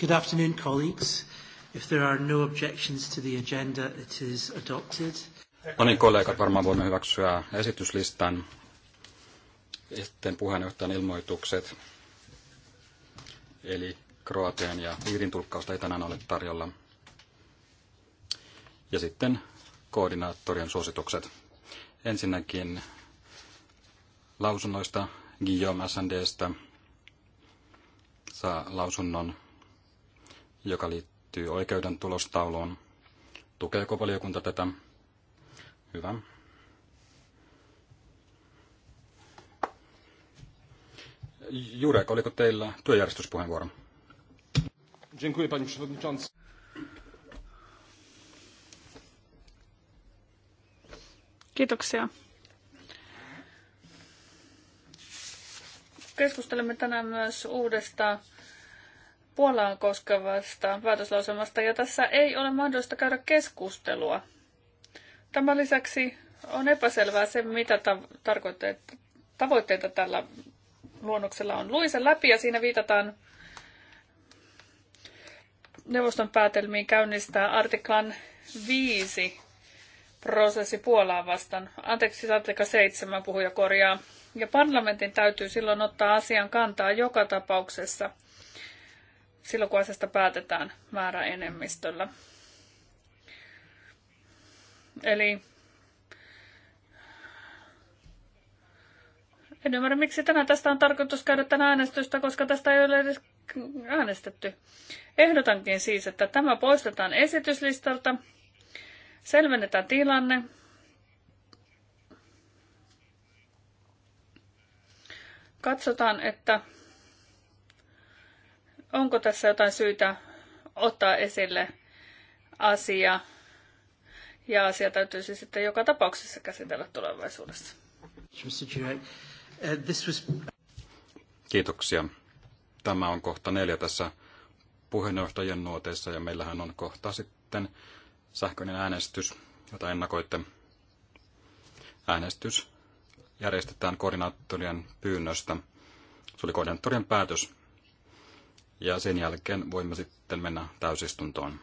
Good afternoon, colleagues. If there are no objections to the agenda, it is adopted. No niin, kollegat, varmaan voimme hyväksyä esityslistan. Sitten puheenjohtajan ilmoitukset. Eli Kroatian ja Iirin tulkkausta ei tänään ole tarjolla. Ja sitten koordinaattorien suositukset. Ensinnäkin lausunnoista Guillaume SNDstä saa lausunnon joka liittyy oikeuden tulostauluun. Tukeeko valiokunta tätä? Hyvä. Jurek, oliko teillä työjärjestyspuheenvuoro? Dziękuję, panie przewodniczący. Kiitoksia. Keskustelemme tänään myös uudesta Puolaan koskevasta päätöslausemasta, ja tässä ei ole mahdollista käydä keskustelua. Tämän lisäksi on epäselvää se, mitä ta- tavoitteita tällä luonnoksella on. Luin sen läpi ja siinä viitataan neuvoston päätelmiin käynnistää artiklan 5 prosessi Puolaa vastaan. Anteeksi, artikla 7 puhuja korjaa. Ja parlamentin täytyy silloin ottaa asian kantaa joka tapauksessa – silloin, kun asiasta päätetään enemmistöllä. Eli en ymmärrä, miksi tänään tästä on tarkoitus käydä tänä äänestystä, koska tästä ei ole edes äänestetty. Ehdotankin siis, että tämä poistetaan esityslistalta, selvennetään tilanne, katsotaan, että Onko tässä jotain syytä ottaa esille asia? Ja asia siis sitten joka tapauksessa käsitellä tulevaisuudessa. Uh, Kiitoksia. Tämä on kohta neljä tässä puheenjohtajien nuoteissa ja meillähän on kohta sitten sähköinen äänestys, jota ennakoitte. Äänestys järjestetään koordinaattorien pyynnöstä. Se oli koordinaattorien päätös ja sen jälkeen voimme sitten mennä täysistuntoon.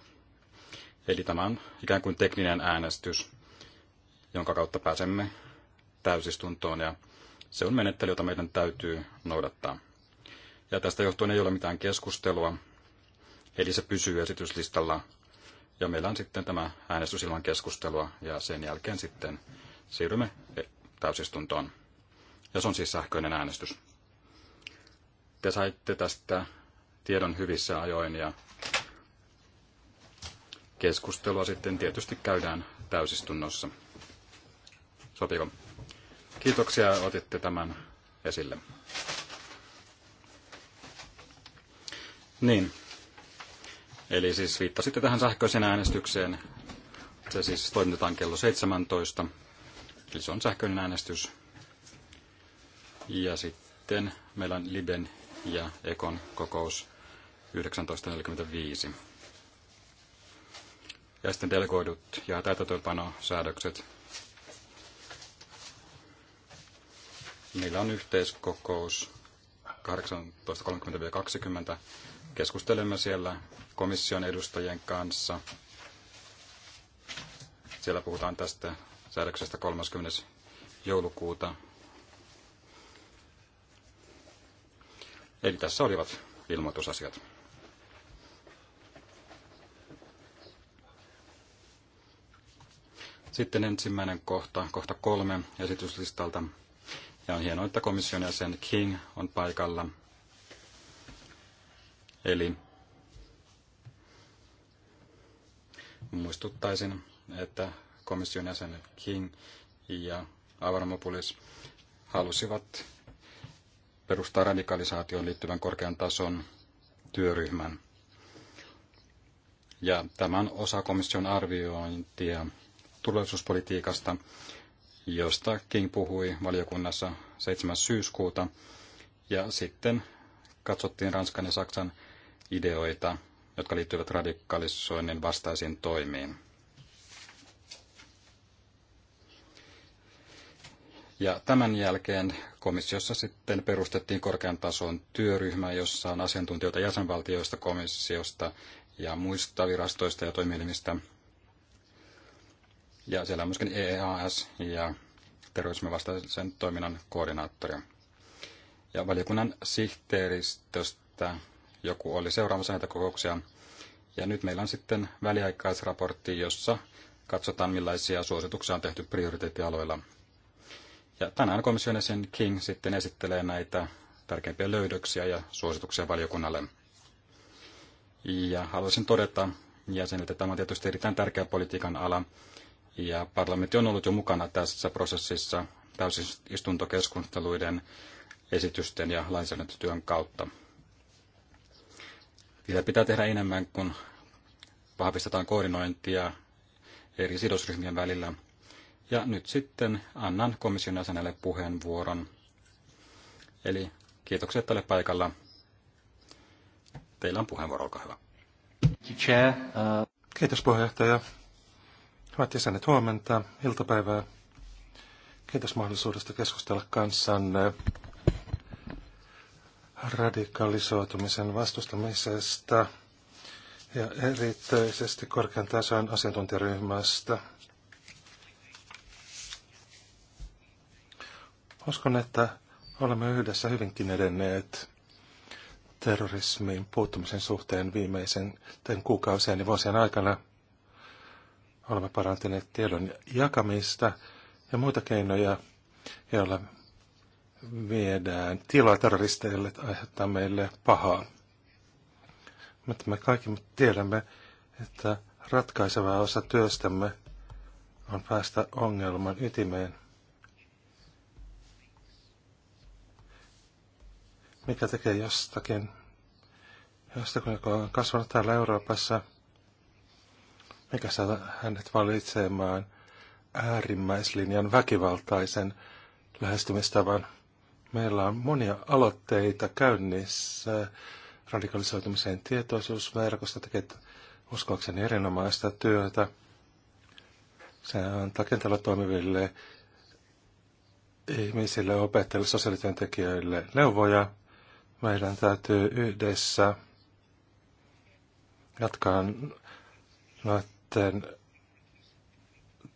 Eli tämä on ikään kuin tekninen äänestys, jonka kautta pääsemme täysistuntoon ja se on menettely, jota meidän täytyy noudattaa. Ja tästä johtuen ei ole mitään keskustelua, eli se pysyy esityslistalla ja meillä on sitten tämä äänestys ilman keskustelua ja sen jälkeen sitten siirrymme täysistuntoon. Ja se on siis sähköinen äänestys. Te saitte tästä tiedon hyvissä ajoin ja keskustelua sitten tietysti käydään täysistunnossa. Sopiko? Kiitoksia, otitte tämän esille. Niin. Eli siis viittasitte tähän sähköiseen äänestykseen. Se siis toimitetaan kello 17. Eli se on sähköinen äänestys. Ja sitten meillä on Liben ja Ekon kokous 19.45. Ja sitten delegoidut ja täytäntöönpanosäädökset. Meillä on yhteiskokous 18.30-20. Keskustelemme siellä komission edustajien kanssa. Siellä puhutaan tästä säädöksestä 30. joulukuuta. Eli tässä olivat ilmoitusasiat. Sitten ensimmäinen kohta, kohta kolme esityslistalta. Ja on hienoa, että komission jäsen King on paikalla. Eli muistuttaisin, että komission jäsen King ja Avramopoulos halusivat perustaa radikalisaatioon liittyvän korkean tason työryhmän. Ja tämä on osa komission arviointia turvallisuuspolitiikasta, josta King puhui valiokunnassa 7. syyskuuta. Ja sitten katsottiin Ranskan ja Saksan ideoita, jotka liittyvät radikalisoinnin vastaisiin toimiin. Ja tämän jälkeen komissiossa sitten perustettiin korkean tason työryhmä, jossa on asiantuntijoita jäsenvaltioista, komissiosta ja muista virastoista ja toimielimistä. Ja siellä on myöskin EEAS ja terrorismin vastaisen toiminnan koordinaattori. Ja valiokunnan sihteeristöstä joku oli seuraamassa näitä kokouksia. Ja nyt meillä on sitten väliaikaisraportti, jossa katsotaan millaisia suosituksia on tehty prioriteettialoilla. Ja tänään komission jäsen King sitten esittelee näitä tärkeimpiä löydöksiä ja suosituksia valiokunnalle. Ja haluaisin todeta jäsenille, että tämä on tietysti erittäin tärkeä politiikan ala, ja parlamentti on ollut jo mukana tässä prosessissa täysistuntokeskusteluiden, esitysten ja lainsäädäntötyön kautta. Vielä pitää tehdä enemmän, kun vahvistetaan koordinointia eri sidosryhmien välillä. Ja nyt sitten annan komission jäsenelle puheenvuoron. Eli kiitokset tälle paikalla. Teillä on puheenvuoro, olkaa hyvä. Uh, Kiitos puheenjohtaja. Hyvät jäsenet, huomenta, iltapäivää. Kiitos mahdollisuudesta keskustella kanssanne radikalisoitumisen vastustamisesta ja erityisesti korkean tason asiantuntijaryhmästä. Uskon, että olemme yhdessä hyvinkin edenneet terrorismiin puuttumisen suhteen viimeisen kuukausien ja vuosien aikana – Olemme parantaneet tiedon jakamista ja muita keinoja, joilla viedään tilaa terroristeille, aiheuttaa meille pahaa. Mutta me kaikki tiedämme, että ratkaiseva osa työstämme on päästä ongelman ytimeen. Mikä tekee jostakin, jostakin, joka on kasvanut täällä Euroopassa – mikä saa hänet valitsemaan äärimmäislinjan väkivaltaisen lähestymistavan. Meillä on monia aloitteita käynnissä radikalisoitumiseen tietoisuusverkosta tekee uskoakseni erinomaista työtä. Se antaa kentällä toimiville ihmisille, opettajille, sosiaalityöntekijöille neuvoja. Meidän täytyy yhdessä jatkaa noita sitten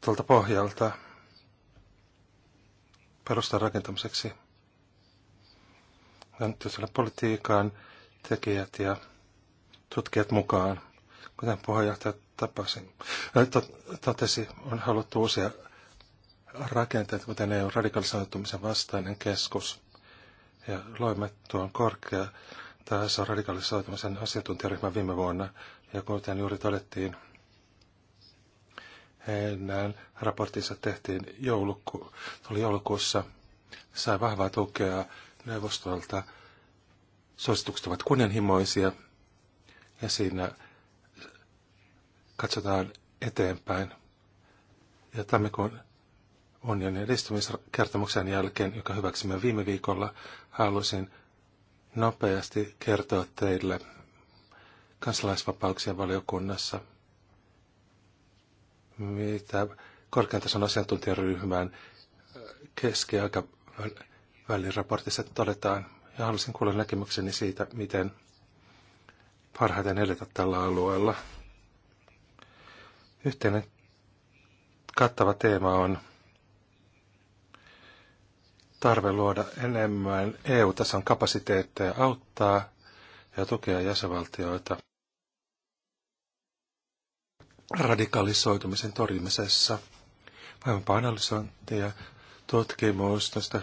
tuolta pohjalta perustan rakentamiseksi. on politiikan tekijät ja tutkijat mukaan. Kuten puheenjohtaja tapasin, totesi, on haluttu uusia rakenteita, kuten EU radikalisoitumisen vastainen keskus. Ja loimme tuon korkea taso radikalisoitumisen asiantuntijaryhmän viime vuonna. Ja kuten juuri todettiin, heidän raporttinsa tehtiin jouluku, tuli joulukuussa, sai vahvaa tukea neuvostolta. Suositukset ovat kunnianhimoisia ja siinä katsotaan eteenpäin. Ja tammikuun unionin edistymiskertomuksen jälkeen, joka hyväksymme viime viikolla, halusin nopeasti kertoa teille kansalaisvapauksien valiokunnassa – mitä korkean tason asiantuntijaryhmän keskiaikavälin raportissa todetaan. Ja haluaisin kuulla näkemykseni siitä, miten parhaiten edetä tällä alueella. Yhteinen kattava teema on tarve luoda enemmän EU-tason kapasiteetteja auttaa ja tukea jäsenvaltioita radikalisoitumisen torjumisessa. Maailmanpa analysointia, tutkimusta,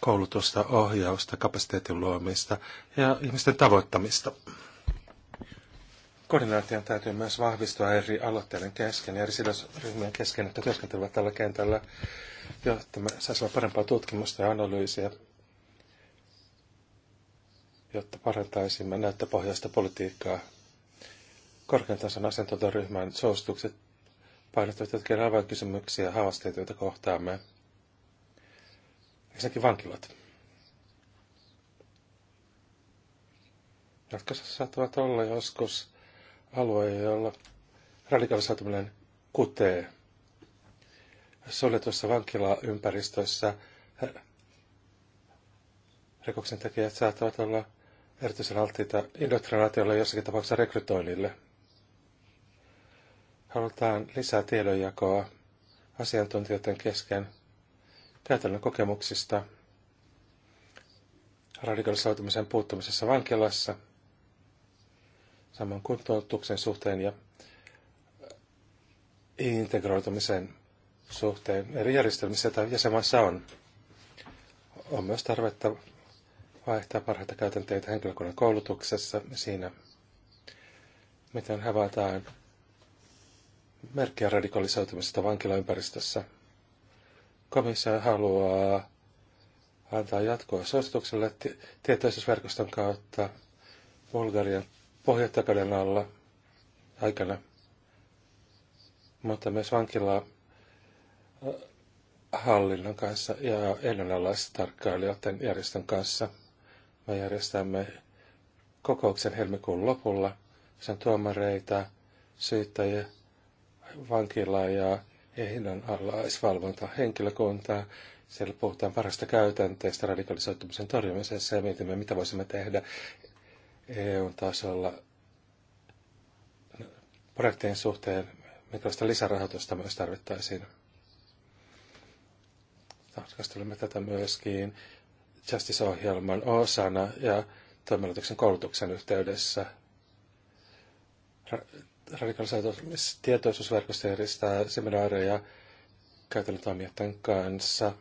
koulutusta, ohjausta, kapasiteetin luomista ja ihmisten tavoittamista. Koordinaation täytyy myös vahvistua eri aloitteiden kesken ja eri sidosryhmien kesken, jotka työskentelevät tällä kentällä, jotta me saisimme parempaa tutkimusta ja analyysiä, jotta parantaisimme näyttöpohjaista politiikkaa korkean tason asiantuntijaryhmän suositukset painottavat jotkin avainkysymyksiä ja haasteita, joita kohtaamme. Ensinnäkin vankilat. Jatkossa saattavat olla joskus alue, jolla radikalisoituminen kutee. vankilaympäristöissä rikoksen tekijät saattavat olla erityisen alttiita indoktrinaatiolle jossakin tapauksessa rekrytoinnille – Halutaan lisää tiedonjakoa asiantuntijoiden kesken käytännön kokemuksista radikalisoitumisen puuttumisessa vankilassa, saman kuntoutuksen suhteen ja äh, integroitumisen suhteen eri järjestelmissä, tai jäsenmaissa on. On myös tarvetta vaihtaa parhaita käytänteitä henkilökunnan koulutuksessa siinä, miten havaitaan merkkejä radikalisoitumisesta vankilaympäristössä. Komissio haluaa antaa jatkoa suositukselle tietoisuusverkoston kautta Bulgarian pohjoittakaden alla aikana, mutta myös vankilaa äh, hallinnon kanssa ja ennalalaistarkkailijoiden järjestön kanssa. Me järjestämme kokouksen helmikuun lopulla. Sen tuomareita, syyttäjiä, vankila ja ehdon alaisvalvonta henkilökuntaa. Siellä puhutaan parasta käytänteestä radikalisoitumisen torjumisessa ja mietimme, mitä voisimme tehdä EU-tasolla projektien suhteen, minkälaista lisärahoitusta myös tarvittaisiin. Tarkastelemme tätä myöskin Justice-ohjelman osana ja toimilaitoksen koulutuksen yhteydessä radikalisoitumistietoisuusverkosto järjestää seminaareja käytännön toimijoiden kanssa,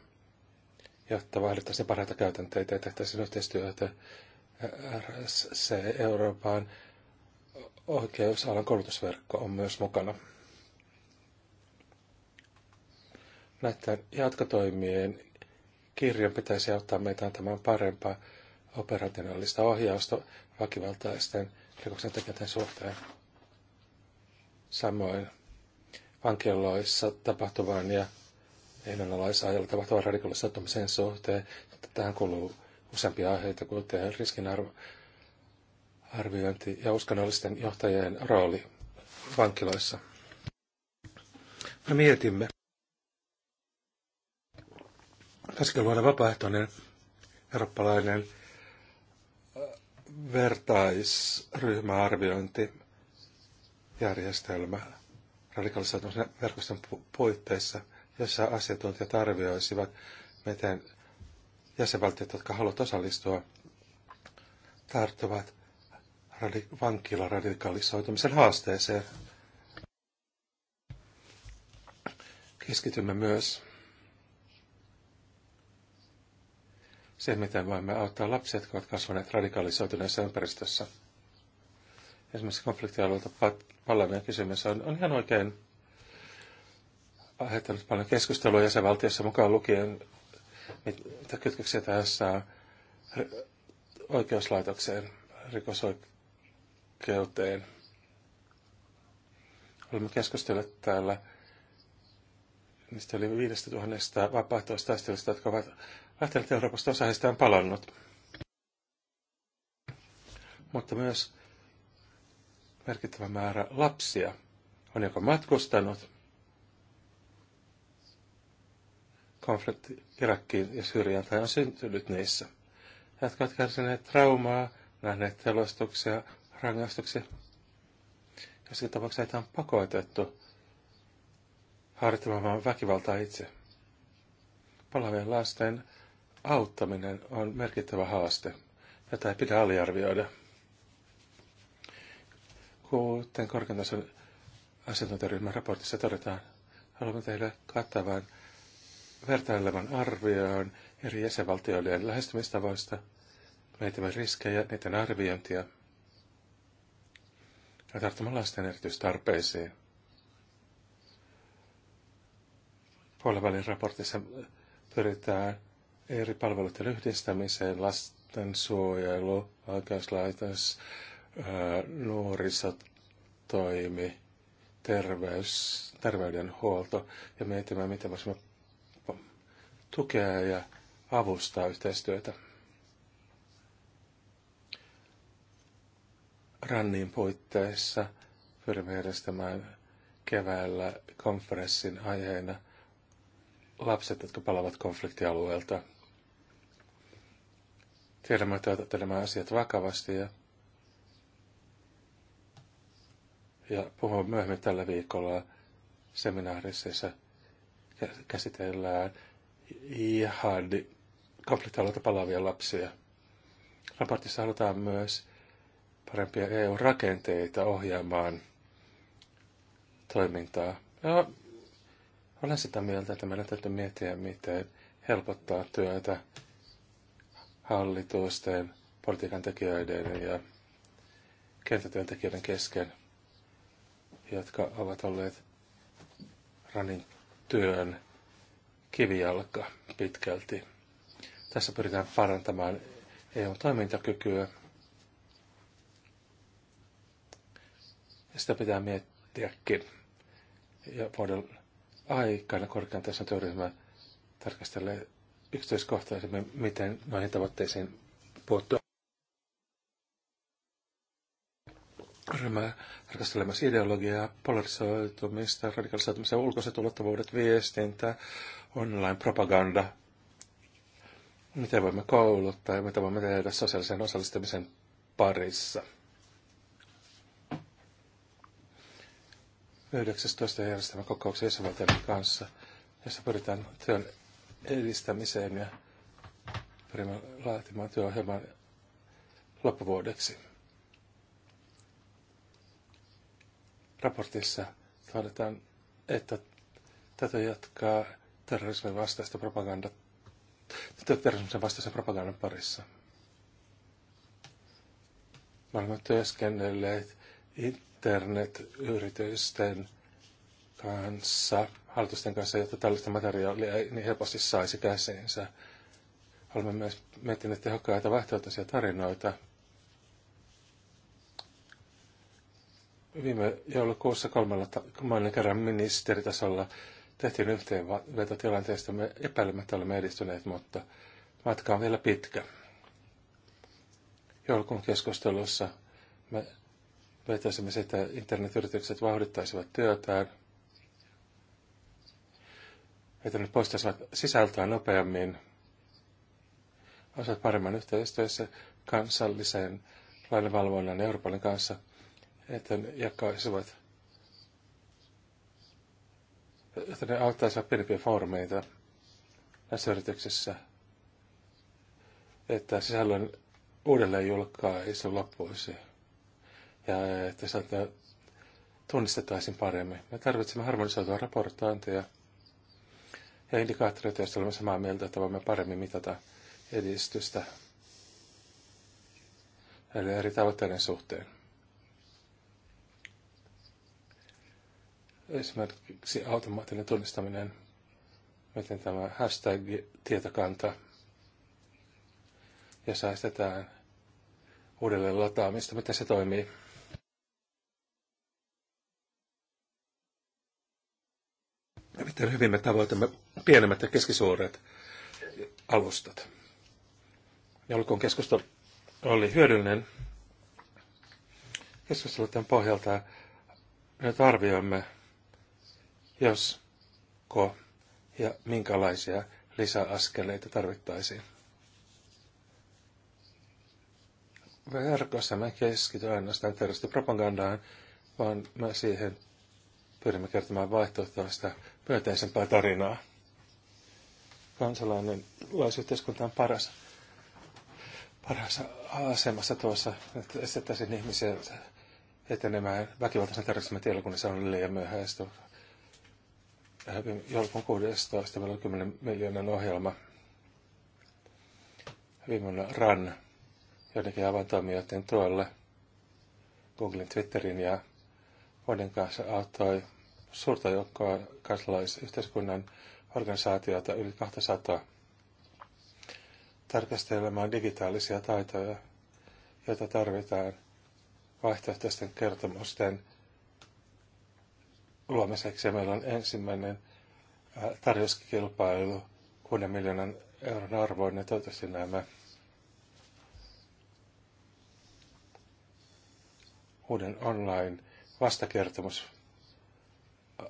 jotta vaihdettaisiin parhaita käytänteitä ja tehtäisiin yhteistyötä RSC Euroopan oikeusalan koulutusverkko on myös mukana. Näiden jatkotoimien kirjan pitäisi auttaa meitä antamaan parempaa operationaalista ohjausta väkivaltaisten rikoksentekijöiden suhteen samoin vankiloissa tapahtuvan ja ehdonalaisajalla tapahtuvan radikalisoitumisen suhteen. Tähän kuuluu useampia aiheita, kuten riskinarviointi ja uskonnollisten johtajien rooli vankiloissa. Me mietimme, pitäisikö luoda vapaaehtoinen eurooppalainen äh, vertaisryhmäarviointi järjestelmä radikalisoitumisen verkoston puitteissa, jossa asiantuntijat arvioisivat, miten jäsenvaltiot, jotka haluavat osallistua, tarttuvat radi- radikalisoitumisen haasteeseen. Keskitymme myös siihen, miten voimme auttaa lapsia, jotka ovat kasvaneet radikalisoituneessa ympäristössä esimerkiksi konfliktialueelta palanneen kysymys on, on ihan oikein aiheuttanut paljon keskustelua jäsenvaltiossa mukaan lukien, mitä kytköksiä tässä oikeuslaitokseen, rikosoikeuteen. Olemme keskustelleet täällä niistä yli 5000 vapaaehtoistaistelijoista, jotka ovat lähteneet Euroopasta, osa heistä on palannut. Mutta myös merkittävä määrä lapsia on joko matkustanut konflikti Irakkiin ja Syyriaan tai on syntynyt niissä, jotka ovat kärsineet traumaa, nähneet telostuksia, rangaistuksia. Jossakin tapauksessa heitä on pakotettu harjoittamaan väkivaltaa itse. Palavien lasten auttaminen on merkittävä haaste, jota ei pidä aliarvioida kuten korkean tason asiantuntijaryhmän raportissa todetaan, haluamme tehdä kattavan vertailevan arvioon eri jäsenvaltioiden lähestymistavoista, mietimme riskejä, niiden arviointia ja tarttumme lasten erityistarpeisiin. Puolivälin raportissa pyritään eri palveluiden yhdistämiseen, lastensuojelu, oikeuslaitos, nuorisotoimi, terveys, terveydenhuolto ja miettimään, miten voisimme tukea ja avustaa yhteistyötä. Rannin puitteissa pyrimme järjestämään keväällä konferenssin aiheena lapset, jotka palavat konfliktialueelta. Tiedämme, että otatte asiat vakavasti ja ja puhua myöhemmin tällä viikolla seminaarissa, käsitellään ihan konfliktialoita palaavia lapsia. Raportissa halutaan myös parempia EU-rakenteita ohjaamaan toimintaa. Ja no, olen sitä mieltä, että meidän täytyy miettiä, miten helpottaa työtä hallitusten, politiikan tekijöiden ja kenttätyöntekijöiden kesken jotka ovat olleet Ranin työn kivijalka pitkälti. Tässä pyritään parantamaan EU-toimintakykyä. Ja sitä pitää miettiäkin. Ja vuoden aikana korkean tässä työryhmä tarkastelee yksityiskohtaisemmin, miten noihin tavoitteisiin puuttua. ryhmää tarkastelemassa ideologiaa, polarisoitumista, radikalisoitumista, ulkoiset ulottuvuudet, viestintä, online-propaganda. Miten voimme kouluttaa ja mitä voimme tehdä sosiaalisen osallistumisen parissa. 19. järjestelmä kokouksen jäsenvaltioiden kanssa, jossa pyritään työn edistämiseen ja pyrimme laatimaan työohjelman loppuvuodeksi. raportissa todetaan, että tätä jatkaa terrorismin vastaista propaganda, terrorismin vastaista propagandan parissa. Me olemme työskennelleet internetyritysten kanssa, hallitusten kanssa, jotta tällaista materiaalia ei niin helposti saisi käsiinsä. Olemme myös miettineet tehokkaita vaihtoehtoisia tarinoita – Viime joulukuussa kolmannen kerran ministeritasolla tehtiin yhteenveto tilanteesta. Me epäilemättä olemme edistyneet, mutta matka on vielä pitkä. Joulukuun keskustelussa me vetäisimme sitä, että internetyritykset vauhdittaisivat työtään, että ne poistaisivat sisältöä nopeammin, osat paremman yhteistyössä kansallisen lainvalvonnan Euroopan kanssa – että ne jakaisivat, että ne auttaisivat pienempiä foorumeita tässä yrityksessä, että sisällön uudelleen julkaisu loppuisi ja että sieltä tunnistettaisiin paremmin. Me tarvitsemme harmonisoitua raportointia ja indikaattoreita, joista olemme samaa mieltä, että voimme paremmin mitata edistystä eli eri tavoitteiden suhteen. Esimerkiksi automaattinen tunnistaminen, miten tämä hashtag-tietokanta ja säästetään uudelleen lataamista, miten se toimii. Ja miten hyvin me tavoitamme pienemmät ja keskisuuret alustat. Ja olkoon keskustelu oli hyödyllinen. Keskustelu tämän pohjalta nyt arvioimme jos ko ja minkälaisia lisäaskeleita tarvittaisiin. Verkossa me keskityn ainoastaan terroristipropagandaan, vaan me siihen pyrimme kertomaan vaihtoehtoista myönteisempää tarinaa. Kansalainen laisyhteiskunta on paras, paras asemassa tuossa, että estettäisiin ihmisiä etenemään väkivaltaisen terrorismin tiellä, kun se on liian myöhäistä joulukuun 16. meillä on 10 miljoonan ohjelma. Viimeinen RAN joidenkin avaintoimijoiden tuolle Googlen, Twitterin ja vuoden kanssa auttoi suurta joukkoa kansalaisyhteiskunnan organisaatioita yli 200 tarkastelemaan digitaalisia taitoja, joita tarvitaan vaihtoehtoisten kertomusten – luomiseksi. Ja meillä on ensimmäinen äh, tarjouskilpailu 6 miljoonan euron arvoinen. Niin toivottavasti näemme uuden online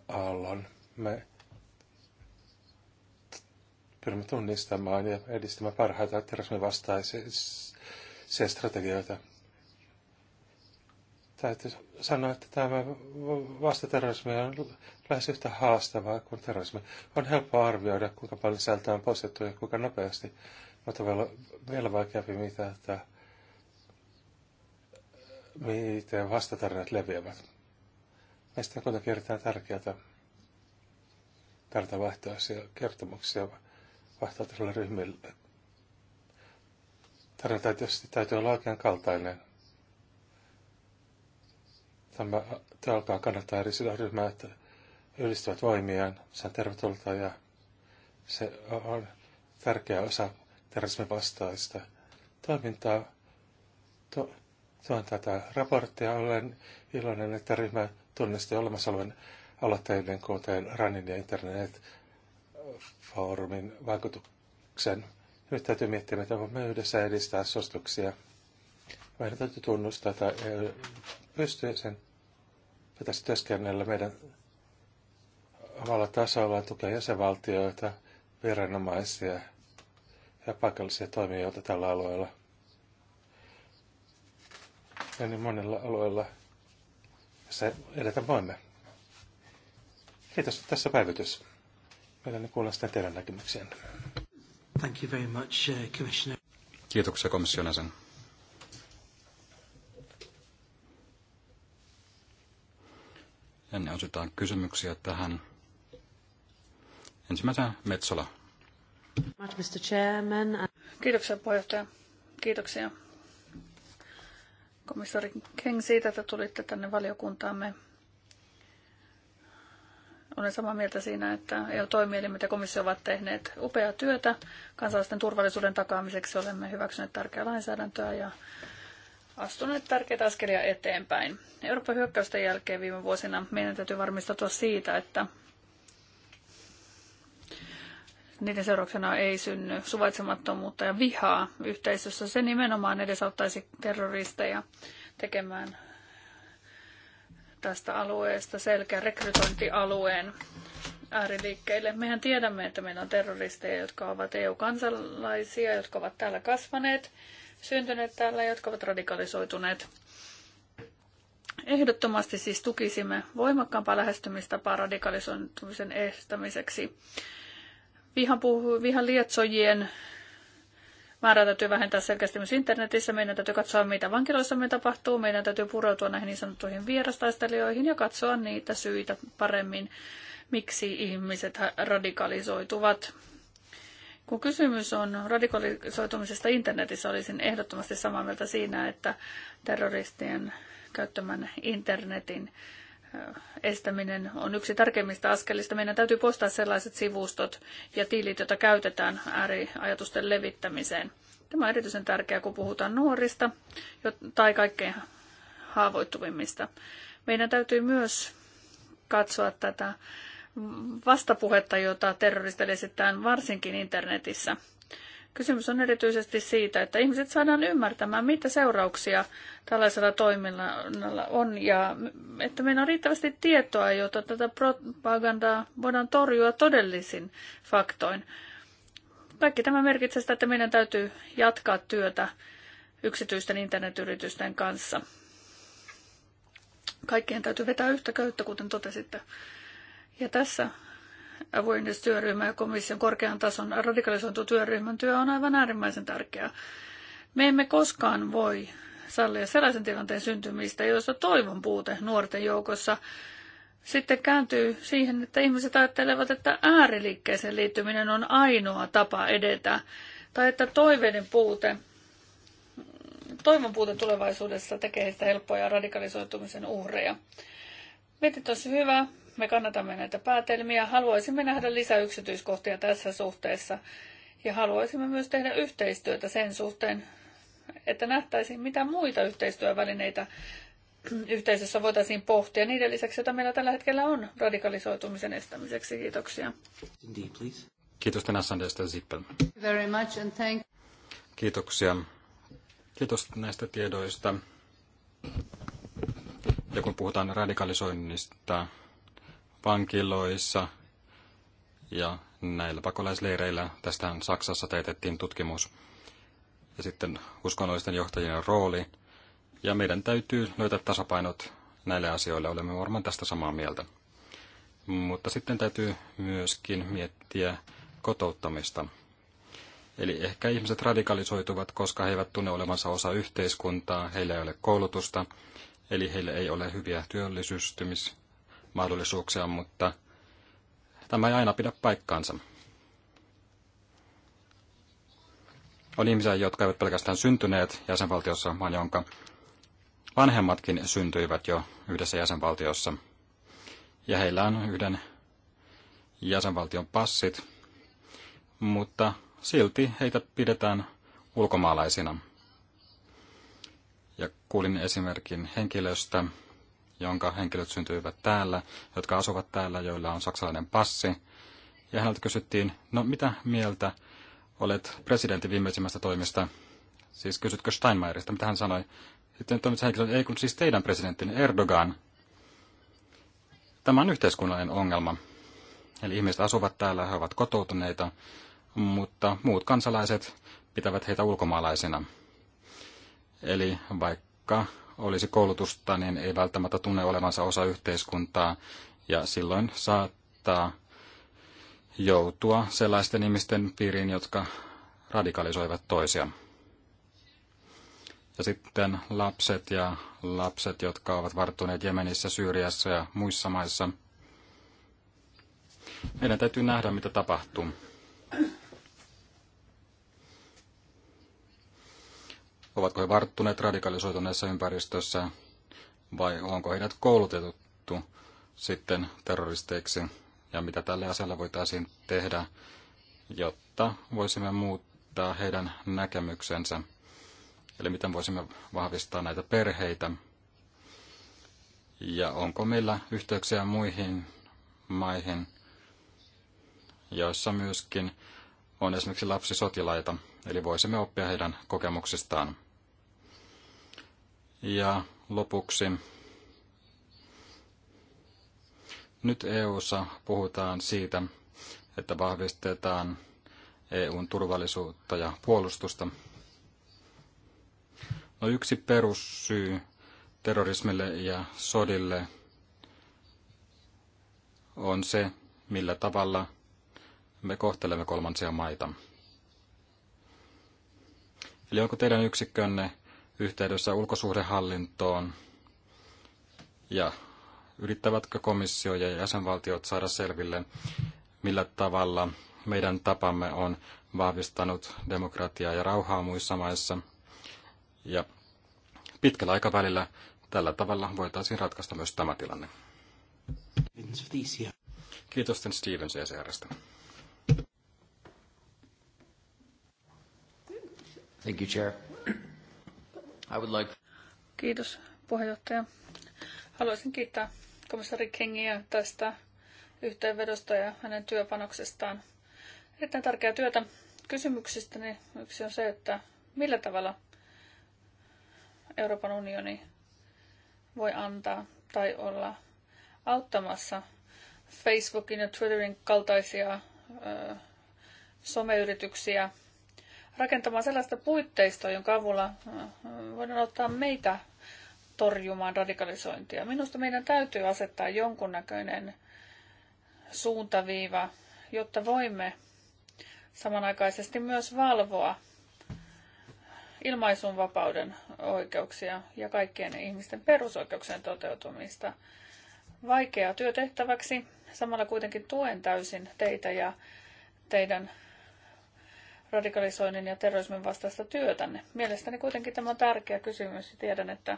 aallon. Me pyrimme tunnistamaan ja edistämään parhaita terrorismin vastaisia strategioita. Täytyy sanoa, että tämä vastaterrorismi on lähes yhtä haastavaa kuin terrorismi. On helppo arvioida, kuinka paljon sieltä on poistettu ja kuinka nopeasti, mutta vielä, vielä vaikeampi mitä, että miten vastatarinat leviävät. Meistä on kuitenkin erittäin tärkeää tältä vaihtoehtoisia kertomuksia vaihtoehtoisille ryhmille. Tarina täytyy, täytyy olla oikean kaltainen tämä alkaa kannattaa eri sidosryhmää, että ylistävät voimiaan. Se on tervetulta ja se on tärkeä osa terrorismin vastaista toimintaa. To, tuon tätä raporttia. Olen iloinen, että ryhmä tunnisti olemassa olevan aloitteiden, kuten Ranin ja Internet vaikutuksen. Nyt täytyy miettiä, mitä voimme yhdessä edistää suosituksia. Meidän täytyy tunnustaa, että pystyy sen, pitäisi työskennellä meidän omalla tasolla tukea jäsenvaltioita, viranomaisia ja paikallisia toimijoita tällä alueella. Ja niin monilla alueilla, jossa edetä voimme. Kiitos. Tässä päivitys. meidän kuulla sitten teidän näkemyksiänne. Thank you very much, uh, Commissioner. Kiitoksia komission jäsen. ennen otetaan kysymyksiä tähän. Ensimmäisenä Metsola. Kiitoksia puheenjohtaja. Kiitoksia komissori Keng siitä, että tulitte tänne valiokuntaamme. Olen samaa mieltä siinä, että EU-toimielimet ja komissio ovat tehneet upeaa työtä kansalaisten turvallisuuden takaamiseksi. Olemme hyväksyneet tärkeää lainsäädäntöä ja astuneet tärkeitä askelia eteenpäin. Euroopan hyökkäysten jälkeen viime vuosina meidän täytyy varmistautua siitä, että niiden seurauksena ei synny suvaitsemattomuutta ja vihaa yhteisössä. Se nimenomaan edesauttaisi terroristeja tekemään tästä alueesta selkeä rekrytointialueen ääriliikkeille. Mehän tiedämme, että meillä on terroristeja, jotka ovat EU-kansalaisia, jotka ovat täällä kasvaneet syntyneet täällä, jotka ovat radikalisoituneet. Ehdottomasti siis tukisimme voimakkaampaa lähestymistapaa radikalisoitumisen estämiseksi. Vihan, puhu, vihan lietsojien määrää täytyy vähentää selkeästi myös internetissä. Meidän täytyy katsoa, mitä vankiloissamme tapahtuu. Meidän täytyy pureutua näihin niin sanottuihin vierastaistelijoihin ja katsoa niitä syitä paremmin, miksi ihmiset radikalisoituvat kun kysymys on radikalisoitumisesta internetissä, olisin ehdottomasti samaa mieltä siinä, että terroristien käyttämän internetin estäminen on yksi tärkeimmistä askelista. Meidän täytyy poistaa sellaiset sivustot ja tiilit, joita käytetään ääriajatusten levittämiseen. Tämä on erityisen tärkeää, kun puhutaan nuorista tai kaikkein haavoittuvimmista. Meidän täytyy myös katsoa tätä vastapuhetta, jota terroristeille esitetään varsinkin internetissä. Kysymys on erityisesti siitä, että ihmiset saadaan ymmärtämään, mitä seurauksia tällaisella toiminnalla on ja että meillä on riittävästi tietoa, jota tätä propagandaa voidaan torjua todellisin faktoin. Kaikki tämä merkitsee sitä, että meidän täytyy jatkaa työtä yksityisten internetyritysten kanssa. Kaikkien täytyy vetää yhtä köyttä, kuten totesitte. Ja tässä avoimuustyöryhmä ja komission korkean tason radikalisointutyöryhmän työ on aivan äärimmäisen tärkeää. Me emme koskaan voi sallia sellaisen tilanteen syntymistä, jossa toivon puute nuorten joukossa sitten kääntyy siihen, että ihmiset ajattelevat, että ääriliikkeeseen liittyminen on ainoa tapa edetä, tai että toiveiden puute, toivon puute tulevaisuudessa tekee heistä helppoja radikalisoitumisen uhreja. Mietintö on hyvä, me kannatamme näitä päätelmiä. Haluaisimme nähdä lisää yksityiskohtia tässä suhteessa ja haluaisimme myös tehdä yhteistyötä sen suhteen, että nähtäisiin mitä muita yhteistyövälineitä yhteisössä voitaisiin pohtia niiden lisäksi, joita meillä tällä hetkellä on radikalisoitumisen estämiseksi. Kiitoksia. Indeed, please. Kiitos tänä Sandesta Zippel. Very much and thank... Kiitoksia. Kiitos näistä tiedoista. Ja kun puhutaan radikalisoinnista, vankiloissa ja näillä pakolaisleireillä. Tästähän Saksassa teetettiin tutkimus. Ja sitten uskonnollisten johtajien rooli. Ja meidän täytyy löytää tasapainot näille asioille. Olemme varmaan tästä samaa mieltä. Mutta sitten täytyy myöskin miettiä kotouttamista. Eli ehkä ihmiset radikalisoituvat, koska he eivät tunne olevansa osa yhteiskuntaa, heillä ei ole koulutusta, eli heillä ei ole hyviä työllisystymis- mahdollisuuksia, mutta tämä ei aina pidä paikkaansa. On ihmisiä, jotka eivät pelkästään syntyneet jäsenvaltiossa, vaan jonka vanhemmatkin syntyivät jo yhdessä jäsenvaltiossa. Ja heillä on yhden jäsenvaltion passit, mutta silti heitä pidetään ulkomaalaisina. Ja kuulin esimerkin henkilöstä, jonka henkilöt syntyivät täällä, jotka asuvat täällä, joilla on saksalainen passi. Ja häneltä kysyttiin, no mitä mieltä olet presidentin viimeisimmästä toimista? Siis kysytkö Steinmeierista? Mitä hän sanoi? Sitten toimitushenkilö, ei kun siis teidän presidentin Erdogan. Tämä on yhteiskunnallinen ongelma. Eli ihmiset asuvat täällä, he ovat kotoutuneita, mutta muut kansalaiset pitävät heitä ulkomaalaisina. Eli vaikka olisi koulutusta, niin ei välttämättä tunne olevansa osa yhteiskuntaa ja silloin saattaa joutua sellaisten ihmisten piiriin, jotka radikalisoivat toisia. Ja sitten lapset ja lapset, jotka ovat varttuneet Jemenissä, Syyriassa ja muissa maissa. Meidän täytyy nähdä, mitä tapahtuu. Ovatko he varttuneet radikalisoituneessa ympäristössä vai onko heidät koulutettu sitten terroristeiksi ja mitä tälle asialle voitaisiin tehdä, jotta voisimme muuttaa heidän näkemyksensä. Eli miten voisimme vahvistaa näitä perheitä ja onko meillä yhteyksiä muihin maihin, joissa myöskin on esimerkiksi lapsisotilaita, eli voisimme oppia heidän kokemuksistaan. Ja lopuksi nyt EU:ssa puhutaan siitä, että vahvistetaan EUn turvallisuutta ja puolustusta. No yksi perussyy terrorismille ja sodille on se, millä tavalla me kohtelemme kolmansia maita. Eli onko teidän yksikkönne yhteydessä ulkosuhdehallintoon ja yrittävätkö komissio ja jäsenvaltiot saada selville, millä tavalla meidän tapamme on vahvistanut demokratiaa ja rauhaa muissa maissa. Ja pitkällä aikavälillä tällä tavalla voitaisiin ratkaista myös tämä tilanne. Kiitos Steven e CSRstä. Thank you, Chair. I would like... Kiitos puheenjohtaja. Haluaisin kiittää komissari Kengiä tästä yhteenvedosta ja hänen työpanoksestaan. Erittäin tärkeää työtä kysymyksistä, niin yksi on se, että millä tavalla Euroopan unioni voi antaa tai olla auttamassa Facebookin ja Twitterin kaltaisia ö, someyrityksiä rakentamaan sellaista puitteistoa, jonka avulla äh, voidaan ottaa meitä torjumaan radikalisointia. Minusta meidän täytyy asettaa jonkunnäköinen suuntaviiva, jotta voimme samanaikaisesti myös valvoa ilmaisunvapauden oikeuksia ja kaikkien ihmisten perusoikeuksien toteutumista. Vaikea työtehtäväksi, samalla kuitenkin tuen täysin teitä ja teidän radikalisoinnin ja terrorismin vastaista työtänne. Mielestäni kuitenkin tämä on tärkeä kysymys. Tiedän, että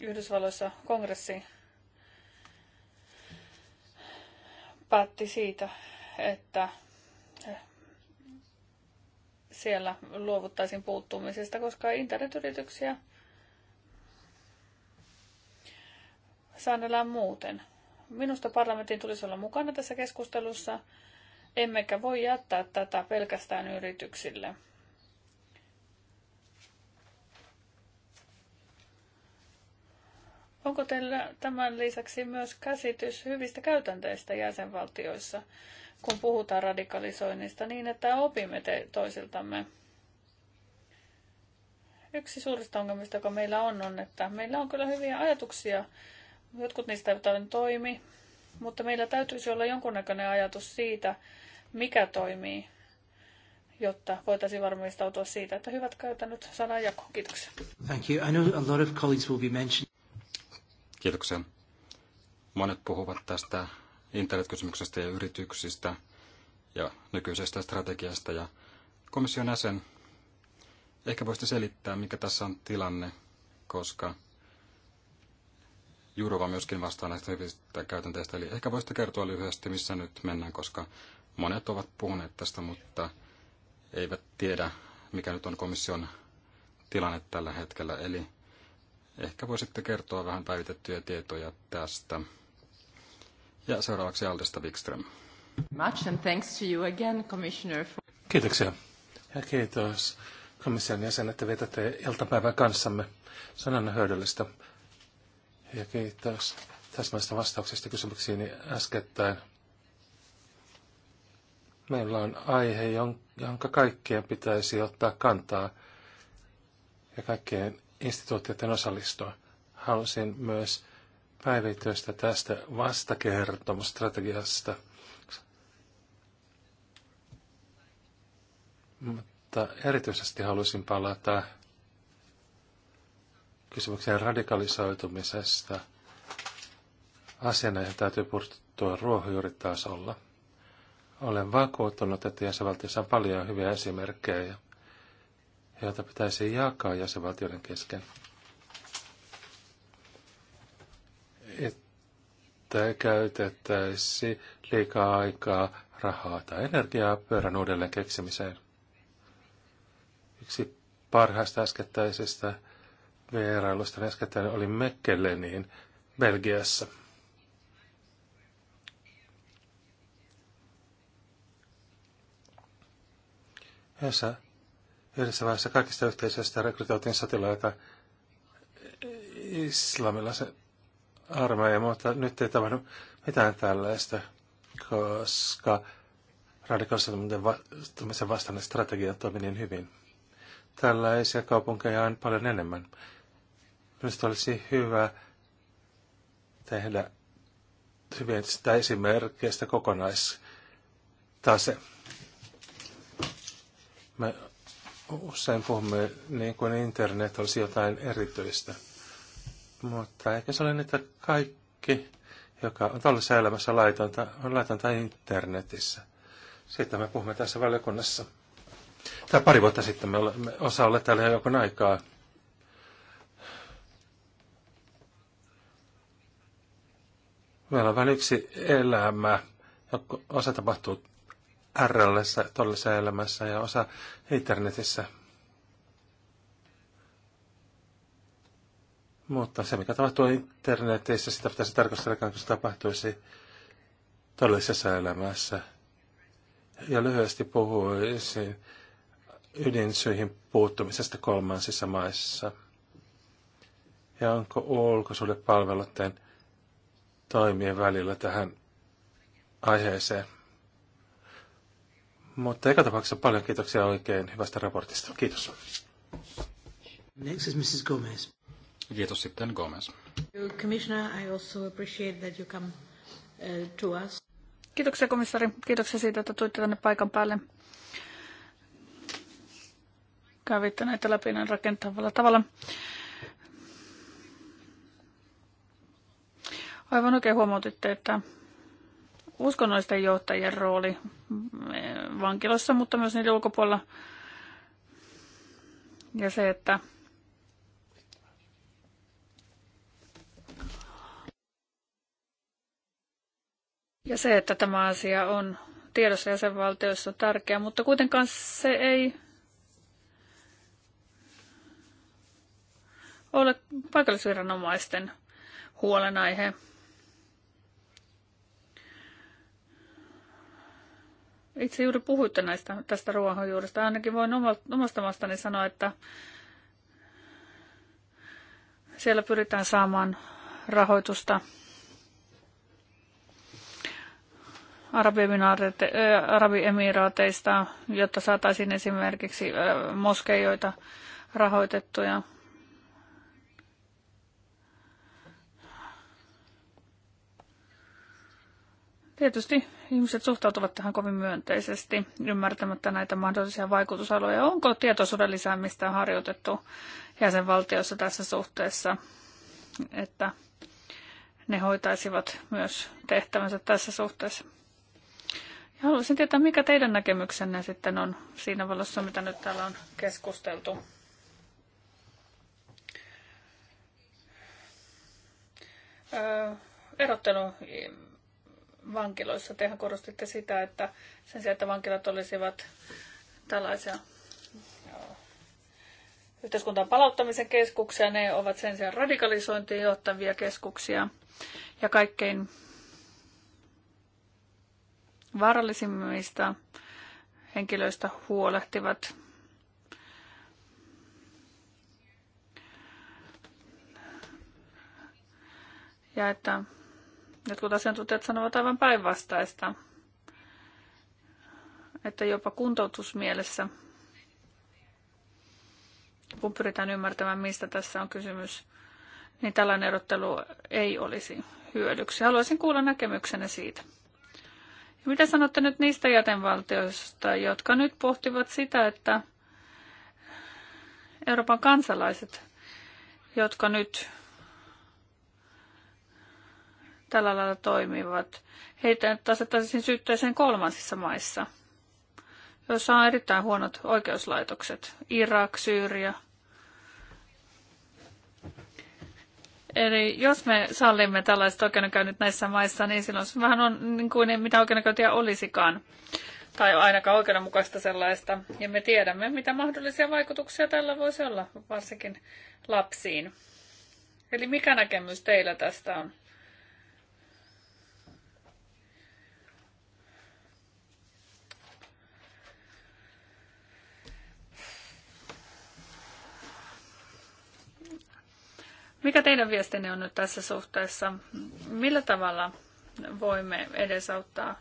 Yhdysvalloissa kongressi päätti siitä, että siellä luovuttaisiin puuttumisesta, koska internetyrityksiä säännellään muuten. Minusta parlamentin tulisi olla mukana tässä keskustelussa Emmekä voi jättää tätä pelkästään yrityksille. Onko teillä tämän lisäksi myös käsitys hyvistä käytänteistä jäsenvaltioissa, kun puhutaan radikalisoinnista niin, että opimme te toisiltamme? Yksi suurista ongelmista, joka meillä on, on, että meillä on kyllä hyviä ajatuksia. Jotkut niistä eivät toimi, mutta meillä täytyisi olla jonkunnäköinen ajatus siitä, mikä toimii, jotta voitaisiin varmistautua siitä, että hyvät käytännöt saadaan jakoon. Kiitoksia. Thank you. I know a lot of colleagues will be mentioned. Kiitoksia. Monet puhuvat tästä internetkysymyksestä ja yrityksistä ja nykyisestä strategiasta ja komission jäsen. Ehkä voisitte selittää, mikä tässä on tilanne, koska Jurova myöskin vastaa näistä hyvistä käytänteistä. Eli ehkä voisitte kertoa lyhyesti, missä nyt mennään, koska Monet ovat puhuneet tästä, mutta eivät tiedä, mikä nyt on komission tilanne tällä hetkellä. Eli ehkä voisitte kertoa vähän päivitettyjä tietoja tästä. Ja seuraavaksi Aldesta Wikström. Much and thanks to you again, Commissioner. For... Kiitoksia. Ja kiitos komission jäsen, että vietätte iltapäivää kanssamme. Se on hyödyllistä. Ja kiitos täsmällisistä vastauksesta kysymyksiini äskettäin. Meillä on aihe, jonka kaikkien pitäisi ottaa kantaa ja kaikkien instituutioiden osallistua. Halusin myös päivitystä tästä vastakertomustrategiasta. Mutta erityisesti halusin palata kysymykseen radikalisoitumisesta. Asiana täytyy puuttua ruohonjuuritasolla. Olen vakuuttunut, että jäsenvaltiossa on paljon hyviä esimerkkejä, joita pitäisi jakaa jäsenvaltioiden kesken. Että ei käytettäisi liikaa aikaa, rahaa tai energiaa pyörän uudelleen keksimiseen. Yksi parhaista äskettäisistä vierailusta äskettäin oli Mekkeleniin Belgiassa – jossa yhdessä vaiheessa kaikista yhteisöistä rekrytoitiin sotilaita islamilaisen armeijan, mutta nyt ei tapahdu mitään tällaista, koska radikalisoitumisen vastainen strategia toimi niin hyvin. Tällaisia kaupunkeja on paljon enemmän. Minusta olisi hyvä tehdä hyvin sitä esimerkkeistä kokonaistase. Me usein puhumme niin kuin internet olisi jotain erityistä, mutta eikä se ole niitä kaikki, joka on tuollaisessa elämässä laitonta, on laitonta internetissä. Siitä me puhumme tässä valiokunnassa. Tämä pari vuotta sitten me olemme osa olla täällä jo jonkun aikaa. Meillä on vain yksi elämä. Osa tapahtuu RL tollisessa elämässä ja osa internetissä. Mutta se, mikä tapahtuu internetissä, sitä pitäisi tarkastella, kun se tapahtuisi todellisessa elämässä. Ja lyhyesti puhuisin ydinsyihin puuttumisesta kolmansissa maissa. Ja onko palveluiden toimien välillä tähän aiheeseen? Mutta eka tapauksessa paljon kiitoksia oikein hyvästä raportista. Kiitos. Next is Mrs. Gomez. Kiitos sitten Gomez. Commissioner, I also appreciate that you come uh, to us. Kiitoksia komissari. Kiitoksia siitä, että tuitte tänne paikan päälle. Kävitte näitä läpi näin rakentavalla tavalla. Aivan oikein huomautitte, että uskonnollisten johtajien rooli eh, vankilossa, mutta myös niiden ulkopuolella. Ja se, että Ja se, että tämä asia on tiedossa jäsenvaltioissa on tärkeä, mutta kuitenkaan se ei ole paikallisviranomaisten huolenaihe. Itse juuri puhuitte näistä, tästä ruohonjuuresta. Ainakin voin omasta maastani sanoa, että siellä pyritään saamaan rahoitusta Arabiemiraateista, jotta saataisiin esimerkiksi moskeijoita rahoitettuja Tietysti ihmiset suhtautuvat tähän kovin myönteisesti, ymmärtämättä näitä mahdollisia vaikutusaloja. Onko tietoisuuden lisäämistä harjoitettu jäsenvaltiossa tässä suhteessa, että ne hoitaisivat myös tehtävänsä tässä suhteessa? Ja haluaisin tietää, mikä teidän näkemyksenne sitten on siinä valossa, mitä nyt täällä on keskusteltu. Öö, erottelu vankiloissa. Tehän korostitte sitä, että sen sijaan, että vankilat olisivat tällaisia yhteiskuntaan palauttamisen keskuksia, ne ovat sen sijaan radikalisointiin johtavia keskuksia. Ja kaikkein vaarallisimmista henkilöistä huolehtivat ja että Jotkut asiantuntijat sanovat aivan päinvastaista, että jopa kuntoutusmielessä, kun pyritään ymmärtämään, mistä tässä on kysymys, niin tällainen erottelu ei olisi hyödyksi. Haluaisin kuulla näkemyksenne siitä. Ja mitä sanotte nyt niistä jätenvaltioista, jotka nyt pohtivat sitä, että Euroopan kansalaiset, jotka nyt tällä lailla toimivat, heitä nyt asettaisiin syytteeseen kolmansissa maissa, joissa on erittäin huonot oikeuslaitokset. Irak, Syyria. Eli jos me sallimme tällaiset oikeudenkäynnit näissä maissa, niin silloin se vähän on niin kuin mitä oikeudenkäyntiä olisikaan. Tai ainakaan oikeudenmukaista sellaista. Ja me tiedämme, mitä mahdollisia vaikutuksia tällä voisi olla, varsinkin lapsiin. Eli mikä näkemys teillä tästä on? Mikä teidän viestinne on nyt tässä suhteessa? Millä tavalla voimme edesauttaa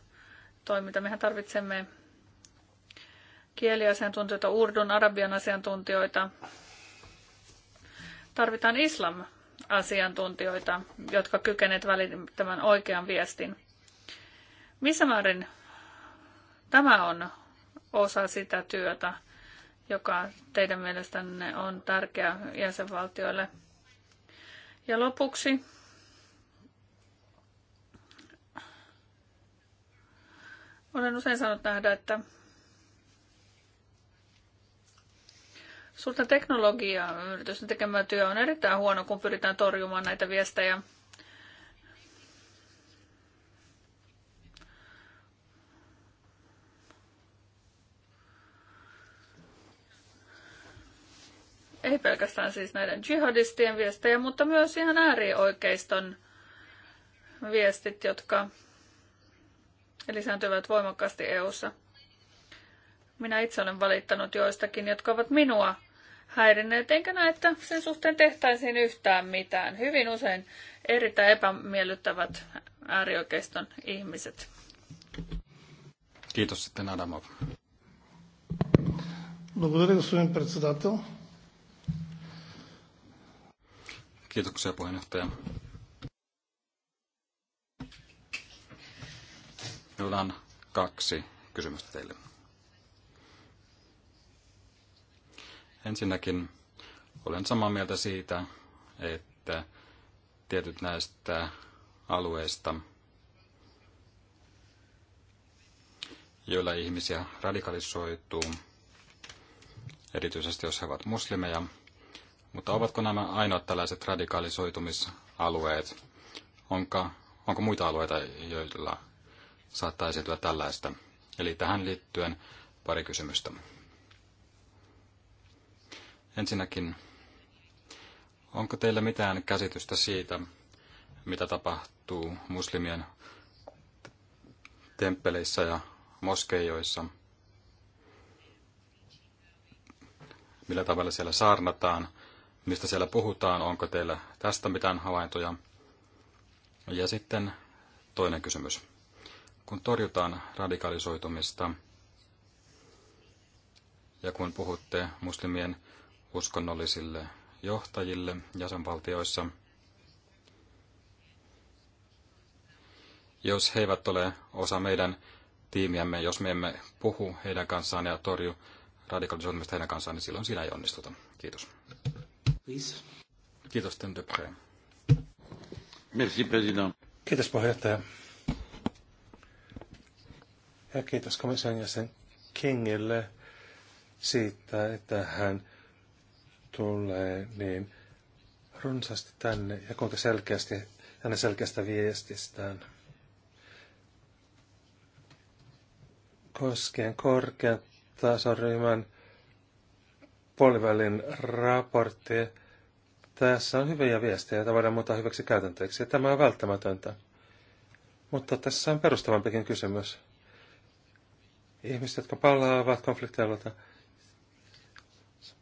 toimintaa? Mehän tarvitsemme kieliasiantuntijoita, urdun, arabian asiantuntijoita. Tarvitaan islam-asiantuntijoita, jotka kykenevät välittämään oikean viestin. Missä määrin tämä on osa sitä työtä, joka teidän mielestänne on tärkeä jäsenvaltioille – ja lopuksi olen usein saanut nähdä, että teknologiaa, yritysten tekemä työ on erittäin huono, kun pyritään torjumaan näitä viestejä – ei pelkästään siis näiden jihadistien viestejä, mutta myös ihan äärioikeiston viestit, jotka lisääntyvät voimakkaasti EU:ssa. Minä itse olen valittanut joistakin, jotka ovat minua häirinneet, enkä näe, että sen suhteen tehtäisiin yhtään mitään. Hyvin usein erittäin epämiellyttävät äärioikeiston ihmiset. Kiitos sitten Adamov. Благодаря, господин председател. Kiitoksia puheenjohtaja. Minulla on kaksi kysymystä teille. Ensinnäkin olen samaa mieltä siitä, että tietyt näistä alueista, joilla ihmisiä radikalisoituu, erityisesti jos he ovat muslimeja, mutta ovatko nämä ainoat tällaiset radikalisoitumisalueet? Onko, onko muita alueita, joilla saattaa esiintyä tällaista? Eli tähän liittyen pari kysymystä. Ensinnäkin, onko teillä mitään käsitystä siitä, mitä tapahtuu muslimien temppeleissä ja moskeijoissa? Millä tavalla siellä saarnataan mistä siellä puhutaan, onko teillä tästä mitään havaintoja. Ja sitten toinen kysymys. Kun torjutaan radikalisoitumista ja kun puhutte muslimien uskonnollisille johtajille jäsenvaltioissa, jos he eivät ole osa meidän tiimiämme, jos me emme puhu heidän kanssaan ja torju radikalisoitumista heidän kanssaan, niin silloin siinä ei onnistuta. Kiitos. Kiitos, Tim Depre. Merci, president. Kiitos, puheenjohtaja. Ja kiitos komission jäsen Kingille siitä, että hän tulee niin runsaasti tänne ja kuinka selkeästi hänen selkeästä viestistään. Koskien korkean tasoryhmän puolivälin raportti. Tässä on hyviä viestejä, joita voidaan muuttaa hyväksi käytänteeksi, ja tämä on välttämätöntä. Mutta tässä on perustavampikin kysymys. Ihmiset, jotka palaavat konfliktialueelta,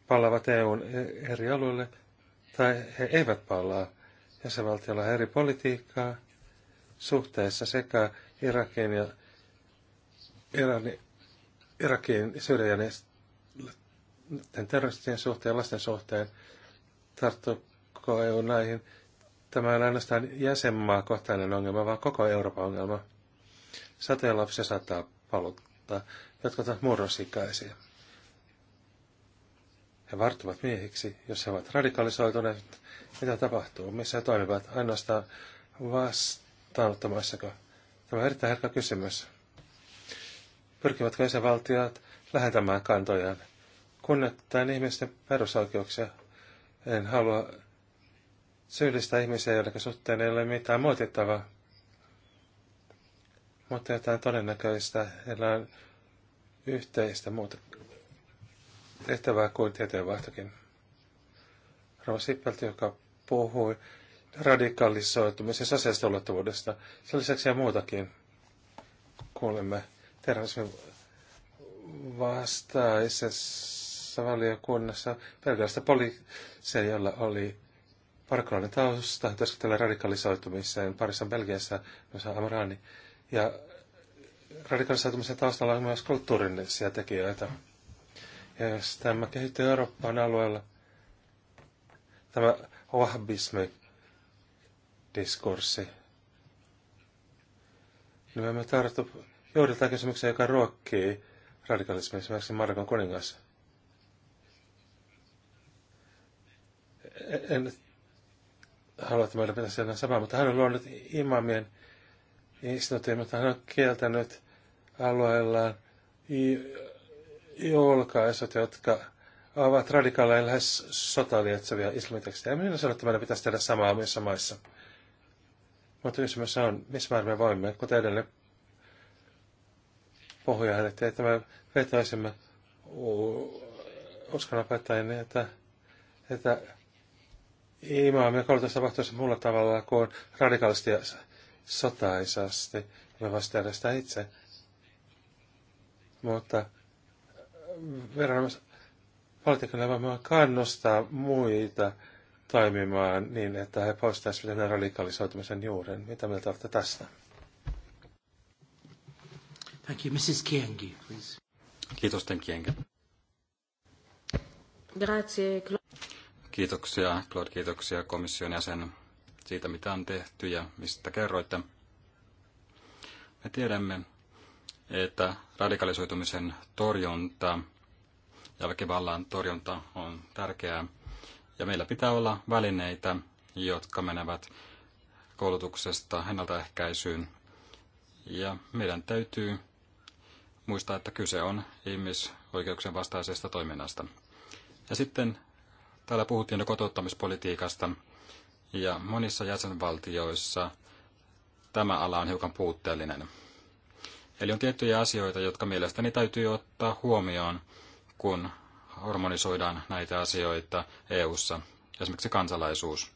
palaavat EUn eri alueille, tai he eivät palaa jäsenvaltiolla eri politiikkaa suhteessa sekä Irakiin ja Iranin, Irakin, Syyrian tämän terroristien suhteen lasten suhteen, tarttuuko EU näihin? Tämä on ainoastaan jäsenmaa kohtainen ongelma, vaan koko Euroopan ongelma. Satoja lapsia saattaa paluttaa, jotka ovat murrosikäisiä. He varttuvat miehiksi, jos he ovat radikalisoituneet. Mitä tapahtuu? Missä he toimivat? Ainoastaan vastaanottamaissako? Tämä on erittäin herkkä kysymys. Pyrkivätkö jäsenvaltiot lähentämään kantojaan? kunnioitetaan ihmisten perusoikeuksia. En halua syyllistää ihmisiä, joiden suhteen ei ole mitään muotittavaa. Mutta jotain todennäköistä, heillä on yhteistä muuta tehtävää kuin tietojenvaihtokin. Rova Sippelti, joka puhui radikalisoitumisen sosiaalista ulottuvuudesta. Sen lisäksi ja muutakin kuulemme terrorismin vastaisessa tässä valiokunnassa belgialaista poliisia, jolla oli parkkalainen tausta, työskentelee radikalisoitumiseen parissa Belgiassa, myös Amrani. Ja radikalisoitumisen taustalla on myös kulttuurillisia tekijöitä. Ja jos tämä kehittyy Euroopan alueella, tämä wahhabismi-diskurssi, niin me tartu, joudutaan kysymykseen, joka ruokkii radikalismia, esimerkiksi Marokon kuningas. en halua, että meillä pitäisi olla samaa, mutta hän on luonut imamien instituutin, mutta hän on kieltänyt alueellaan julkaisut, jotka ovat radikaaleja lähes sotalietsevia islamitekstejä. Ja Minä sanon, että meidän pitäisi tehdä samaa omissa maissa. Mutta kysymys on, missä määrin me voimme, kuten edellinen puhuja että, että me vetäisimme uskonnonopettajien, että, että Imaamme koulutus tapahtuisi muulla tavalla kuin radikaalisti ja sotaisasti. Me vastaan sitä itse. Mutta äh, viranomaispaltiikalla voimme kannustaa muita toimimaan niin, että he poistaisivat tämän radikalisoitumisen juuren. Mitä mieltä olette tästä? Thank you. Mrs. Kiengi, please. Kiitos, Ten Grazie. Kiitoksia, Claude, kiitoksia komission jäsen siitä, mitä on tehty ja mistä kerroitte. Me tiedämme, että radikalisoitumisen torjunta ja väkivallan torjunta on tärkeää. Ja meillä pitää olla välineitä, jotka menevät koulutuksesta ennaltaehkäisyyn. Ja meidän täytyy muistaa, että kyse on ihmisoikeuksien vastaisesta toiminnasta. Ja sitten Täällä puhuttiin jo kotouttamispolitiikasta ja monissa jäsenvaltioissa tämä ala on hiukan puutteellinen. Eli on tiettyjä asioita, jotka mielestäni täytyy ottaa huomioon, kun harmonisoidaan näitä asioita EU:ssa, esimerkiksi kansalaisuus.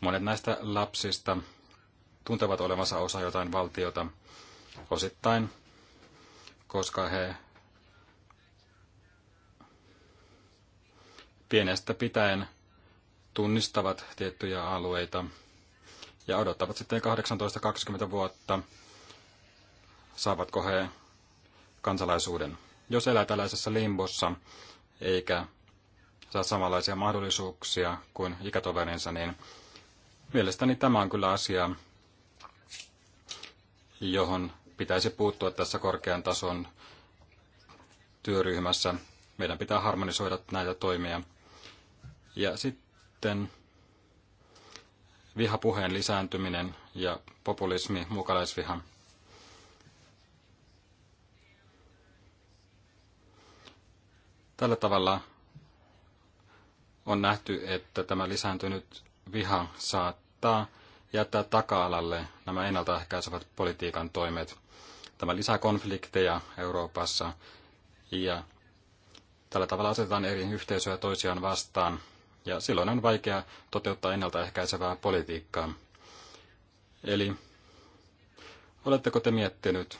Monet näistä lapsista tuntevat olevansa osa jotain valtiota osittain, koska he pienestä pitäen tunnistavat tiettyjä alueita ja odottavat sitten 18-20 vuotta, saavatko he kansalaisuuden. Jos elää tällaisessa limbossa eikä saa samanlaisia mahdollisuuksia kuin ikätoverinsa, niin mielestäni tämä on kyllä asia, johon pitäisi puuttua tässä korkean tason työryhmässä. Meidän pitää harmonisoida näitä toimia ja sitten vihapuheen lisääntyminen ja populismi, mukalaisviha. Tällä tavalla on nähty, että tämä lisääntynyt viha saattaa jättää taka-alalle nämä ennaltaehkäisevät politiikan toimet. Tämä lisää konflikteja Euroopassa ja tällä tavalla asetetaan eri yhteisöjä toisiaan vastaan ja silloin on vaikea toteuttaa ennaltaehkäisevää politiikkaa. Eli oletteko te miettinyt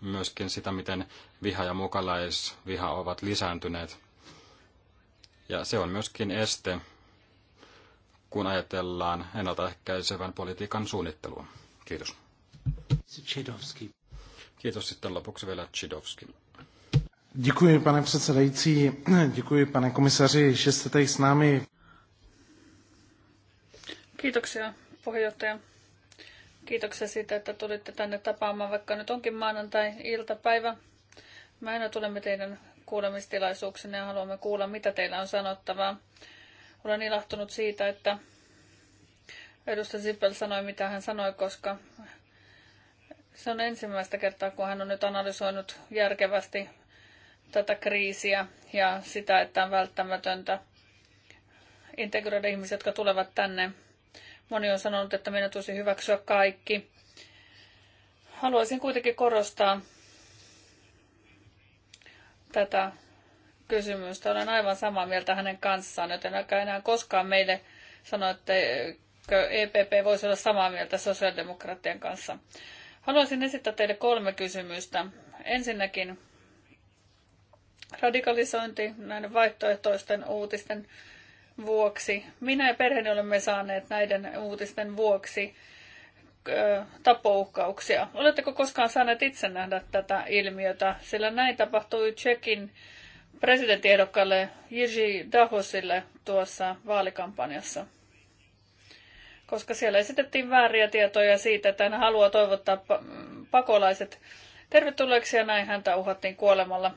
myöskin sitä, miten viha ja mukalaisviha ovat lisääntyneet? Ja se on myöskin este, kun ajatellaan ennaltaehkäisevän politiikan suunnittelua. Kiitos. Chidowski. Kiitos sitten lopuksi vielä Chidovski. Děkuji, pane předsedající, děkuji, pane komisaři, že jste tady s námi. Kiitoksia puheenjohtaja. Kiitoksia siitä, että tulitte tänne tapaamaan, vaikka nyt onkin maanantai-iltapäivä. Mä aina tulemme teidän kuulemistilaisuuksenne ja haluamme kuulla, mitä teillä on sanottavaa. Olen ilahtunut siitä, että edustaja Sippel sanoi, mitä hän sanoi, koska se on ensimmäistä kertaa, kun hän on nyt analysoinut järkevästi tätä kriisiä ja sitä, että on välttämätöntä integroida ihmiset, jotka tulevat tänne Moni on sanonut, että meidän tulisi hyväksyä kaikki. Haluaisin kuitenkin korostaa tätä kysymystä. Olen aivan samaa mieltä hänen kanssaan, joten aika enää koskaan meille sano, että EPP e voisi olla samaa mieltä sosiaalidemokraattien kanssa. Haluaisin esittää teille kolme kysymystä. Ensinnäkin radikalisointi näiden vaihtoehtoisten uutisten vuoksi. Minä ja perheeni olemme saaneet näiden uutisten vuoksi tapouhkauksia. Oletteko koskaan saaneet itse nähdä tätä ilmiötä? Sillä näin tapahtui Tsekin presidenttiehdokkaalle Jiri Dahosille tuossa vaalikampanjassa. Koska siellä esitettiin vääriä tietoja siitä, että hän haluaa toivottaa pakolaiset tervetulleeksi ja näin häntä uhattiin kuolemalla.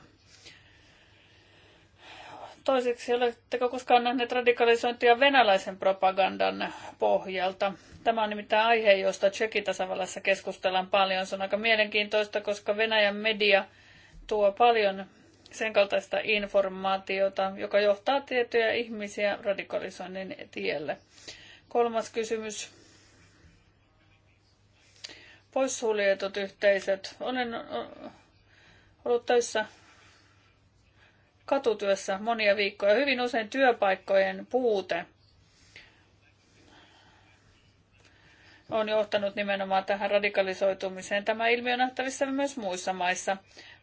Toiseksi, oletteko koskaan nähneet radikalisointia venäläisen propagandan pohjalta? Tämä on nimittäin aihe, josta Tsekin tasavallassa keskustellaan paljon. Se on aika mielenkiintoista, koska Venäjän media tuo paljon sen kaltaista informaatiota, joka johtaa tiettyjä ihmisiä radikalisoinnin tielle. Kolmas kysymys. Poissuljetut yhteisöt. Olen ollut töissä katutyössä monia viikkoja. Hyvin usein työpaikkojen puute on johtanut nimenomaan tähän radikalisoitumiseen. Tämä ilmiö on nähtävissä myös muissa maissa.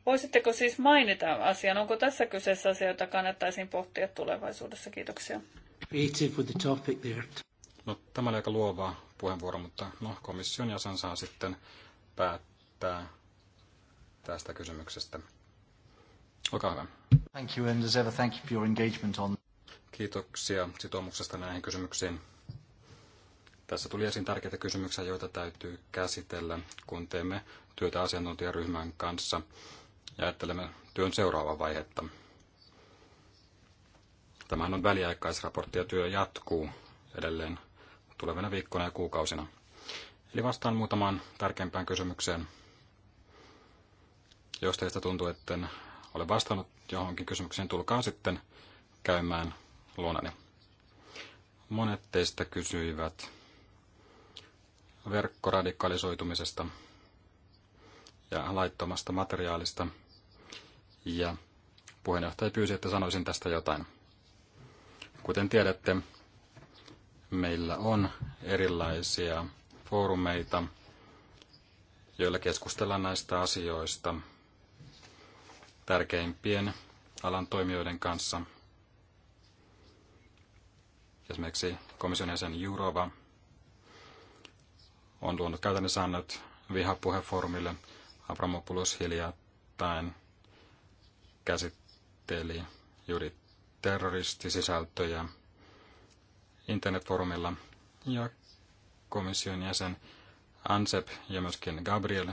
Voisitteko siis mainita asian? Onko tässä kyseessä asia, jota kannattaisiin pohtia tulevaisuudessa? Kiitoksia. No, tämä oli aika luova puheenvuoro, mutta no, komission jäsen saa sitten päättää tästä kysymyksestä. Olkaa hyvä. Thank you, and as ever, thank you for your engagement on... Kiitoksia sitoumuksesta näihin kysymyksiin. Tässä tuli esiin tärkeitä kysymyksiä, joita täytyy käsitellä, kun teemme työtä asiantuntijaryhmän kanssa ja ajattelemme työn seuraavaa vaihetta. Tämähän on väliaikaisraportti ja työ jatkuu edelleen tulevina viikkoina ja kuukausina. Eli vastaan muutamaan tärkeimpään kysymykseen. Jos teistä tuntuu, että ole vastannut johonkin kysymykseen, tulkaa sitten käymään luonani. Monet teistä kysyivät verkkoradikalisoitumisesta ja laittomasta materiaalista. Ja puheenjohtaja pyysi, että sanoisin tästä jotain. Kuten tiedätte, meillä on erilaisia foorumeita, joilla keskustellaan näistä asioista – tärkeimpien alan toimijoiden kanssa. Esimerkiksi komission jäsen Jurova on luonut käytännössä säännöt vihapuhefoorumille. Abramopoulos hiljattain käsitteli juuri terroristisisältöjä internetfoorumilla ja komission jäsen Ansep ja myöskin Gabriel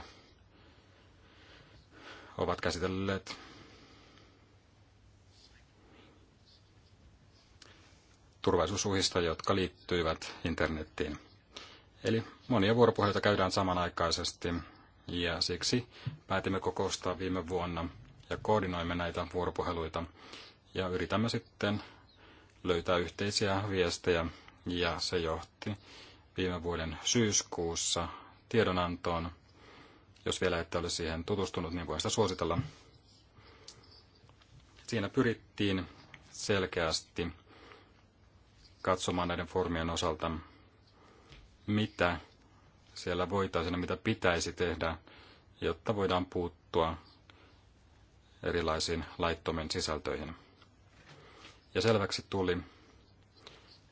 ovat käsitelleet turvallisuusuhista, jotka liittyivät internettiin. Eli monia vuoropuheita käydään samanaikaisesti ja siksi päätimme kokousta viime vuonna ja koordinoimme näitä vuoropuheluita ja yritämme sitten löytää yhteisiä viestejä ja se johti viime vuoden syyskuussa tiedonantoon, jos vielä ette ole siihen tutustunut, niin voin sitä suositella. Siinä pyrittiin selkeästi katsomaan näiden formien osalta, mitä siellä voitaisiin ja mitä pitäisi tehdä, jotta voidaan puuttua erilaisiin laittomiin sisältöihin. Ja selväksi tuli,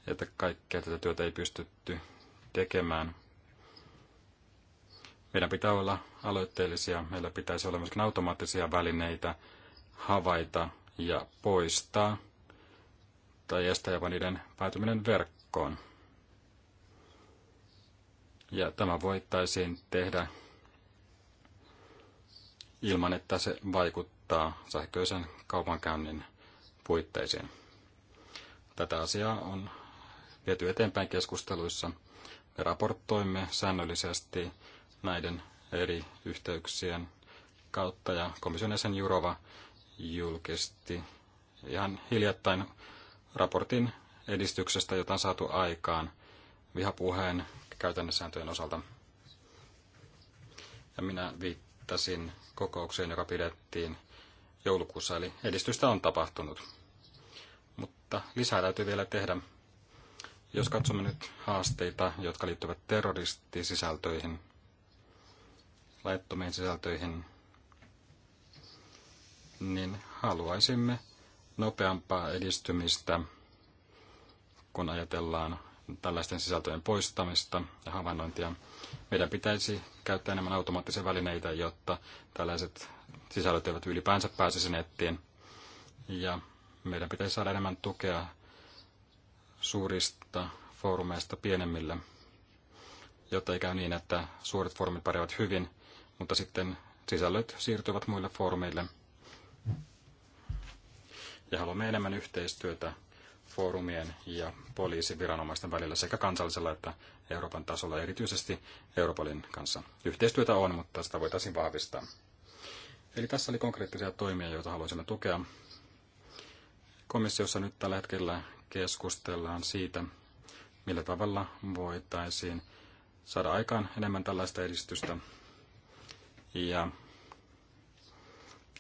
että kaikkea tätä työtä ei pystytty tekemään. Meidän pitää olla aloitteellisia. Meillä pitäisi olla myöskin automaattisia välineitä havaita ja poistaa tai estää jopa niiden päätyminen verkkoon. Ja tämä voittaisiin tehdä ilman, että se vaikuttaa sähköisen kaupankäynnin puitteisiin. Tätä asiaa on viety eteenpäin keskusteluissa. Me raportoimme säännöllisesti näiden eri yhteyksien kautta ja komission jäsen Jurova julkisti ihan hiljattain raportin edistyksestä, jota on saatu aikaan vihapuheen käytännössääntöjen osalta. Ja minä viittasin kokoukseen, joka pidettiin joulukuussa, eli edistystä on tapahtunut. Mutta lisää täytyy vielä tehdä. Jos katsomme nyt haasteita, jotka liittyvät terroristisisältöihin, laittomiin sisältöihin, niin haluaisimme nopeampaa edistymistä, kun ajatellaan tällaisten sisältöjen poistamista ja havainnointia. Meidän pitäisi käyttää enemmän automaattisia välineitä, jotta tällaiset sisällöt eivät ylipäänsä pääsisi nettiin. Ja meidän pitäisi saada enemmän tukea suurista foorumeista pienemmille, jotta ei käy niin, että suuret foorumit pärjäävät hyvin mutta sitten sisällöt siirtyvät muille foorumeille. Ja haluamme enemmän yhteistyötä foorumien ja poliisiviranomaisten välillä sekä kansallisella että Euroopan tasolla, erityisesti Europolin kanssa. Yhteistyötä on, mutta sitä voitaisiin vahvistaa. Eli tässä oli konkreettisia toimia, joita haluaisimme tukea. Komissiossa nyt tällä hetkellä keskustellaan siitä, millä tavalla voitaisiin saada aikaan enemmän tällaista edistystä ja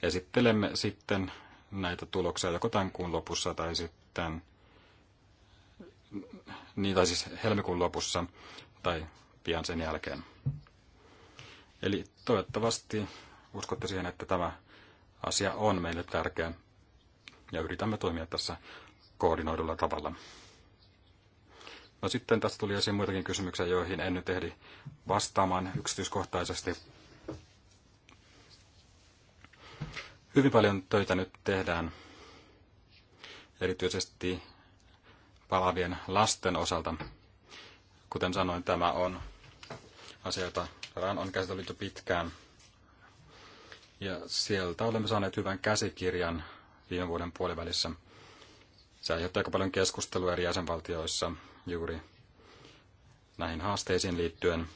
esittelemme sitten näitä tuloksia joko tämän kuun lopussa tai sitten niin, tai siis helmikuun lopussa tai pian sen jälkeen. Eli toivottavasti uskotte siihen, että tämä asia on meille tärkeä ja yritämme toimia tässä koordinoidulla tavalla. No sitten tässä tuli esiin muitakin kysymyksiä, joihin en nyt ehdi vastaamaan yksityiskohtaisesti, Hyvin paljon töitä nyt tehdään, erityisesti palavien lasten osalta. Kuten sanoin, tämä on asia, jota RAN on käsitellyt jo pitkään. Ja sieltä olemme saaneet hyvän käsikirjan viime vuoden puolivälissä. Se aiheuttaa aika paljon keskustelua eri jäsenvaltioissa juuri näihin haasteisiin liittyen.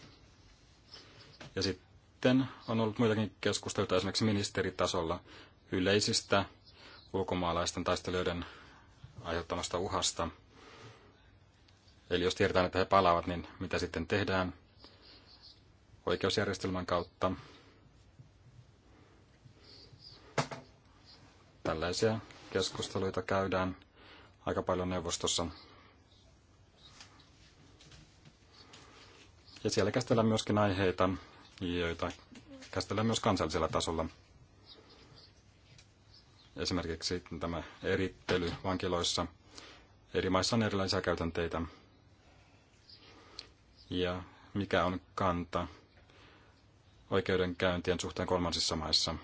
Ja sitten sitten on ollut muitakin keskusteluita esimerkiksi ministeritasolla yleisistä ulkomaalaisten taistelijoiden aiheuttamasta uhasta. Eli jos tiedetään, että he palaavat, niin mitä sitten tehdään oikeusjärjestelmän kautta? Tällaisia keskusteluita käydään aika paljon neuvostossa. Ja siellä käsitellään myöskin aiheita, joita käsitellään myös kansallisella tasolla. Esimerkiksi tämä erittely vankiloissa. Eri maissa on erilaisia käytänteitä. Ja mikä on kanta oikeudenkäyntien suhteen kolmansissa maissa.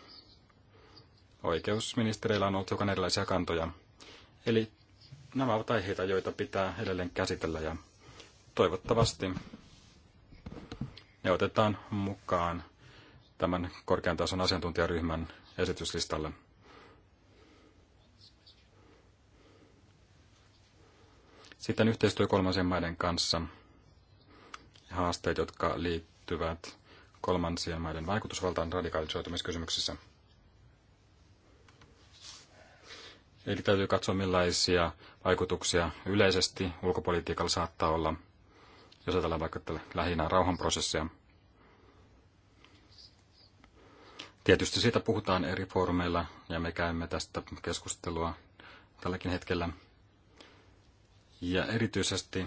Oikeusministereillä on ollut hiukan erilaisia kantoja. Eli nämä ovat aiheita, joita pitää edelleen käsitellä ja toivottavasti ne otetaan mukaan tämän korkean tason asiantuntijaryhmän esityslistalle. Sitten yhteistyö kolmansien maiden kanssa, haasteet, jotka liittyvät kolmansien maiden vaikutusvaltaan radikalisoitumiskysymyksissä. Eli täytyy katsoa, millaisia vaikutuksia yleisesti ulkopolitiikalla saattaa olla – jos ajatellaan vaikka tällä lähinnä rauhanprosessia. Tietysti siitä puhutaan eri foorumeilla ja me käymme tästä keskustelua tälläkin hetkellä. Ja erityisesti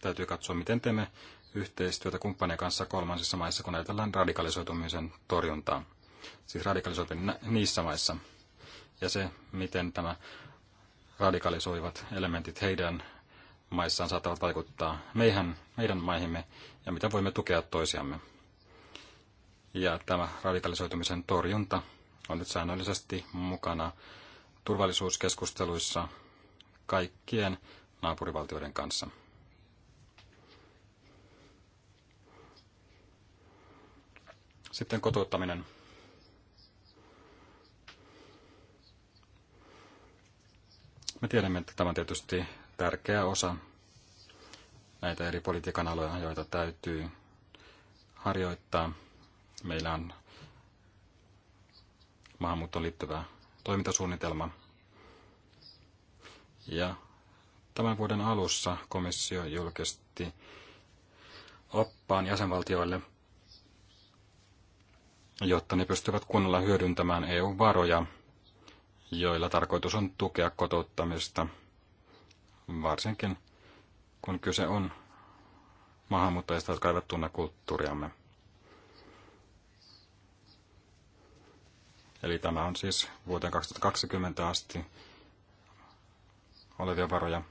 täytyy katsoa, miten teemme yhteistyötä kumppanien kanssa kolmansissa maissa, kun ajatellaan radikalisoitumisen torjuntaa. Siis radikalisoituminen niissä maissa. Ja se, miten tämä radikalisoivat elementit heidän maissaan saattavat vaikuttaa meihän, meidän maihimme ja miten voimme tukea toisiamme. Ja tämä radikalisoitumisen torjunta on nyt säännöllisesti mukana turvallisuuskeskusteluissa kaikkien naapurivaltioiden kanssa. Sitten kotouttaminen. Me tiedämme, että tämä on tietysti tärkeä osa näitä eri politiikan aloja, joita täytyy harjoittaa. Meillä on maahanmuuttoon liittyvä toimintasuunnitelma. Ja tämän vuoden alussa komissio julkisti oppaan jäsenvaltioille, jotta ne pystyvät kunnolla hyödyntämään EU-varoja, joilla tarkoitus on tukea kotouttamista – varsinkin kun kyse on maahanmuuttajista, jotka eivät tunne kulttuuriamme. Eli tämä on siis vuoteen 2020 asti olevia varoja.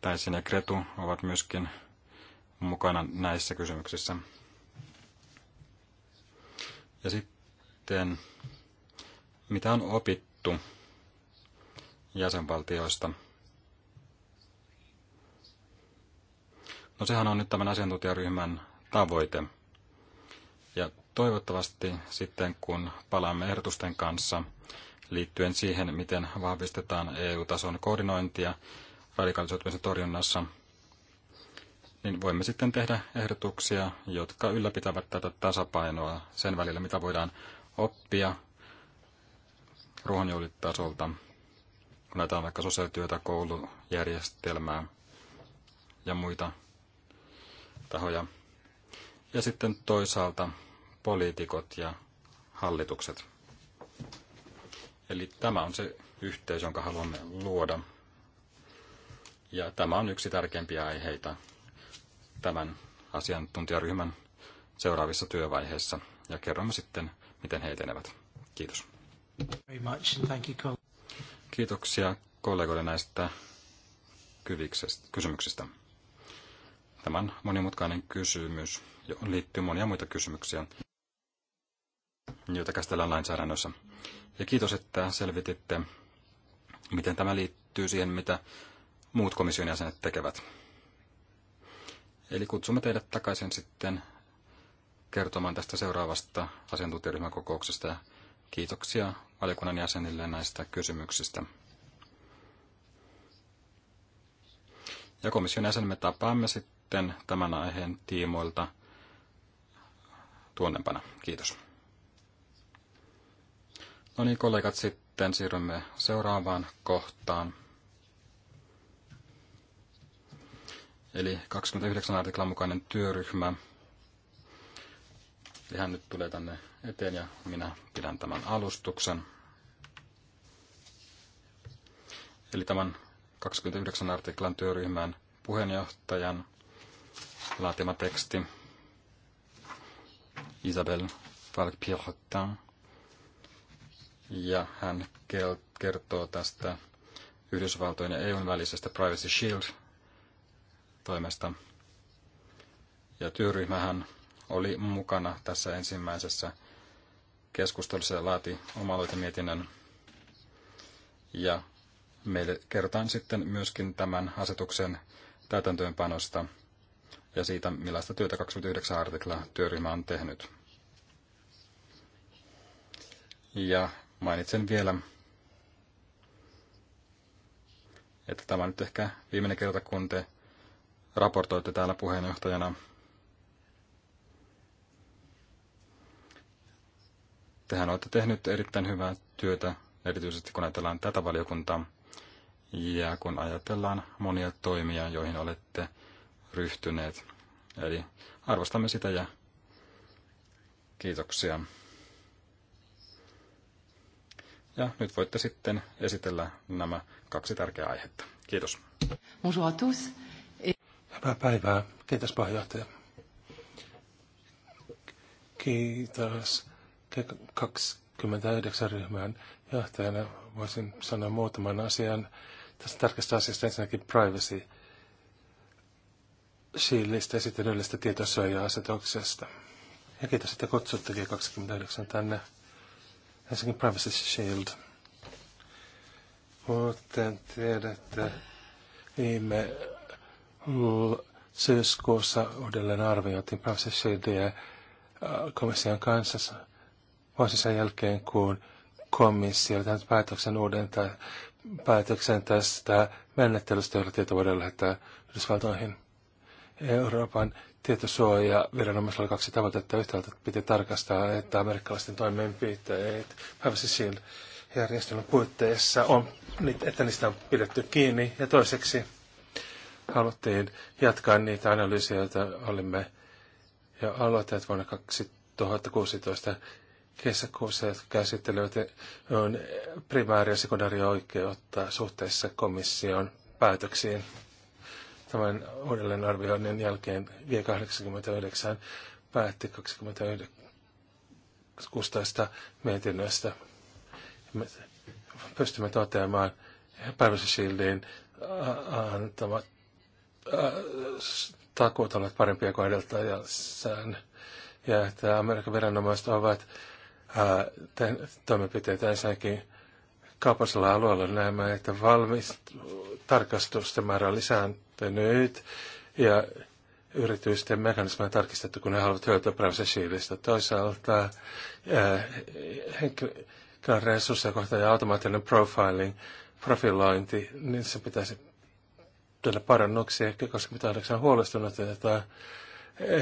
Täysin ja Kretu ovat myöskin mukana näissä kysymyksissä. Ja sitten, mitä on opittu jäsenvaltioista – No sehän on nyt tämän asiantuntijaryhmän tavoite. Ja toivottavasti sitten, kun palaamme ehdotusten kanssa liittyen siihen, miten vahvistetaan EU-tason koordinointia radikalisoitumisen torjunnassa, niin voimme sitten tehdä ehdotuksia, jotka ylläpitävät tätä tasapainoa sen välillä, mitä voidaan oppia ruohonjuuritasolta, kun näitä on vaikka sosiaalityötä, koulujärjestelmää ja muita tahoja. Ja sitten toisaalta poliitikot ja hallitukset. Eli tämä on se yhteys, jonka haluamme luoda. Ja tämä on yksi tärkeimpiä aiheita tämän asiantuntijaryhmän seuraavissa työvaiheissa. Ja kerromme sitten, miten he etenevät. Kiitos. Kiitoksia kollegoille näistä kysymyksistä. Tämä on monimutkainen kysymys, johon liittyy monia muita kysymyksiä, joita käsitellään lainsäädännössä. Ja kiitos, että selvititte, miten tämä liittyy siihen, mitä muut komission jäsenet tekevät. Eli kutsumme teidät takaisin sitten kertomaan tästä seuraavasta asiantuntijaryhmän kokouksesta kiitoksia valiokunnan jäsenille näistä kysymyksistä. Ja komission jäsenemme tapaamme sitten sitten tämän aiheen tiimoilta tuonnempana. Kiitos. No niin, kollegat, sitten siirrymme seuraavaan kohtaan. Eli 29 artiklan mukainen työryhmä. Eli hän nyt tulee tänne eteen ja minä pidän tämän alustuksen. Eli tämän 29 artiklan työryhmän puheenjohtajan laatima teksti. Isabel falk Ja hän kertoo tästä Yhdysvaltojen ja EUn välisestä Privacy Shield-toimesta. Ja työryhmähän oli mukana tässä ensimmäisessä keskustelussa ja laati oma mietinnön. Ja meille kerrotaan sitten myöskin tämän asetuksen täytäntöönpanosta – ja siitä, millaista työtä 29 artikla työryhmä on tehnyt. Ja mainitsen vielä, että tämä on nyt ehkä viimeinen kerta, kun te raportoitte täällä puheenjohtajana. Tehän olette tehnyt erittäin hyvää työtä, erityisesti kun ajatellaan tätä valiokuntaa ja kun ajatellaan monia toimia, joihin olette ryhtyneet. Eli arvostamme sitä ja kiitoksia. Ja nyt voitte sitten esitellä nämä kaksi tärkeää aihetta. Kiitos. Bonjour à tous. Hyvää päivää. Kiitos pahjohtaja. Kiitos 29 ryhmän johtajana. Voisin sanoa muutaman asian tästä tärkeästä asiasta. Ensinnäkin privacy Shieldistä ja sitten yleistä tietosuoja-asetuksesta. Ja kiitos, että kutsutte G29 tänne Helsingin Privacy Shield. Kuten tiedätte, viime syyskuussa uudelleen arvioitiin Privacy Shieldia äh, komission kanssa vuosi sen jälkeen, kun komissio oli päätöksen uuden tai päätöksen tästä menettelystä, jolla tieto voidaan lähettää Yhdysvaltoihin. Euroopan tietosuoja viranomaisella oli kaksi tavoitetta. Yhtäältä piti tarkastaa, että amerikkalaisten toimenpiteet Shield järjestelmän puitteissa on, että niistä on pidetty kiinni. Ja toiseksi haluttiin jatkaa niitä analyysiä, joita olimme jo aloittaneet vuonna 2016 kesäkuussa, jotka käsittelevät primääri- ja sekundaarioikeutta suhteessa komission päätöksiin. Tämän uudelleenarvioinnin jälkeen vie 89 päätti 2016 mietinnöstä. Me pystymme toteamaan Privacy Shieldin äh, antamat äh, takuut ovat parempia kuin edeltäjässään. Ja että Amerikan viranomaiset ovat ää, äh, toimenpiteitä ensinnäkin kaupallisella alueella näemme, että valmist- tarkastusten määrä on lisääntynyt ja yritysten mekanismeja tarkistettu, kun ne haluavat hyötyä prosessiivista. Toisaalta eh, henkilön resursseja kohtaan ja automaattinen profiling, profilointi, niin se pitäisi tehdä parannuksia. koska 28 on huolestunut, että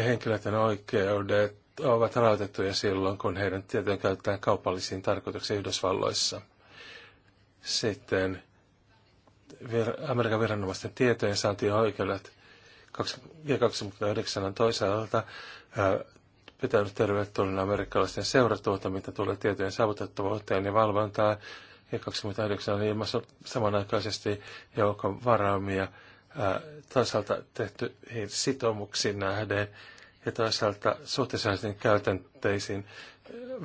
henkilöiden oikeudet ovat rautettuja silloin, kun heidän tietojen käytetään kaupallisiin tarkoituksiin Yhdysvalloissa. Sitten Amerikan viranomaisten tietojen saantioikeudet G29 on toisaalta pitänyt tervetulleen amerikkalaisten seuratuota, mitä tulee tietojen saavutettavuuteen ja valvontaan. Ja 29 on ilmassa samanaikaisesti joukon varaamia toisaalta tehty sitoumuksiin nähden ja toisaalta suhteellisen käytänteisiin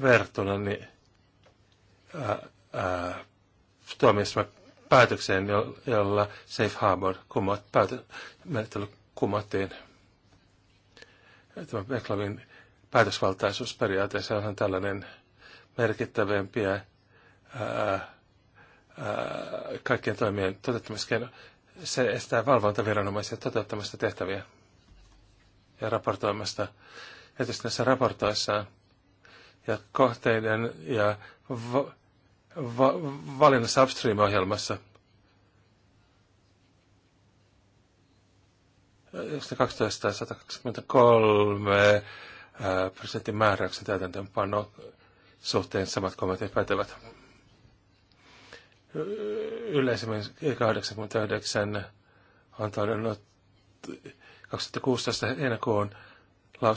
vertuna, niin ää, ää, tuomioistuimen päätökseen, jolla Safe Harbor kumot, päätö, menettely kumottiin. Tämä Beklavin päätösvaltaisuusperiaatteessa on tällainen merkittävämpiä kaikkien toimien toteuttamiskeino. Se estää valvontaviranomaisia toteuttamasta tehtäviä ja raportoimasta. Ja tietysti näissä raportoissaan ja kohteiden ja va- valinnassa Upstream-ohjelmassa. Josta 1223 äh, prosentin määräyksen täytäntöönpano suhteen samat kommentit pätevät. Yleisemmin 89 on todennut 2016 heinäkuun on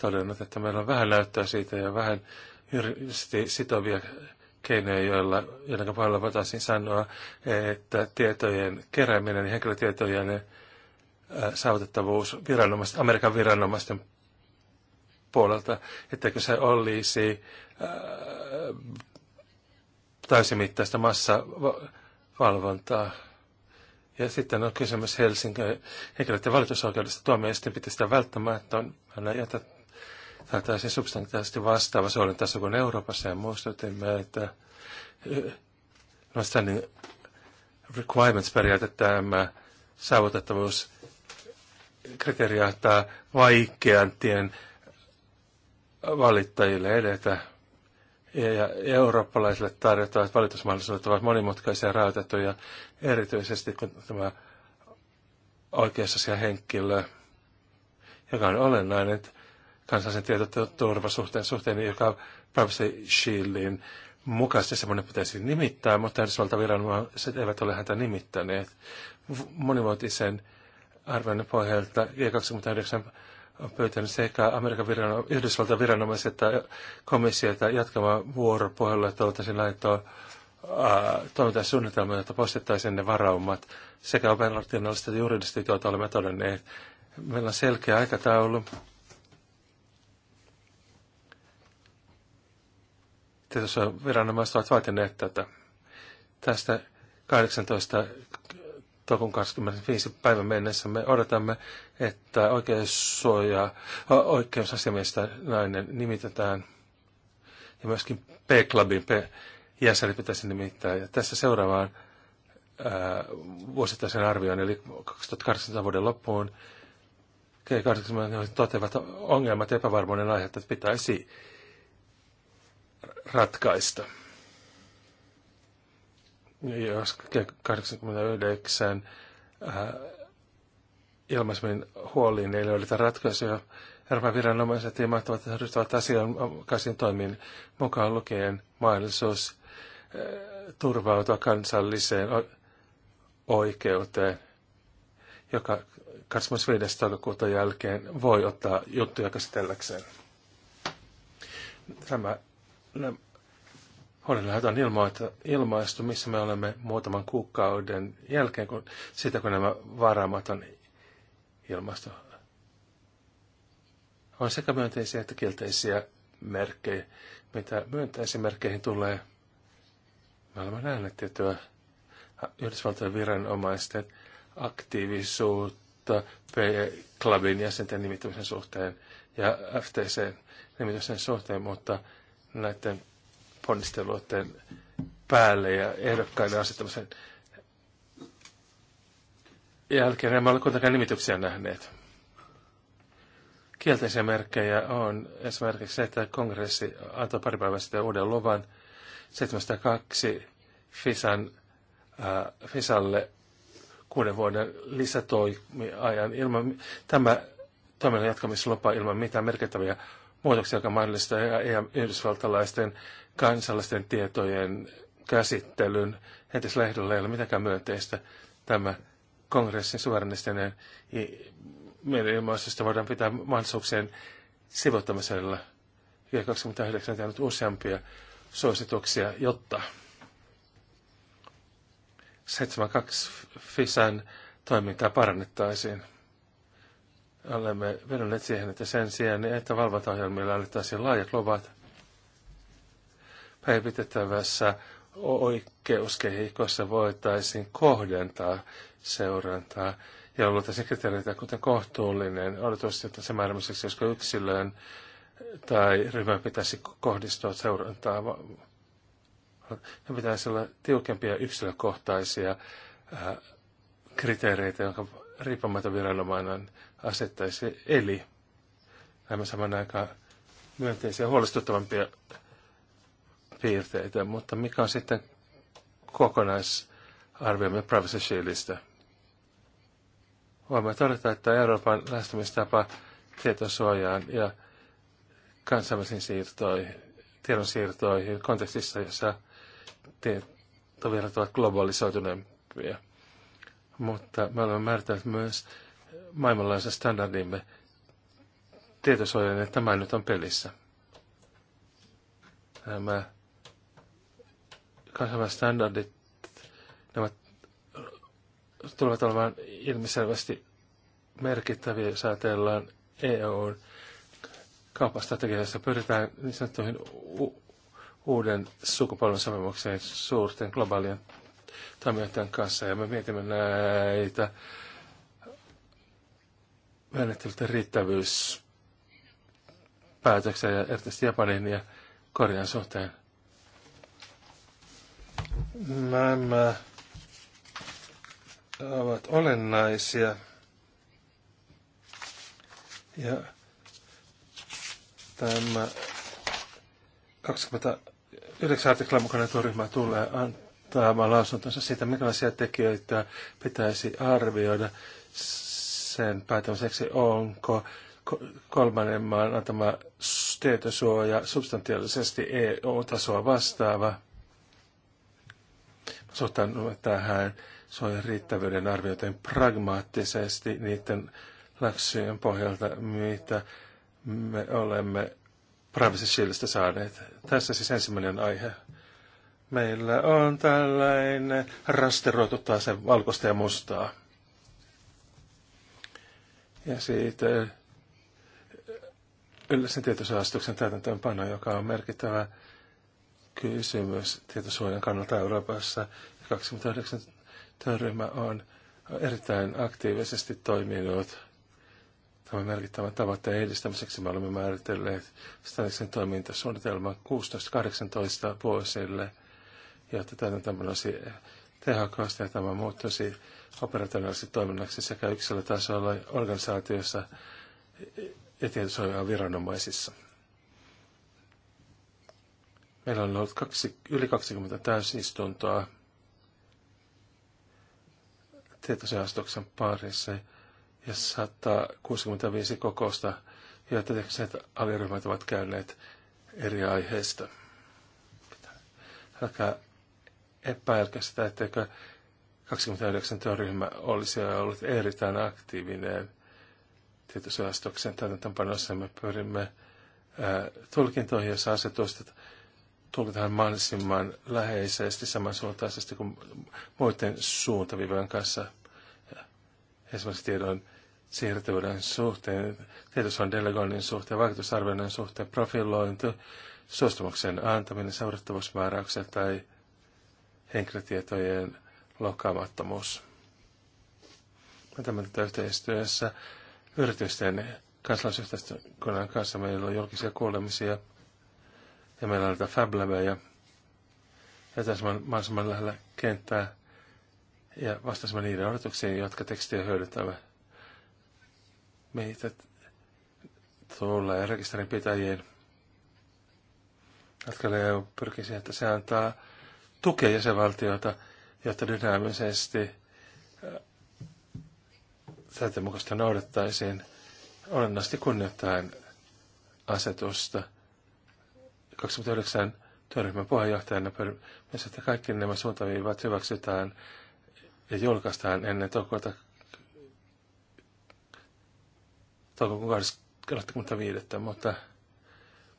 todennut, että meillä on vähän näyttöä siitä ja vähän sitovia keinoja, joilla, joiden puolella voitaisiin sanoa, että tietojen kerääminen ja henkilötietojen äh, saavutettavuus viranomaisten, Amerikan viranomaisten puolelta, etteikö se olisi äh, täysimittaista massavalvontaa. Ja sitten on kysymys Helsingin henkilöiden valitusoikeudesta. Tuomioistuin piti sitä välttämättä. On, ja se substantiaalisesti vastaava suojelun taso kuin Euroopassa ja muistutimme, että eh, no standing requirements-periaate tämä saavutettavuus kriteeri vaikean tien valittajille edetä. Ja eurooppalaisille tarjottavat valitusmahdollisuudet ovat monimutkaisia ja rajoitettuja, erityisesti kun tämä oikeusasia henkilö, joka on olennainen, että kansallisen tietoturvasuhteen suhteen, joka Privacy Shieldin mukaisesti semmoinen pitäisi nimittää, mutta Yhdysvaltaviranomaiset eivät ole häntä nimittäneet. Monivuotisen arvioinnin pohjalta G29 on pyytänyt sekä Amerikan virano, Yhdysvaltain viranomaiset että komissiota jatkamaan vuoropuhelua, että oltaisiin laittoa toimintasuunnitelmia, jotta poistettaisiin ne varaumat sekä operationaaliset että juridiset, joita olemme todenneet. Meillä on selkeä aikataulu tietysti viranomaiset ovat vaatineet tätä. Tästä 18 toukokuun 25 päivän mennessä me odotamme, että oikeussuoja, oikeusasiamiestä nainen nimitetään ja myöskin P-klubin jäsenet pitäisi nimittää. Ja tässä seuraavaan ää, vuosittaisen arvioon, eli 2018 vuoden loppuun, G80 toteavat ongelmat epävarmuuden aihetta, että pitäisi ratkaista. Jos 89 äh, ilmaisemmin huoliin niin ei löydetä ratkaisuja, Euroopan viranomaiset ja että ryhtyvät asianmukaisiin toimiin mukaan lukien mahdollisuus äh, turvautua kansalliseen oikeuteen, joka 25. toukokuuta jälkeen voi ottaa juttuja käsitelläkseen. Tämä no, huolellähän on ilmaista ilmaistu, missä me olemme muutaman kuukauden jälkeen, kun, siitä kun nämä varaamat on ilmaistu. On sekä myönteisiä että kielteisiä merkkejä. Mitä myönteisiin merkkeihin tulee, me olemme nähneet tiettyä Yhdysvaltojen viranomaisten aktiivisuutta PE-klubin jäsenten nimittämisen suhteen ja FTC-nimityksen suhteen, mutta näiden ponnisteluiden päälle ja ehdokkaiden asettamisen jälkeen. Emme ole kuitenkaan nimityksiä nähneet. Kielteisiä merkkejä on esimerkiksi se, että kongressi antoi pari päivää sitten uuden luvan 702 FISAN, äh, FISAlle kuuden vuoden lisätoimiajan ilman tämä toiminnan jatkamislupa ilman mitään merkittäviä muutoksia, joka mahdollistaa yhdysvaltalaisten kansallisten tietojen käsittelyn. Entisellä ei ole mitenkään myönteistä tämä kongressin suverenistinen mielenilmaisusta voidaan pitää mahdollisuuksien sivuuttamisella. g 29 on tehnyt useampia suosituksia, jotta 72 FISAn toimintaa parannettaisiin olemme vedonneet siihen, että sen sijaan, että valvontaohjelmilla annettaisiin laajat luvat päivitettävässä oikeuskehikossa voitaisiin kohdentaa seurantaa ja luotaisiin kriteereitä, kuten kohtuullinen odotus, että se määrämiseksi, josko yksilöön tai ryhmään pitäisi kohdistua seurantaa. Ne pitäisi olla tiukempia yksilökohtaisia äh, kriteereitä, jonka riippumaton viranomainen asettaisi. Eli aivan saman aikaan myönteisiä huolestuttavampia piirteitä, mutta mikä on sitten kokonaisarviomme Privacy Shieldistä? Voimme todeta, että Euroopan lähestymistapa tietosuojaan ja kansainvälisiin siirtoihin, tiedon kontekstissa, jossa tietovirrat ovat globalisoituneempia. Mutta me olemme määritelleet myös maailmanlaisen standardimme tietosuojan, että tämä nyt on pelissä. Nämä kansainväliset standardit, nämä tulevat olemaan ilmiselvästi merkittäviä, jos ajatellaan EUn kaupastrategiassa pyritään niin sanottuihin u- uuden sukupolven sopimukseen suurten globaalien toimijoiden kanssa, ja me mietimme näitä menettelyiden riittävyys päätöksen ja erityisesti Japanin ja Korean suhteen. Nämä ovat olennaisia. Ja tämä 29 artiklan mukainen työryhmä tulee antamaan lausuntonsa siitä, minkälaisia tekijöitä pitäisi arvioida sen päätämiseksi, onko kolmannen maan antama tietosuoja substantiaalisesti EU-tasoa vastaava. Suhtaan tähän suojan riittävyyden arvioiden pragmaattisesti niiden läksyjen pohjalta, mitä me olemme Privacy Shieldistä saaneet. Tässä siis ensimmäinen aihe. Meillä on tällainen rasteroitu taas valkoista ja mustaa. Ja siitä yleisen tietosuojastuksen täytäntöönpano, joka on merkittävä kysymys tietosuojan kannalta Euroopassa. 29 työryhmä on erittäin aktiivisesti toiminut tämän merkittävän tavoitteen edistämiseksi. Me olemme määritelleet Stanixin toimintasuunnitelman 16-18 vuosille, jotta täytäntöönpano olisi tehokasta ja tämä muuttuisi operationaaliseksi toiminnaksi sekä yksilötasolla, organisaatioissa ja tietosuojaa viranomaisissa. Meillä on ollut kaksi, yli 20 täysistuntoa tietosuojaastuksen parissa ja 165 kokousta, joita tekniset aliryhmät ovat käyneet eri aiheista. Älkää epäilkä sitä, etteikö 29 työryhmä olisi ollut erittäin aktiivinen tietosuojastoksen täytäntöönpanossa. Me pyrimme tulkintoihin, jossa asetusta tulkitaan mahdollisimman läheisesti samansuuntaisesti kuin muiden suuntavivojen kanssa. Esimerkiksi tiedon siirtyvyyden suhteen, tietosuojan delegoinnin suhteen, vaikutusarvioinnin suhteen, profilointi, suostumuksen antaminen, seurattavuusmääräykset tai henkilötietojen lokaamattomuus. Me tämän yhteistyössä yritysten kansalaisyhteiskunnan kanssa meillä on julkisia kuulemisia ja meillä on näitä fablabeja ja tässä on mahdollisimman lähellä kenttää ja vastasimme niiden odotuksiin, jotka tekstiä hyödyttävät. Meitä tulee rekisterin pitäjien jotka EU pyrkii siihen, että se antaa tukea jäsenvaltiota jotta dynaamisesti äh, sääntömukaista noudattaisiin olennaisesti kunnioittain asetusta. 29 työryhmän puheenjohtajana myös, että kaikki nämä suuntaviivat hyväksytään ja julkaistaan ennen toukokuuta toukokuun 25. Mutta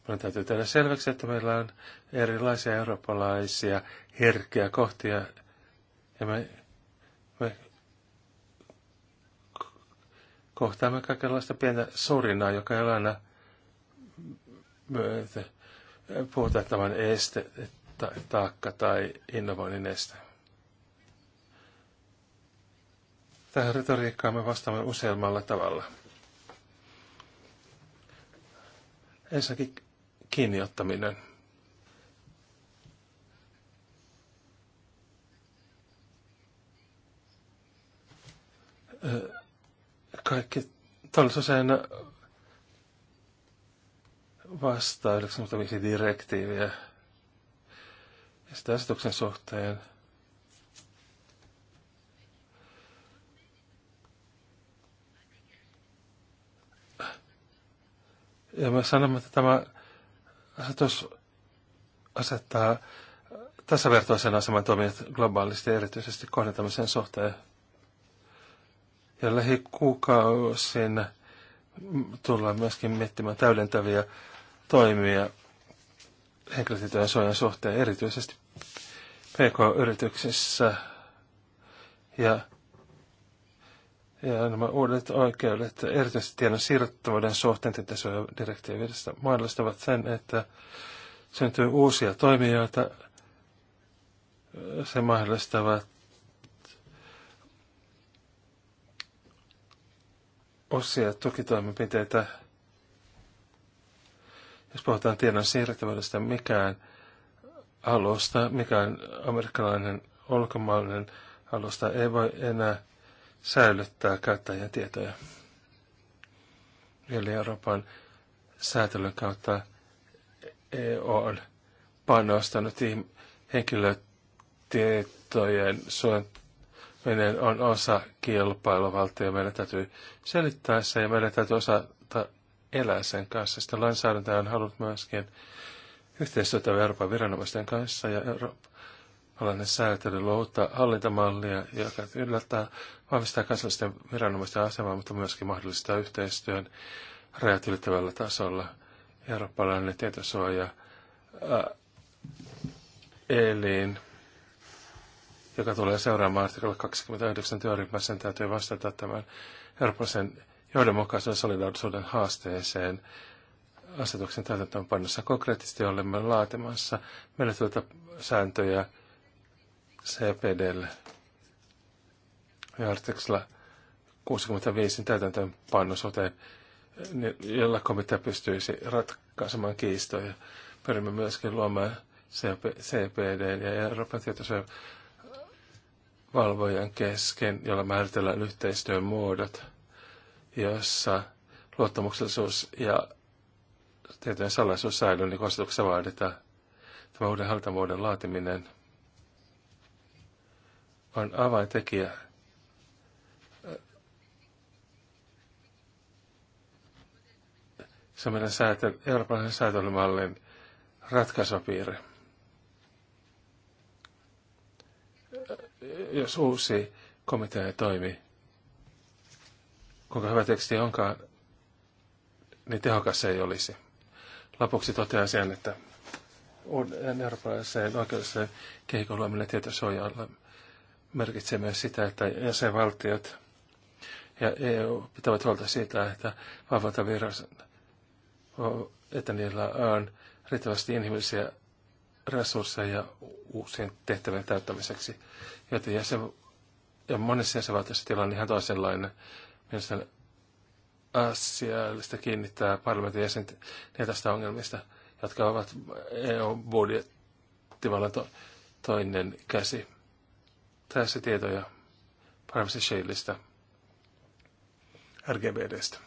minun täytyy tehdä selväksi, että meillä on erilaisia eurooppalaisia herkkiä kohtia ja me, me kohtaamme kaikenlaista pientä sorinaa, joka ei ole aina myötä, puhutaan tämän este, ta, taakka tai innovoinnin este. Tähän retoriikkaan me vastaamme useammalla tavalla. Ensinnäkin kiinniottaminen. Kaikki talousaseena vastaa 95 direktiiviä. Ja sitä asetuksen suhteen Ja me sanomme, että tämä asetus asettaa tasavertoisen aseman toimijat globaalisti erityisesti kohdentamisen suhteen. Ja lähikuukausina tullaan myöskin miettimään täydentäviä toimia henkilötietojen suojan suhteen, erityisesti PK-yrityksissä. Ja, ja nämä uudet oikeudet, erityisesti tiedon siirrettävyyden suhteen tietosuojadirektiivistä, mahdollistavat sen, että syntyy uusia toimijoita. Se mahdollistavat osia tukitoimenpiteitä. Jos puhutaan tiedon siirrettävyydestä, mikään alusta, mikään amerikkalainen ulkomaalainen alusta ei voi enää säilyttää käyttäjien tietoja. Eli Euroopan säätelyn kautta EU on panostanut henkilötietojen suojelun meidän on osa kilpailuvaltio. Meidän täytyy selittää se ja meidän täytyy osata elää sen kanssa. Sitä lainsäädäntöä on halunnut myöskin yhteistyötä Euroopan viranomaisten kanssa ja eurooppalainen säätely luo hallintamallia, joka yllättää, vahvistaa kansallisten viranomaisten asemaa, mutta myöskin mahdollistaa yhteistyön rajat ylittävällä tasolla. Eurooppalainen tietosuoja, ää, elin, joka tulee seuraamaan artikla 29 työryhmä, sen täytyy vastata tämän Euroopan johdonmukaisen solidaarisuuden haasteeseen asetuksen täytäntöönpannossa. Konkreettisesti olemme laatimassa meneteltä tuota sääntöjä CPDlle ja artikla 65 täytäntöönpannosoteen, jolla komitea pystyisi ratkaisemaan kiistoja. Pyrimme myöskin luomaan CPD ja Euroopan tietosuojan valvojen kesken, jolla määritellään yhteistyön muodot, jossa luottamuksellisuus ja tietojen salaisuus säilyy, niin kosituksessa vaaditaan tämä uuden haltamuodon laatiminen on avaintekijä se on meidän säätö, eurooppalaisen säätelymallin ratkaisupiiri. jos uusi komitea ei toimi, kuinka hyvä teksti onkaan, niin tehokas se ei olisi. Lopuksi totean sen, että uuden eurooppalaisen oikeudelliseen kehikon luominen tietosuojalla merkitsee myös sitä, että jäsenvaltiot ja EU pitävät huolta siitä, että valvontaviraston että niillä on riittävästi inhimillisiä resursseja uusien tehtävien täyttämiseksi. Joten jäsen, ja monessa jäsenvaltiossa tilanne on ihan toisenlainen. Mielestäni asiallista kiinnittää parlamentin jäsenet tästä ongelmista, jotka ovat EU-budjettivallan to, toinen käsi. Tässä tietoja paremmasta Shaleista, RGBDstä.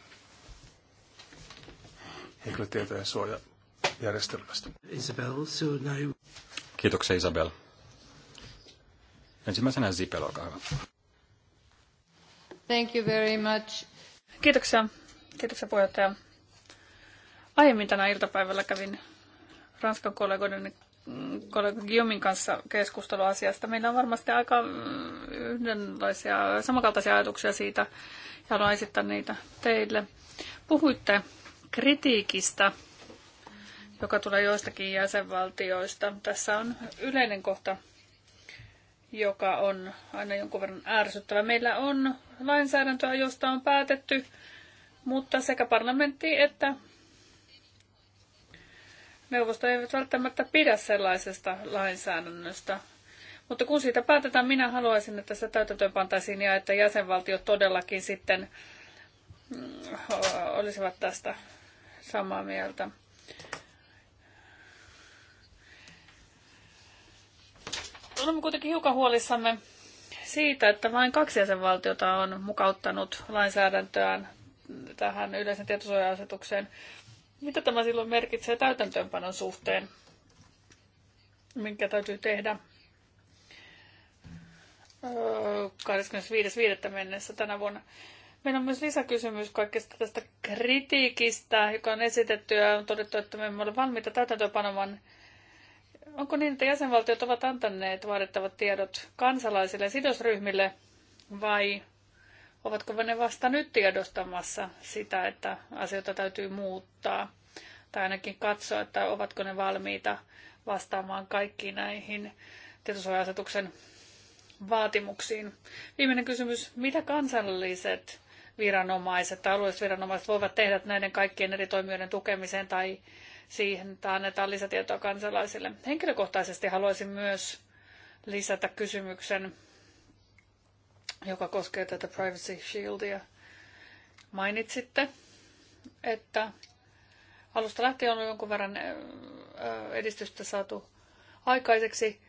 Henkilötietojen suoja järjestelmästä. Isabel, so now... Kiitoksia Isabel. Ensimmäisenä Zipel, olkaa hyvä. Thank you very much. Kiitoksia. Kiitoksia puheenjohtaja. Aiemmin tänä iltapäivällä kävin Ranskan kollegoiden kollega Guillaumin kanssa keskustelua asiasta. Meillä on varmasti aika mm, yhdenlaisia, samankaltaisia ajatuksia siitä, ja haluan esittää niitä teille. Puhuitte kritiikistä joka tulee joistakin jäsenvaltioista. Tässä on yleinen kohta, joka on aina jonkun verran ärsyttävä. Meillä on lainsäädäntöä, josta on päätetty, mutta sekä parlamentti että neuvosto eivät välttämättä pidä sellaisesta lainsäädännöstä. Mutta kun siitä päätetään, minä haluaisin, että se täytäntöön pantaisiin ja että jäsenvaltiot todellakin sitten mm, olisivat tästä samaa mieltä. Olemme kuitenkin hiukan huolissamme siitä, että vain kaksi jäsenvaltiota on mukauttanut lainsäädäntöään tähän yleisen tietosuoja-asetukseen. Mitä tämä silloin merkitsee täytäntöönpanon suhteen? Minkä täytyy tehdä 25.5. Öö, mennessä tänä vuonna? Meillä on myös lisäkysymys kaikesta tästä kritiikistä, joka on esitetty ja on todettu, että me emme ole valmiita täytäntöönpanomaan onko niin, että jäsenvaltiot ovat antaneet vaadittavat tiedot kansalaisille ja sidosryhmille vai ovatko ne vasta nyt tiedostamassa sitä, että asioita täytyy muuttaa tai ainakin katsoa, että ovatko ne valmiita vastaamaan kaikkiin näihin tietosuoja-asetuksen vaatimuksiin. Viimeinen kysymys, mitä kansalliset viranomaiset tai alueelliset viranomaiset voivat tehdä näiden kaikkien eri toimijoiden tukemiseen tai siihen, että annetaan lisätietoa kansalaisille. Henkilökohtaisesti haluaisin myös lisätä kysymyksen, joka koskee tätä Privacy Shieldia. Mainitsitte, että alusta lähtien on jonkun verran edistystä saatu aikaiseksi.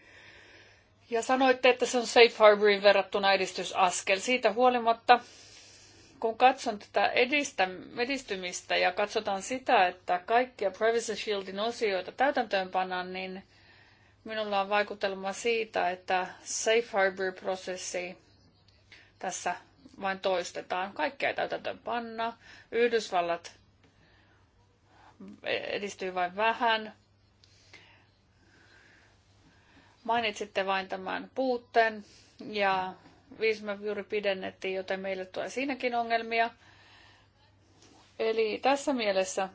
Ja sanoitte, että se on Safe Harborin verrattuna edistysaskel. Siitä huolimatta kun katson tätä edistä, edistymistä ja katsotaan sitä, että kaikkia Privacy Shieldin osioita täytäntöönpannaan, niin minulla on vaikutelma siitä, että Safe Harbor-prosessi tässä vain toistetaan. Kaikkea ei täytäntöönpanna. Yhdysvallat edistyy vain vähän. Mainitsitte vain tämän puutteen ja viisumia juuri pidennettiin, joten meille tulee siinäkin ongelmia. Eli tässä mielessä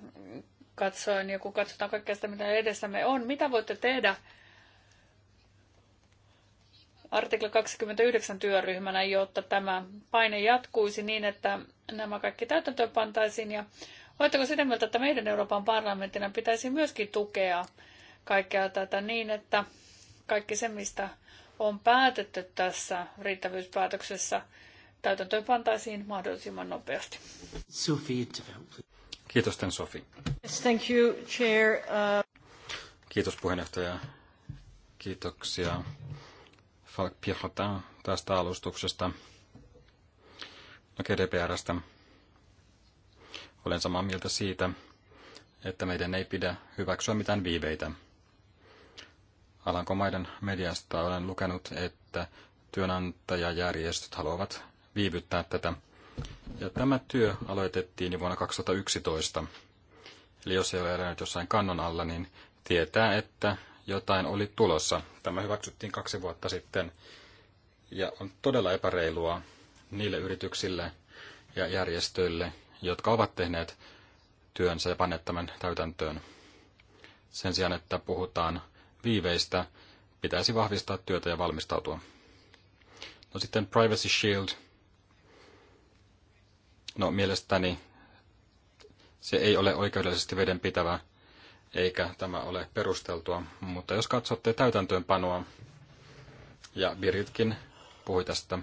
katsoen, ja kun katsotaan kaikkea sitä, mitä edessämme on, mitä voitte tehdä artikla 29 työryhmänä, jotta tämä paine jatkuisi niin, että nämä kaikki täytäntöön pantaisiin. Ja oletteko sitä mieltä, että meidän Euroopan parlamenttina pitäisi myöskin tukea kaikkea tätä niin, että kaikki se, mistä on päätetty tässä riittävyyspäätöksessä täytäntöön pantaisiin mahdollisimman nopeasti. Sophie Kiitos, Ten Sofi. thank you, Chair. Uh... Kiitos puheenjohtaja. Kiitoksia Falk Pirhotin tästä alustuksesta. No GDPRstä. Olen samaa mieltä siitä, että meidän ei pidä hyväksyä mitään viiveitä. Alankomaiden mediasta olen lukenut, että työnantajajärjestöt haluavat viivyttää tätä. Ja tämä työ aloitettiin jo vuonna 2011. Eli jos ei ole elänyt jossain kannon alla, niin tietää, että jotain oli tulossa. Tämä hyväksyttiin kaksi vuotta sitten ja on todella epäreilua niille yrityksille ja järjestöille, jotka ovat tehneet työnsä ja panneet tämän täytäntöön. Sen sijaan, että puhutaan viiveistä pitäisi vahvistaa työtä ja valmistautua. No sitten Privacy Shield. No mielestäni se ei ole oikeudellisesti vedenpitävä, eikä tämä ole perusteltua. Mutta jos katsotte täytäntöönpanoa, ja Viritkin puhui tästä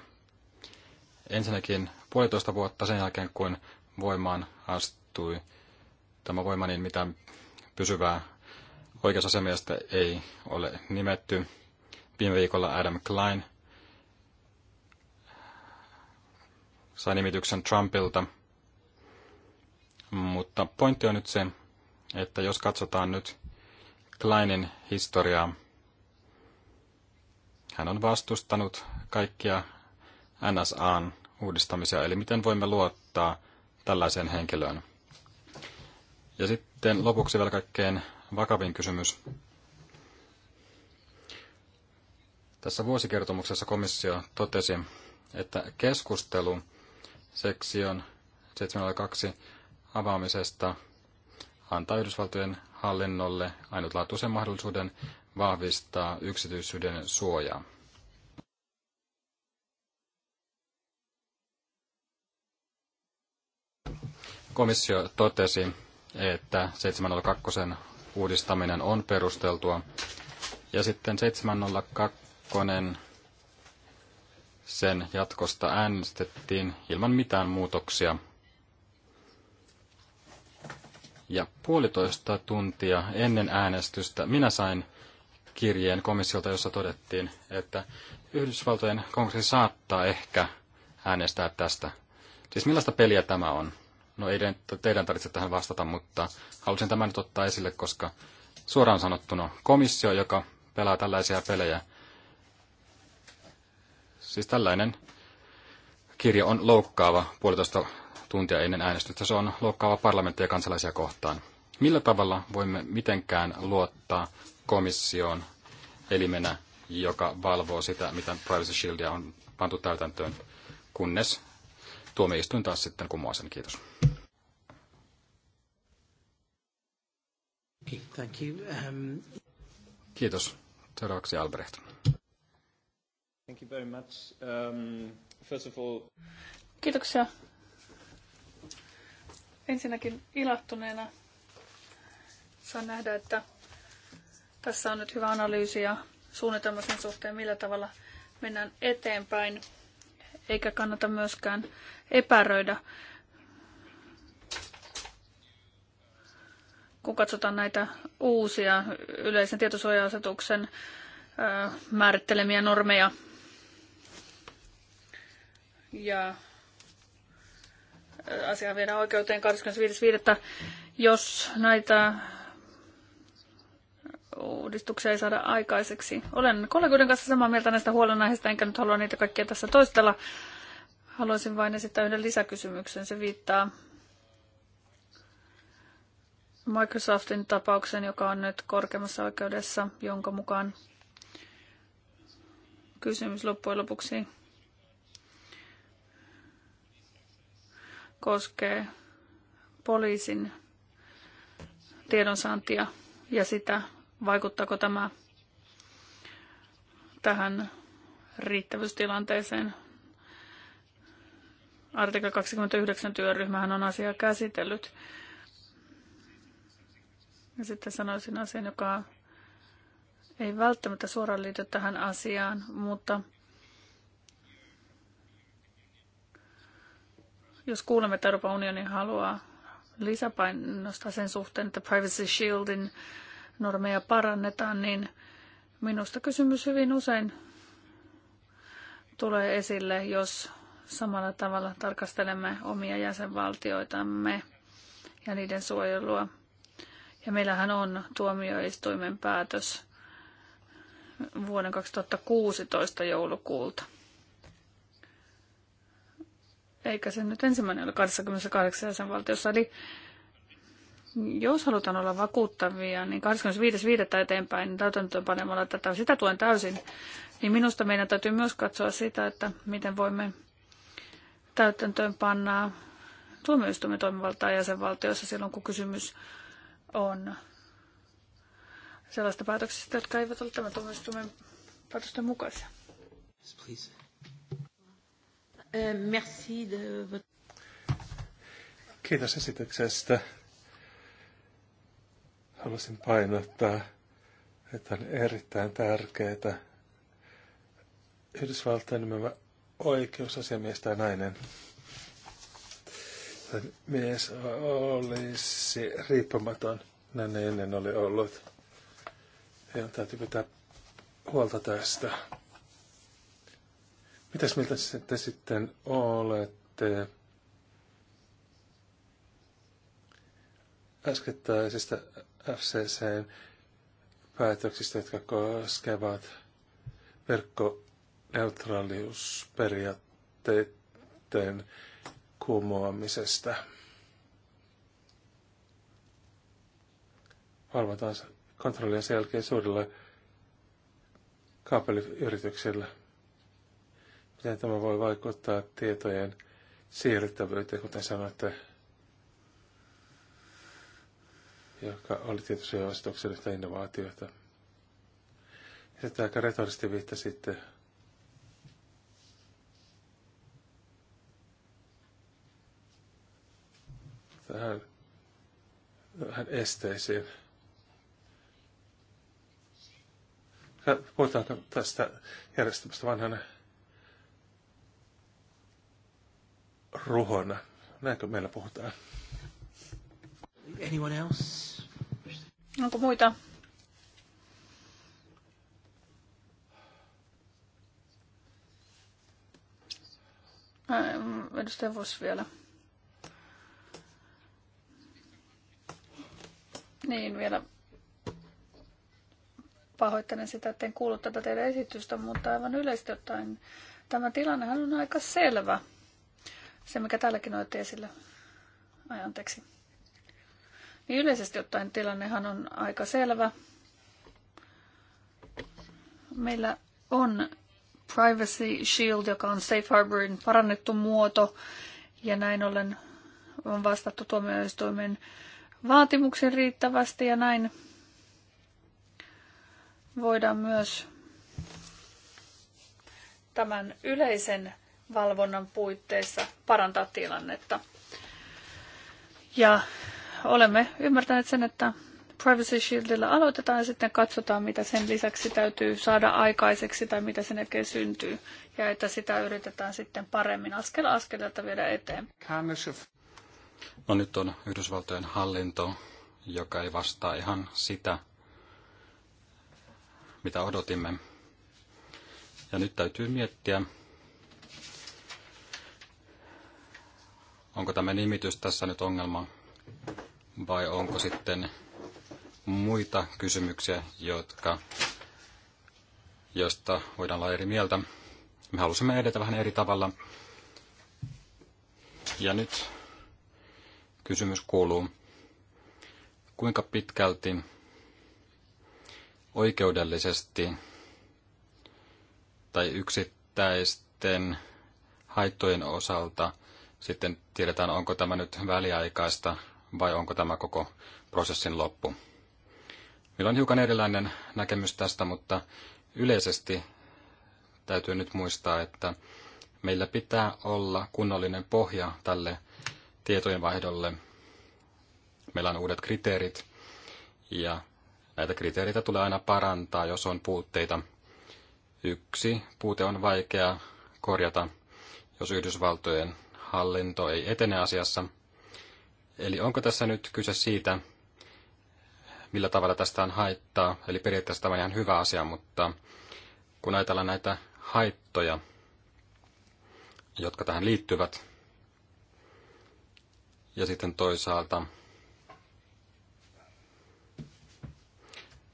ensinnäkin puolitoista vuotta sen jälkeen, kun voimaan astui tämä voima, niin mitä pysyvää oikeusasiamiestä ei ole nimetty. Viime viikolla Adam Klein sai nimityksen Trumpilta. Mutta pointti on nyt se, että jos katsotaan nyt Kleinin historiaa, hän on vastustanut kaikkia NSAn uudistamisia, eli miten voimme luottaa tällaiseen henkilöön. Ja sitten lopuksi vielä kaikkein vakavin kysymys. Tässä vuosikertomuksessa komissio totesi, että keskustelu seksion 72 avaamisesta antaa Yhdysvaltojen hallinnolle ainutlaatuisen mahdollisuuden vahvistaa yksityisyyden suojaa. Komissio totesi, että 702 uudistaminen on perusteltua. Ja sitten 702 sen jatkosta äänestettiin ilman mitään muutoksia. Ja puolitoista tuntia ennen äänestystä minä sain kirjeen komissiolta, jossa todettiin, että Yhdysvaltojen kongressi saattaa ehkä äänestää tästä. Siis millaista peliä tämä on? No ei teidän tarvitse tähän vastata, mutta halusin tämän nyt ottaa esille, koska suoraan sanottuna komissio, joka pelaa tällaisia pelejä, siis tällainen kirja on loukkaava puolitoista tuntia ennen äänestystä. Se on loukkaava parlamentti ja kansalaisia kohtaan. Millä tavalla voimme mitenkään luottaa komission elimenä, joka valvoo sitä, mitä Privacy Shieldia on pantu täytäntöön, kunnes tuomioistuin taas sitten kumoaa sen. Kiitos. Thank you. Um... Kiitos. Seuraavaksi Albrecht. Thank you very much. Um, first of all... Kiitoksia. Ensinnäkin ilahtuneena saan nähdä, että tässä on nyt hyvä analyysi ja suunnitelma sen suhteen, millä tavalla mennään eteenpäin eikä kannata myöskään epäröidä. Kun katsotaan näitä uusia yleisen tietosuoja-asetuksen määrittelemiä normeja ja asiaa viedään oikeuteen 25.5. Jos näitä uudistuksia ei saada aikaiseksi. Olen kollegoiden kanssa samaa mieltä näistä huolenaiheista, enkä nyt halua niitä kaikkia tässä toistella. Haluaisin vain esittää yhden lisäkysymyksen. Se viittaa Microsoftin tapauksen, joka on nyt korkeimmassa oikeudessa, jonka mukaan kysymys loppujen lopuksi koskee poliisin tiedonsaantia ja sitä, vaikuttaako tämä tähän riittävyystilanteeseen. Artikla 29 työryhmähän on asiaa käsitellyt. Ja sitten sanoisin asian, joka ei välttämättä suoraan liity tähän asiaan, mutta jos kuulemme, että Euroopan unioni haluaa lisäpainosta sen suhteen, että Privacy Shieldin normeja parannetaan, niin minusta kysymys hyvin usein tulee esille, jos samalla tavalla tarkastelemme omia jäsenvaltioitamme ja niiden suojelua. Ja meillähän on tuomioistuimen päätös vuoden 2016 joulukuulta. Eikä se nyt ensimmäinen ole 28 jäsenvaltiossa, eli jos halutaan olla vakuuttavia, niin 25.5. eteenpäin niin panemalla tätä, sitä tuen täysin, niin minusta meidän täytyy myös katsoa sitä, että miten voimme panna tuomioistuimen toimivaltaa jäsenvaltioissa silloin, kun kysymys on sellaista päätöksistä, jotka eivät ole tämän tuomioistuimen päätösten mukaisia. Kiitos esityksestä halusin painottaa, että on erittäin tärkeää Yhdysvaltain nimenomaan oikeusasiamies tai nainen mies olisi riippumaton. Näin ennen oli ollut. Heidän täytyy pitää huolta tästä. Mitäs miltä te sitten olette äskettäisestä FCCn päätöksistä, jotka koskevat verkkoneutraaliusperiaatteiden kumoamisesta. Valvotaan kontrollia sen jälkeen suurilla kaapeliyrityksillä. Miten tämä voi vaikuttaa tietojen siirrettävyyteen, kuten sanoitte, joka oli tietosuojan vastuuksellista innovaatiota. innovaatioita. sitten aika viittasi sitten tähän, tähän esteisiin. Puhutaanko tästä järjestelmästä vanhana ruhona? Näinkö meillä puhutaan? Anyone else? Onko muita? Äh, edustaja Vos vielä. Niin, vielä pahoittelen sitä, että en kuullut tätä teidän esitystä, mutta aivan yleisesti ottaen tämä tilannehan on aika selvä. Se, mikä täälläkin oitte esille. Ai anteeksi. Niin yleisesti ottaen tilannehan on aika selvä. Meillä on Privacy Shield, joka on Safe Harborin parannettu muoto, ja näin ollen on vastattu tuomioistuimen vaatimuksiin riittävästi, ja näin voidaan myös tämän yleisen valvonnan puitteissa parantaa tilannetta. Ja olemme ymmärtäneet sen, että Privacy Shieldillä aloitetaan ja sitten katsotaan, mitä sen lisäksi täytyy saada aikaiseksi tai mitä sen jälkeen syntyy. Ja että sitä yritetään sitten paremmin askel askeleelta viedä eteen. No nyt on Yhdysvaltojen hallinto, joka ei vastaa ihan sitä, mitä odotimme. Ja nyt täytyy miettiä, onko tämä nimitys tässä nyt ongelma vai onko sitten muita kysymyksiä, jotka, joista voidaan olla eri mieltä. Me halusimme edetä vähän eri tavalla. Ja nyt kysymys kuuluu, kuinka pitkälti oikeudellisesti tai yksittäisten haittojen osalta sitten tiedetään, onko tämä nyt väliaikaista vai onko tämä koko prosessin loppu? Meillä on hiukan erilainen näkemys tästä, mutta yleisesti täytyy nyt muistaa, että meillä pitää olla kunnollinen pohja tälle tietojenvaihdolle. Meillä on uudet kriteerit ja näitä kriteereitä tulee aina parantaa, jos on puutteita. Yksi puute on vaikea korjata, jos Yhdysvaltojen hallinto ei etene asiassa – Eli onko tässä nyt kyse siitä, millä tavalla tästä on haittaa? Eli periaatteessa tämä on ihan hyvä asia, mutta kun ajatellaan näitä haittoja, jotka tähän liittyvät, ja sitten toisaalta,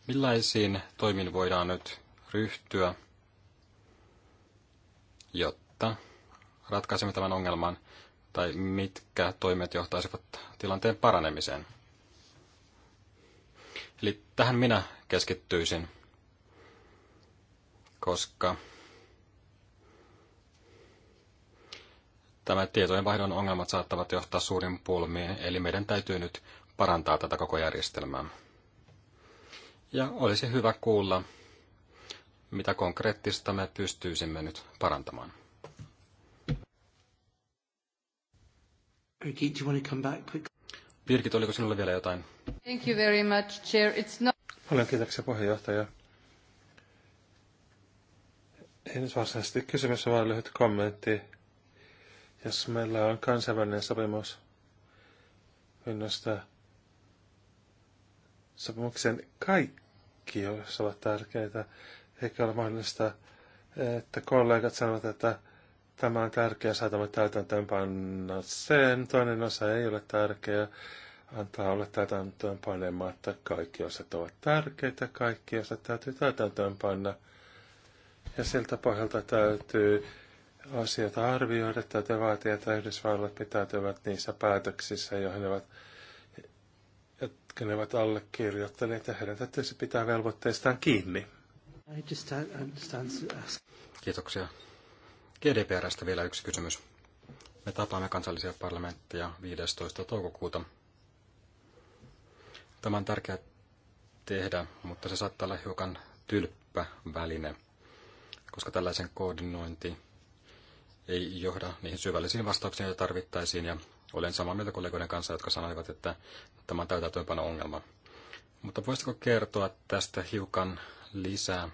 millaisiin toimiin voidaan nyt ryhtyä, jotta ratkaisemme tämän ongelman – tai mitkä toimet johtaisivat tilanteen paranemiseen. Eli tähän minä keskittyisin, koska tämä tietojenvaihdon ongelmat saattavat johtaa suurin pulmiin, eli meidän täytyy nyt parantaa tätä koko järjestelmää. Ja olisi hyvä kuulla, mitä konkreettista me pystyisimme nyt parantamaan. Birgit, do you want to come back quickly? Birgit, oliko sinulla vielä jotain? Thank you very much, Chair. It's not... Paljon kiitoksia puheenjohtaja. Ei nyt varsinaisesti kysymys, vaan lyhyt kommentti. Jos meillä on kansainvälinen sopimus minusta sopimuksen kaikki ovat tärkeitä, eikä ole mahdollista, että kollegat sanovat, että Tämä on tärkeä, saatamme panna sen. Toinen osa ei ole tärkeä. Antaa olla täytäntöönpanematta. Kaikki osat ovat tärkeitä, kaikki osat täytyy panna. Ja siltä pohjalta täytyy asioita arvioida, täytyy vaatia, että Yhdysvallat pitäytyvät niissä päätöksissä, joihin ne ovat jotka ne ovat allekirjoittaneet ja heidän täytyisi pitää velvoitteistaan kiinni. Kiitoksia. GDPRstä vielä yksi kysymys. Me tapaamme kansallisia parlamentteja 15. toukokuuta. Tämä on tärkeää tehdä, mutta se saattaa olla hiukan tylppä väline, koska tällaisen koordinointi ei johda niihin syvällisiin vastauksiin, joita tarvittaisiin, ja olen samaa mieltä kollegoiden kanssa, jotka sanoivat, että tämä on täytäntöönpano ongelma. Mutta voisitko kertoa tästä hiukan lisää?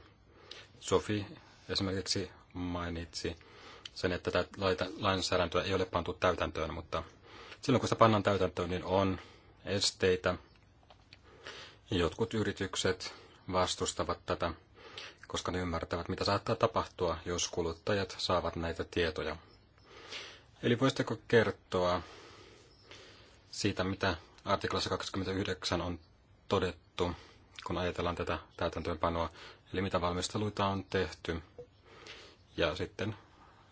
Sofi esimerkiksi mainitsi sen, että tätä lainsäädäntöä ei ole pantu täytäntöön, mutta silloin kun se pannaan täytäntöön, niin on esteitä. Jotkut yritykset vastustavat tätä, koska ne ymmärtävät, mitä saattaa tapahtua, jos kuluttajat saavat näitä tietoja. Eli voisitteko kertoa siitä, mitä artiklassa 29 on todettu, kun ajatellaan tätä täytäntöönpanoa, eli mitä valmisteluita on tehty, ja sitten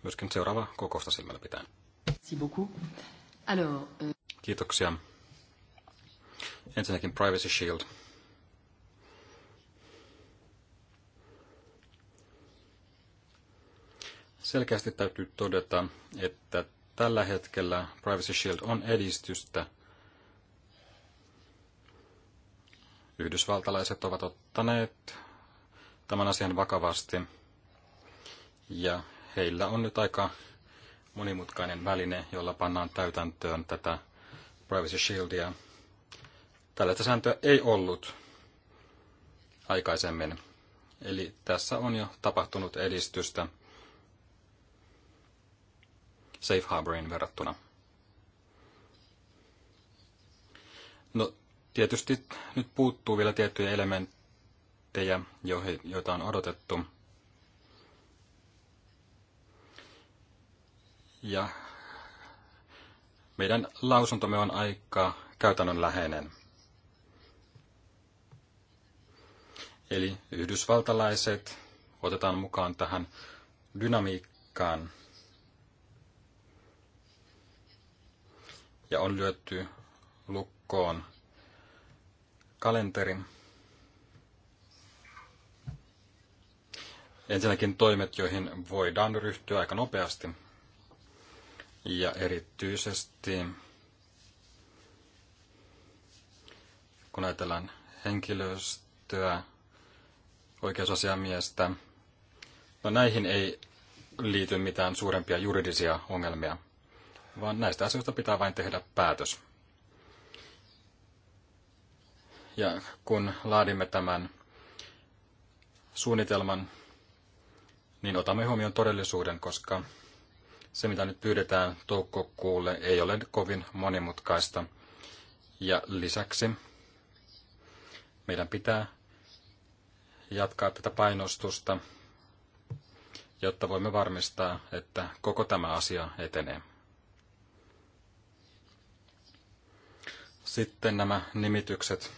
myöskin seuraava kokousta silmällä pitäen. Euh, Kiitoksia. Ensinnäkin Privacy Shield. Selkeästi täytyy todeta, että tällä hetkellä Privacy Shield on edistystä. Yhdysvaltalaiset ovat ottaneet tämän asian vakavasti ja heillä on nyt aika monimutkainen väline, jolla pannaan täytäntöön tätä Privacy Shieldia. Tällaista sääntöä ei ollut aikaisemmin. Eli tässä on jo tapahtunut edistystä Safe Harborin verrattuna. No, tietysti nyt puuttuu vielä tiettyjä elementtejä, joita on odotettu – ja meidän lausuntomme on aika käytännönläheinen. Eli yhdysvaltalaiset otetaan mukaan tähän dynamiikkaan. Ja on lyöty lukkoon kalenteri. Ensinnäkin toimet, joihin voidaan ryhtyä aika nopeasti. Ja erityisesti kun ajatellaan henkilöstöä, oikeusasiamiestä, no näihin ei liity mitään suurempia juridisia ongelmia, vaan näistä asioista pitää vain tehdä päätös. Ja kun laadimme tämän suunnitelman, niin otamme huomioon todellisuuden, koska se, mitä nyt pyydetään toukokuulle, ei ole kovin monimutkaista. Ja lisäksi meidän pitää jatkaa tätä painostusta, jotta voimme varmistaa, että koko tämä asia etenee. Sitten nämä nimitykset.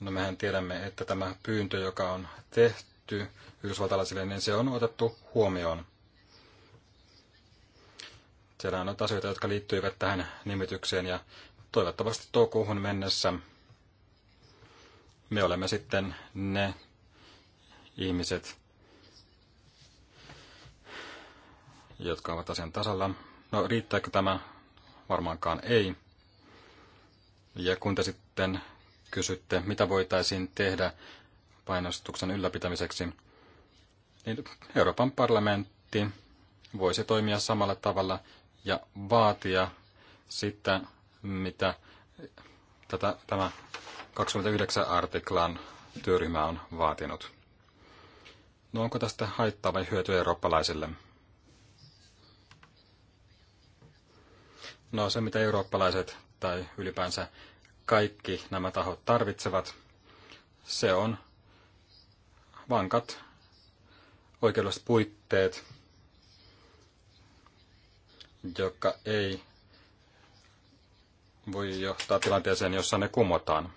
No mehän tiedämme, että tämä pyyntö, joka on tehty yhdysvaltalaisille, niin se on otettu huomioon. Siellä on noita asioita, jotka liittyivät tähän nimitykseen ja toivottavasti toukokuuhun mennessä me olemme sitten ne ihmiset, jotka ovat asian tasalla. No riittääkö tämä? Varmaankaan ei. Ja kun te sitten kysytte, mitä voitaisiin tehdä painostuksen ylläpitämiseksi, niin Euroopan parlamentti voisi toimia samalla tavalla ja vaatia sitä, mitä tätä, tämä 29 artiklan työryhmä on vaatinut. No onko tästä haittaa vai hyötyä eurooppalaisille? No se, mitä eurooppalaiset tai ylipäänsä kaikki nämä tahot tarvitsevat, se on vankat oikeudelliset puitteet joka ei voi johtaa tilanteeseen, jossa ne kumotaan.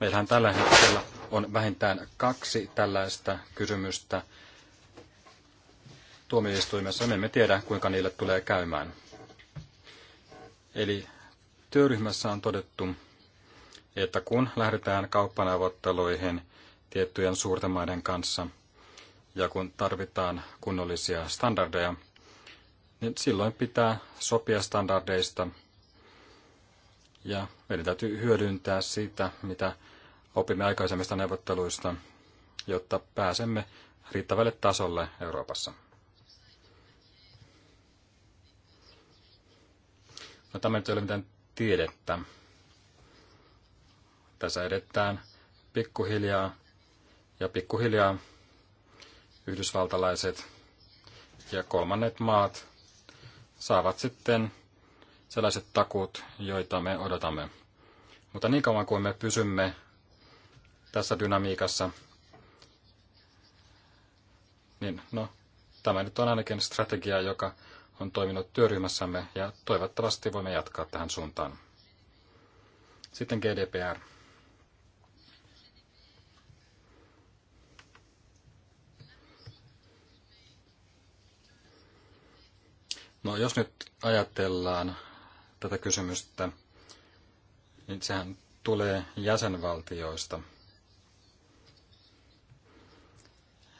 Meillähän tällä hetkellä on vähintään kaksi tällaista kysymystä tuomioistuimessa. Me emme tiedä, kuinka niille tulee käymään. Eli työryhmässä on todettu, että kun lähdetään kauppaneuvotteluihin tiettyjen suurten maiden kanssa ja kun tarvitaan kunnollisia standardeja, niin silloin pitää sopia standardeista ja meidän täytyy hyödyntää siitä, mitä opimme aikaisemmista neuvotteluista, jotta pääsemme riittävälle tasolle Euroopassa. No, tämä ei ole mitään tiedettä. Tässä edetään pikkuhiljaa ja pikkuhiljaa yhdysvaltalaiset ja kolmannet maat saavat sitten sellaiset takuut, joita me odotamme. Mutta niin kauan kuin me pysymme tässä dynamiikassa, niin no, tämä nyt on ainakin strategia, joka on toiminut työryhmässämme ja toivottavasti voimme jatkaa tähän suuntaan. Sitten GDPR. No jos nyt ajatellaan tätä kysymystä, niin sehän tulee jäsenvaltioista.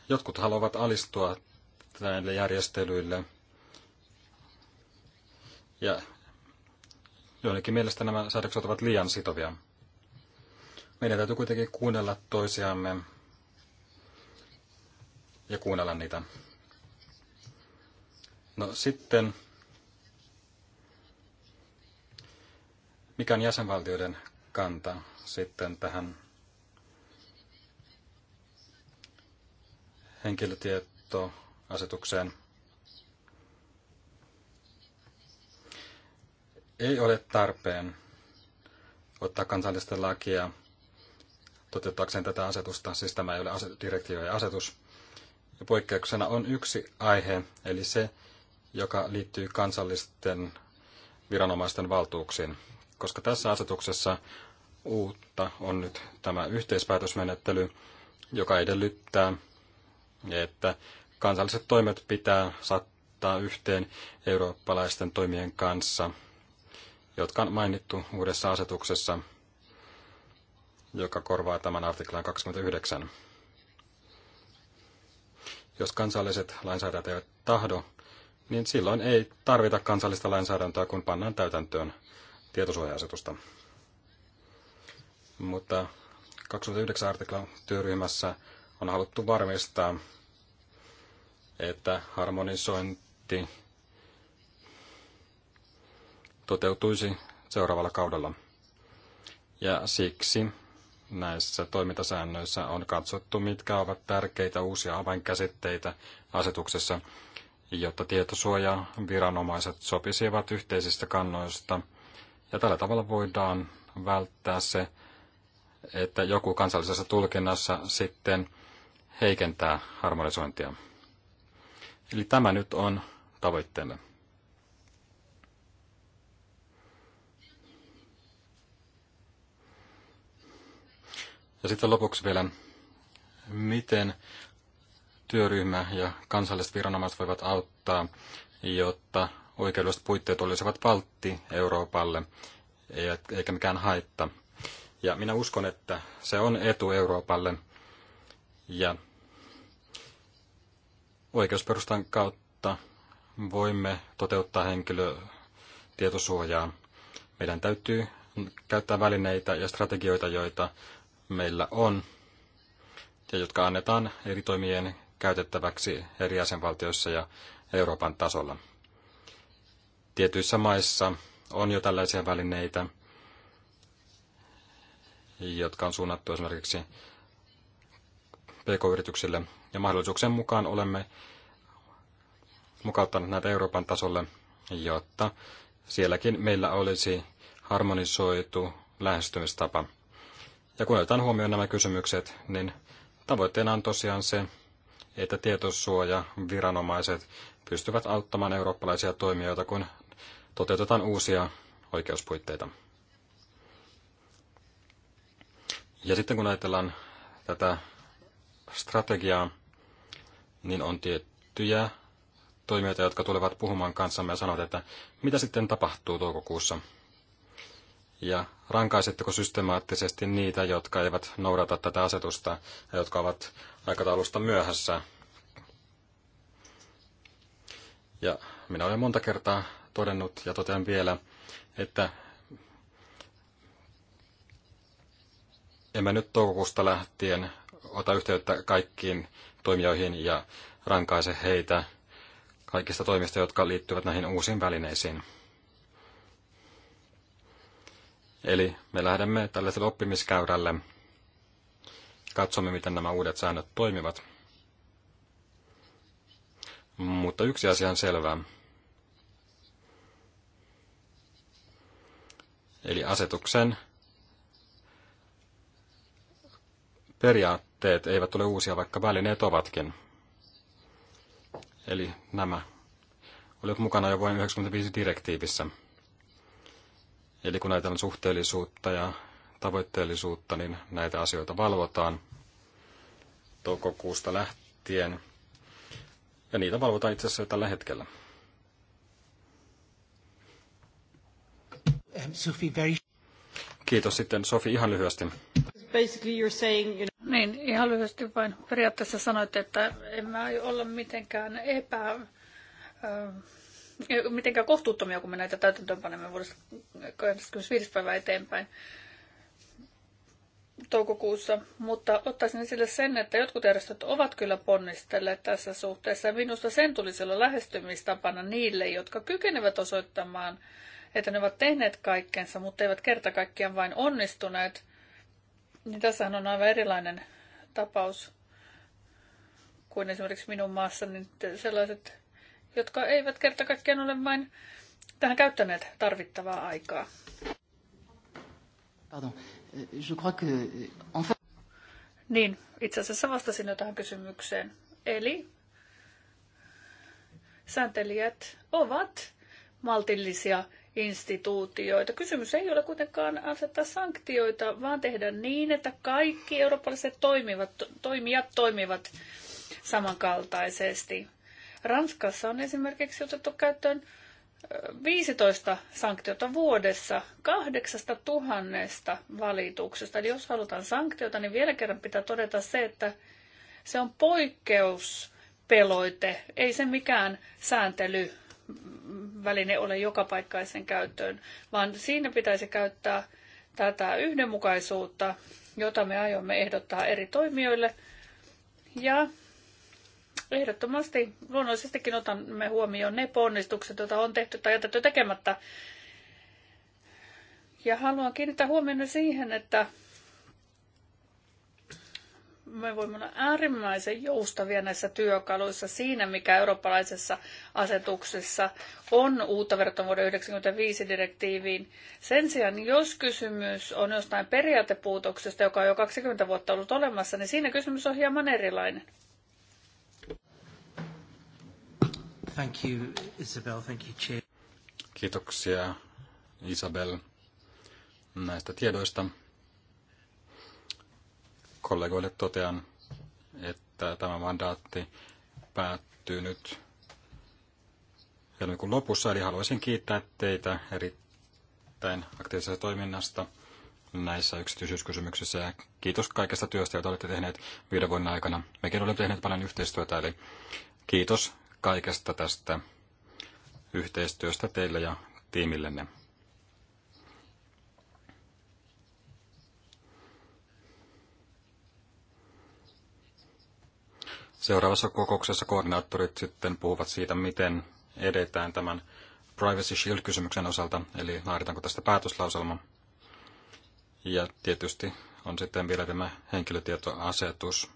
Jotkut haluavat alistua näille järjestelyille. Ja joidenkin mielestä nämä säädökset ovat liian sitovia. Meidän täytyy kuitenkin kuunnella toisiamme ja kuunnella niitä. No sitten, mikä on jäsenvaltioiden kanta sitten tähän henkilötietoasetukseen? Ei ole tarpeen ottaa kansallista lakia toteuttaakseen tätä asetusta, siis tämä ei ole direktiivi ja asetus. Ja poikkeuksena on yksi aihe, eli se, joka liittyy kansallisten viranomaisten valtuuksiin, koska tässä asetuksessa uutta on nyt tämä yhteispäätösmenettely, joka edellyttää, että kansalliset toimet pitää saattaa yhteen eurooppalaisten toimien kanssa, jotka on mainittu uudessa asetuksessa, joka korvaa tämän artiklan 29. Jos kansalliset lainsäädännöt eivät tahdo niin silloin ei tarvita kansallista lainsäädäntöä, kun pannaan täytäntöön tietosuoja-asetusta. Mutta 29 artikla työryhmässä on haluttu varmistaa, että harmonisointi toteutuisi seuraavalla kaudella. Ja siksi näissä toimintasäännöissä on katsottu, mitkä ovat tärkeitä uusia avainkäsitteitä asetuksessa, jotta viranomaiset sopisivat yhteisistä kannoista. Ja tällä tavalla voidaan välttää se, että joku kansallisessa tulkinnassa sitten heikentää harmonisointia. Eli tämä nyt on tavoitteemme. Ja sitten lopuksi vielä, miten työryhmä ja kansalliset viranomaiset voivat auttaa, jotta oikeudelliset puitteet olisivat valtti Euroopalle, eikä mikään haitta. Ja minä uskon, että se on etu Euroopalle. Ja oikeusperustan kautta voimme toteuttaa henkilötietosuojaa. Meidän täytyy käyttää välineitä ja strategioita, joita meillä on ja jotka annetaan eri toimien käytettäväksi eri jäsenvaltioissa ja Euroopan tasolla. Tietyissä maissa on jo tällaisia välineitä, jotka on suunnattu esimerkiksi pk-yrityksille. Ja mahdollisuuksien mukaan olemme mukauttaneet näitä Euroopan tasolle, jotta sielläkin meillä olisi harmonisoitu lähestymistapa. Ja kun otetaan huomioon nämä kysymykset, niin tavoitteena on tosiaan se, että tietosuojaviranomaiset pystyvät auttamaan eurooppalaisia toimijoita, kun toteutetaan uusia oikeuspuitteita. Ja sitten kun ajatellaan tätä strategiaa, niin on tiettyjä toimijoita, jotka tulevat puhumaan kanssamme ja sanovat, että mitä sitten tapahtuu toukokuussa – ja rankaisitteko systemaattisesti niitä, jotka eivät noudata tätä asetusta ja jotka ovat aikataulusta myöhässä? Ja minä olen monta kertaa todennut ja totean vielä, että emme nyt toukokuusta lähtien ota yhteyttä kaikkiin toimijoihin ja rankaise heitä kaikista toimista, jotka liittyvät näihin uusiin välineisiin. Eli me lähdemme tällaiselle oppimiskäyrälle, katsomme miten nämä uudet säännöt toimivat. Mutta yksi asia on selvää. Eli asetuksen periaatteet eivät ole uusia, vaikka välineet ovatkin. Eli nämä olivat mukana jo vuoden 1995 direktiivissä. Eli kun ajatellaan suhteellisuutta ja tavoitteellisuutta, niin näitä asioita valvotaan toukokuusta lähtien. Ja niitä valvotaan itse asiassa tällä hetkellä. Um, Kiitos sitten Sofi ihan lyhyesti. Niin, ihan lyhyesti vain. Periaatteessa sanoit, että emme mä olla mitenkään epä mitenkään kohtuuttomia, kun me näitä täytäntöönpanemme vuodesta 25. päivää eteenpäin toukokuussa, mutta ottaisin esille sen, että jotkut järjestöt ovat kyllä ponnistelleet tässä suhteessa minusta sen tulisi olla lähestymistapana niille, jotka kykenevät osoittamaan, että ne ovat tehneet kaikkensa, mutta eivät kerta kaikkiaan vain onnistuneet. Niin tässähän on aivan erilainen tapaus kuin esimerkiksi minun maassa, niin sellaiset jotka eivät kerta kaikkiaan ole vain tähän käyttäneet tarvittavaa aikaa. Pardon. Euh, je crois que... Euh, enfin... Niin, itse asiassa vastasin jo tähän kysymykseen. Eli sääntelijät ovat maltillisia instituutioita. Kysymys ei ole kuitenkaan asettaa sanktioita, vaan tehdä niin, että kaikki eurooppalaiset toimivat, toimijat toimivat samankaltaisesti. Ranskassa on esimerkiksi otettu käyttöön 15 sanktiota vuodessa kahdeksasta tuhannesta valituksesta. Eli jos halutaan sanktiota, niin vielä kerran pitää todeta se, että se on poikkeuspeloite, ei se mikään sääntely väline ole jokapaikkaisen käyttöön, vaan siinä pitäisi käyttää tätä yhdenmukaisuutta, jota me aiomme ehdottaa eri toimijoille. Ja Ehdottomasti luonnollisestikin otamme huomioon ne ponnistukset, joita on tehty tai jätetty tekemättä. Ja haluan kiinnittää huomioon siihen, että me voimme olla äärimmäisen joustavia näissä työkaluissa siinä, mikä eurooppalaisessa asetuksessa on uutta verrattuna vuoden 1995 direktiiviin. Sen sijaan, jos kysymys on jostain periaatepuutoksesta, joka on jo 20 vuotta ollut olemassa, niin siinä kysymys on hieman erilainen. Thank you, Isabel. Thank you, Chair. Kiitoksia, Isabel, näistä tiedoista. Kollegoille totean, että tämä mandaatti päättyy nyt helmikuun lopussa, eli haluaisin kiittää teitä erittäin aktiivisesta toiminnasta näissä yksityisyyskysymyksissä ja kiitos kaikesta työstä, jota olette tehneet viiden vuoden aikana. Mekin olemme tehneet paljon yhteistyötä, eli kiitos kaikesta tästä yhteistyöstä teille ja tiimillenne. Seuraavassa kokouksessa koordinaattorit sitten puhuvat siitä, miten edetään tämän Privacy Shield-kysymyksen osalta, eli laaditaanko tästä päätöslauselma. Ja tietysti on sitten vielä tämä henkilötietoasetus,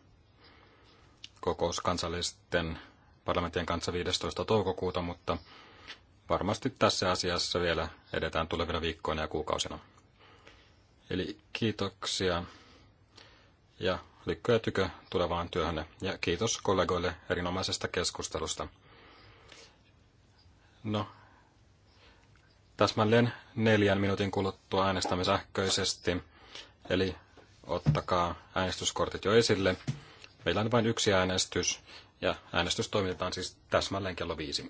kokous kansallisten Parlamentin kanssa 15. toukokuuta, mutta varmasti tässä asiassa vielä edetään tulevina viikkoina ja kuukausina. Eli kiitoksia ja lykköjä tykö tulevaan työhönne ja kiitos kollegoille erinomaisesta keskustelusta. No, täsmälleen neljän minuutin kuluttua äänestämme sähköisesti, eli ottakaa äänestyskortit jo esille. Meillä on vain yksi äänestys, ja äänestys toimitetaan siis täsmälleen kello viisi.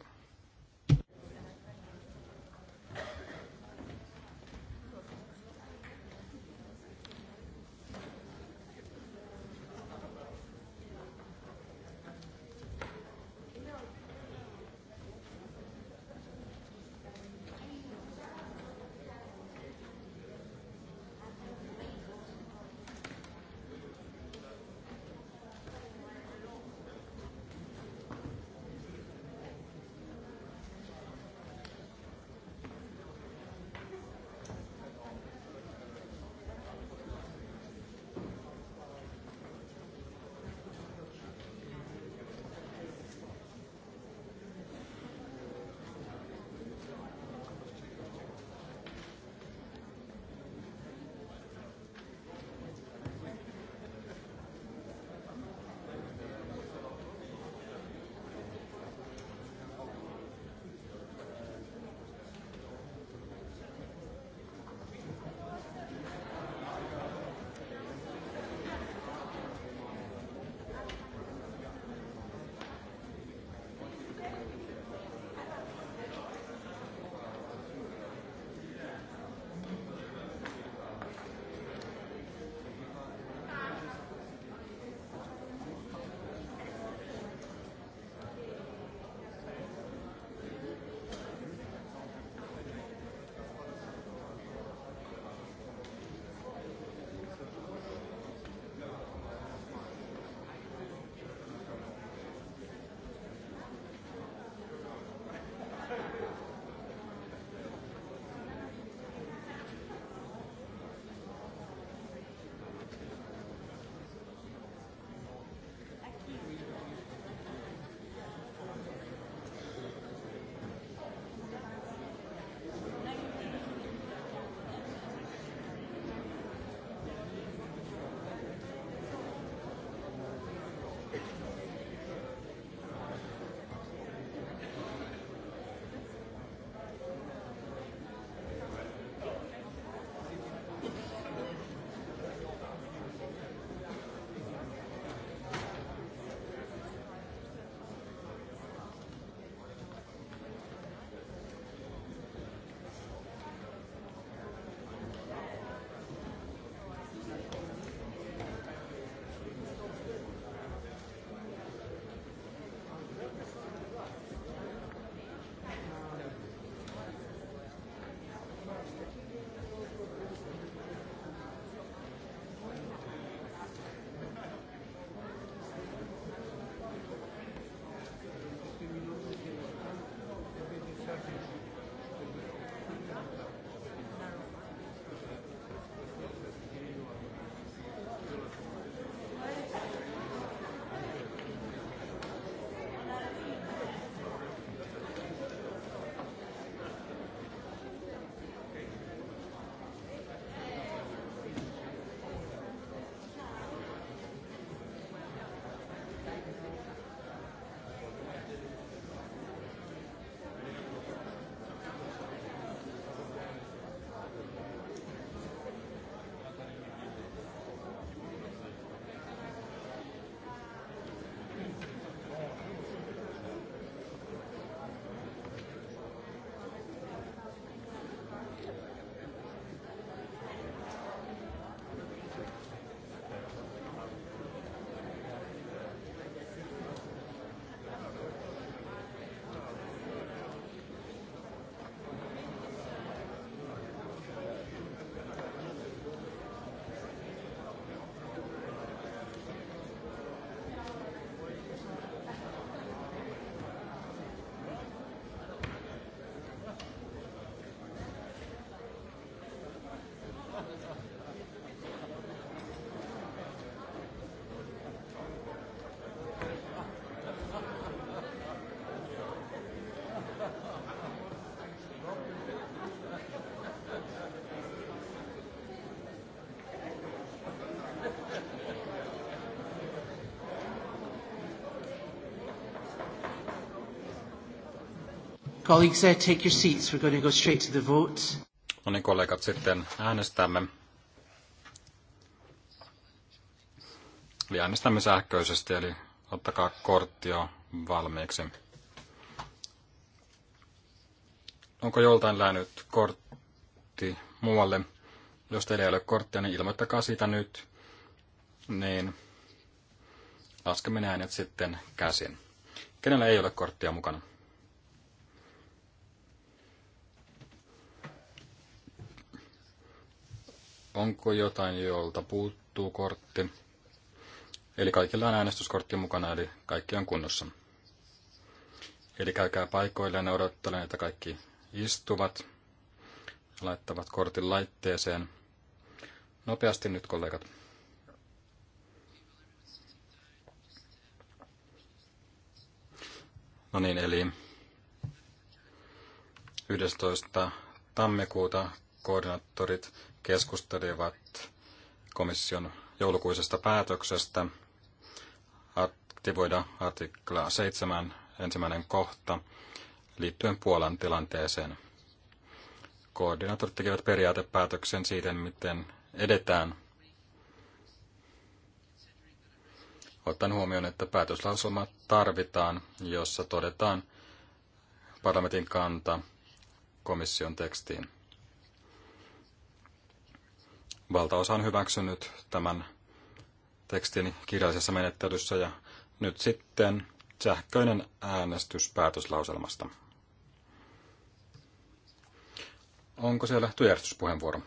Colleagues, uh, take your seats. We're going to go straight to the vote. No niin, kollegat, sitten äänestämme. Eli äänestämme sähköisesti, eli ottakaa kortti jo valmiiksi. Onko joltain läänyt kortti muualle? Jos teillä ei ole korttia, niin ilmoittakaa siitä nyt. Niin laskemme äänet sitten käsin. Kenellä ei ole korttia mukana? onko jotain, jolta puuttuu kortti. Eli kaikilla on äänestyskortti mukana, eli kaikki on kunnossa. Eli käykää ja odottelen, että kaikki istuvat, laittavat kortin laitteeseen. Nopeasti nyt, kollegat. No niin, eli 11. tammikuuta koordinaattorit keskustelivat komission joulukuisesta päätöksestä aktivoida artikla 7 ensimmäinen kohta liittyen Puolan tilanteeseen. Koordinaattorit tekevät periaatepäätöksen siitä, miten edetään ottaen huomioon, että päätöslausuma tarvitaan, jossa todetaan parlamentin kanta komission tekstiin valtaosa on hyväksynyt tämän tekstin kirjallisessa menettelyssä ja nyt sitten sähköinen äänestys päätöslauselmasta. Onko siellä työjärjestyspuheenvuoro?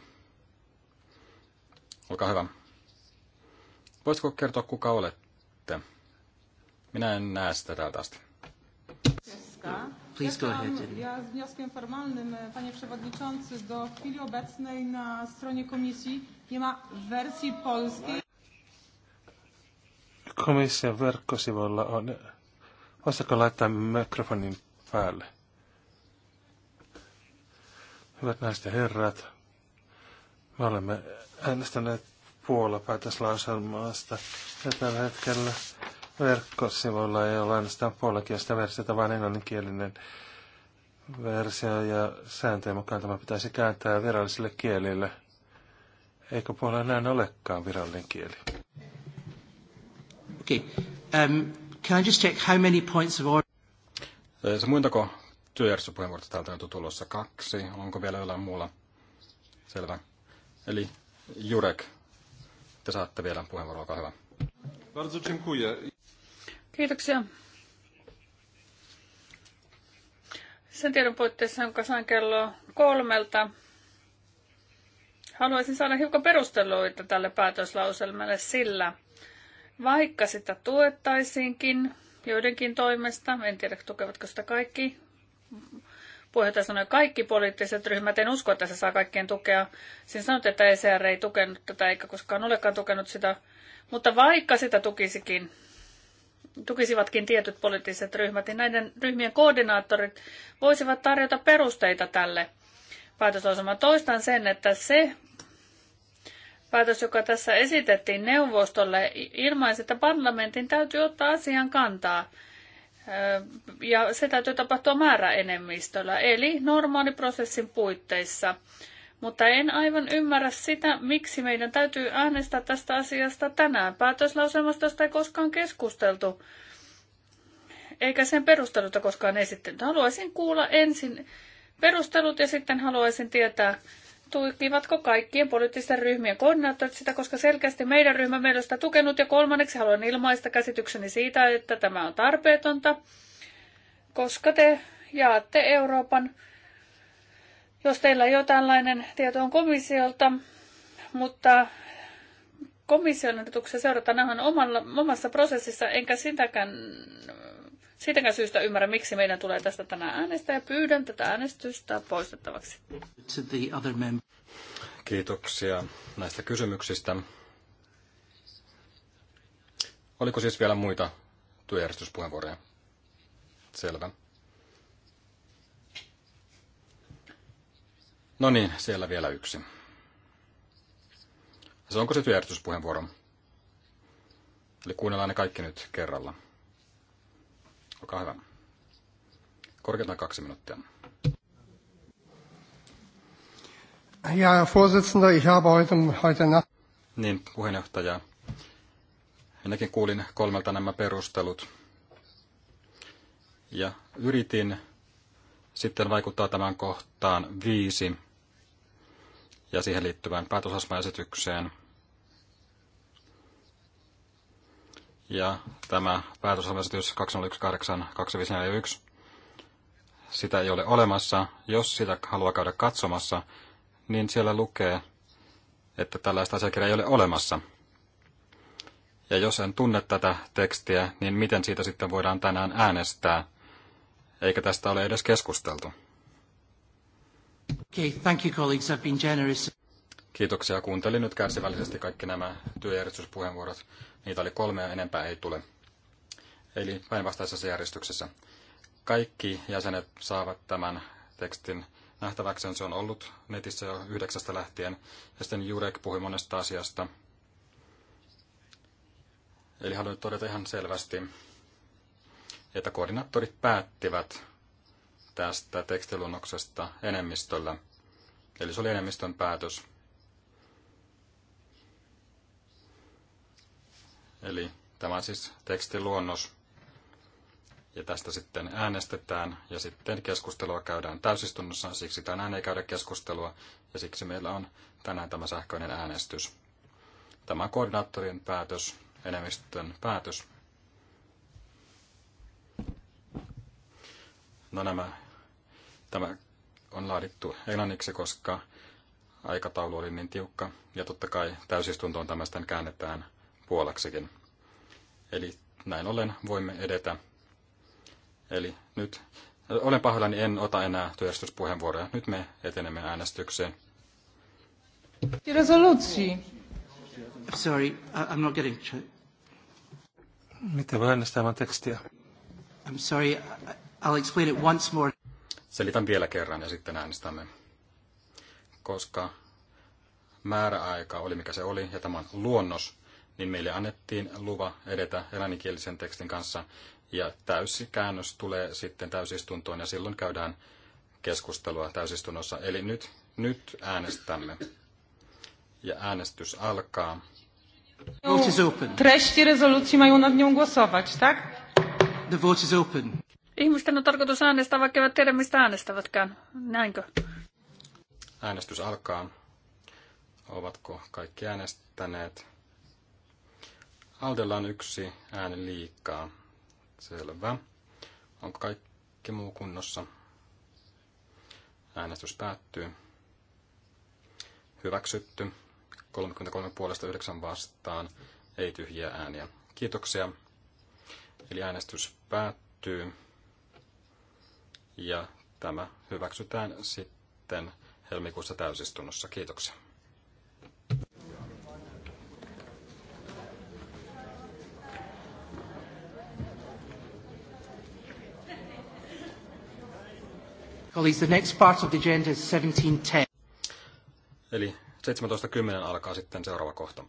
Olkaa hyvä. Voisitko kertoa, kuka olette? Minä en näe sitä täältä asti. Yes, Please go ahead. Ja z wnioskiem formalnym, e, panie przewodniczący, do chwili obecnej na stronie komisji nie ma wersji polskiej. Komission verkkosivuilla on... Voisitko laittaa mikrofonin päälle? Hyvät naiset ja herrat, me olemme äänestäneet puolapäätöslauselmaasta ja tällä hetkellä verkkosivuilla ei ole ainoastaan puolikielistä versiota, vaan englanninkielinen versio ja sääntöjen mukaan tämä pitäisi kääntää virallisille kielille. Eikö puolella näin olekaan virallinen kieli? Okay. Um, can I just check how many points of order? Öö, se muintako työjärjestöpuheenvuorosta täältä on tulossa kaksi. Onko vielä jollain muulla? Selvä. Eli Jurek, te saatte vielä puheenvuoron, olkaa hyvä. Bardzo dziękuję. Kiitoksia. Sen tiedon puitteissa, jonka sain kello kolmelta, haluaisin saada hiukan perusteluita tälle päätöslauselmalle sillä, vaikka sitä tuettaisiinkin joidenkin toimesta, en tiedä tukevatko sitä kaikki, puheenjohtaja sanoi kaikki poliittiset ryhmät, en usko, että se saa kaikkien tukea. Siinä sanot, että ECR ei tukenut tätä eikä koskaan olekaan tukenut sitä, mutta vaikka sitä tukisikin, tukisivatkin tietyt poliittiset ryhmät, niin näiden ryhmien koordinaattorit voisivat tarjota perusteita tälle päätöslausumaan. Toistan sen, että se päätös, joka tässä esitettiin neuvostolle, ilmaisi, että parlamentin täytyy ottaa asian kantaa. Ja se täytyy tapahtua määräenemmistöllä, eli normaaliprosessin puitteissa. Mutta en aivan ymmärrä sitä, miksi meidän täytyy äänestää tästä asiasta tänään. Päätöslauselmasta tästä ei koskaan keskusteltu, eikä sen perusteluta koskaan esittänyt. Haluaisin kuulla ensin perustelut ja sitten haluaisin tietää, tukivatko kaikkien poliittisten ryhmien koordinaattorit sitä, koska selkeästi meidän ryhmämme ei sitä tukenut. Ja kolmanneksi haluan ilmaista käsitykseni siitä, että tämä on tarpeetonta, koska te jaatte Euroopan jos teillä on tällainen tieto on komissiolta, mutta komission ehdotuksia seurataan aivan omalla, omassa prosessissa, enkä sitäkään, siitäkään syystä ymmärrä, miksi meidän tulee tästä tänään äänestää ja pyydän tätä äänestystä poistettavaksi. Kiitoksia näistä kysymyksistä. Oliko siis vielä muita työjärjestyspuheenvuoroja? Selvä. No niin, siellä vielä yksi. Se onko se työjärjestyspuheenvuoro? Eli kuunnellaan ne kaikki nyt kerralla. Olkaa hyvä. Korkeintaan kaksi minuuttia. Ja, Herr Vorsitzender, ich habe heute, heute Nacht... Niin, puheenjohtaja. Minäkin kuulin kolmelta nämä perustelut. Ja yritin sitten vaikuttaa tämän kohtaan viisi ja siihen liittyvään päätösasmaesitykseen. Ja tämä päätösasmaesitys 2018-2541, sitä ei ole olemassa. Jos sitä haluaa käydä katsomassa, niin siellä lukee, että tällaista asiakirjaa ei ole olemassa. Ja jos en tunne tätä tekstiä, niin miten siitä sitten voidaan tänään äänestää, eikä tästä ole edes keskusteltu. Okay, thank you colleagues, I've been generous. Kiitoksia. Kuuntelin nyt kärsivällisesti kaikki nämä työjärjestyspuheenvuorot. Niitä oli kolme ja enempää ei tule. Eli päinvastaisessa järjestyksessä. Kaikki jäsenet saavat tämän tekstin nähtäväksi. Se on ollut netissä jo yhdeksästä lähtien. Ja sitten Jurek puhui monesta asiasta. Eli haluan todeta ihan selvästi, että koordinaattorit päättivät tästä tekstiluonnoksesta enemmistöllä. Eli se oli enemmistön päätös. Eli tämä on siis tekstiluonnos. Ja tästä sitten äänestetään ja sitten keskustelua käydään täysistunnossa. Siksi tänään ei käydä keskustelua ja siksi meillä on tänään tämä sähköinen äänestys. Tämä on koordinaattorin päätös, enemmistön päätös. No nämä Tämä on laadittu englanniksi, koska aikataulu oli niin tiukka, ja totta kai täysistuntoon tämä sitten käännetään puolaksikin. Eli näin ollen voimme edetä. Eli nyt, olen pahoillani, en ota enää työjärjestyspuheenvuoroja. Nyt me etenemme äänestykseen. Resolutsi. Sorry, I'm not getting... Mitä voi äänestää tekstiä? I'm sorry, I'll explain it once more. Selitän vielä kerran ja sitten äänestämme. Koska määräaika oli mikä se oli, ja tämä on luonnos, niin meille annettiin luva edetä englanninkielisen tekstin kanssa, ja täysi käännös tulee sitten täysistuntoon, ja silloin käydään keskustelua täysistunnossa. Eli nyt, nyt äänestämme. Ja äänestys alkaa. Treści rezolucji mają nad nią głosować, tak? The vote is open. Ihmisten on tarkoitus äänestää, vaikka eivät tiedä mistä äänestävätkään. Näinkö? Äänestys alkaa. Ovatko kaikki äänestäneet? Aldella on yksi ääni liikaa. Selvä. Onko kaikki muu kunnossa? Äänestys päättyy. Hyväksytty. 33 puolesta 9 vastaan. Ei tyhjiä ääniä. Kiitoksia. Eli äänestys päättyy ja tämä hyväksytään sitten helmikuussa täysistunnossa. Kiitoksia. Colleagues, the next part of the agenda is 17.10. Eli 17.10 alkaa sitten seuraava kohta.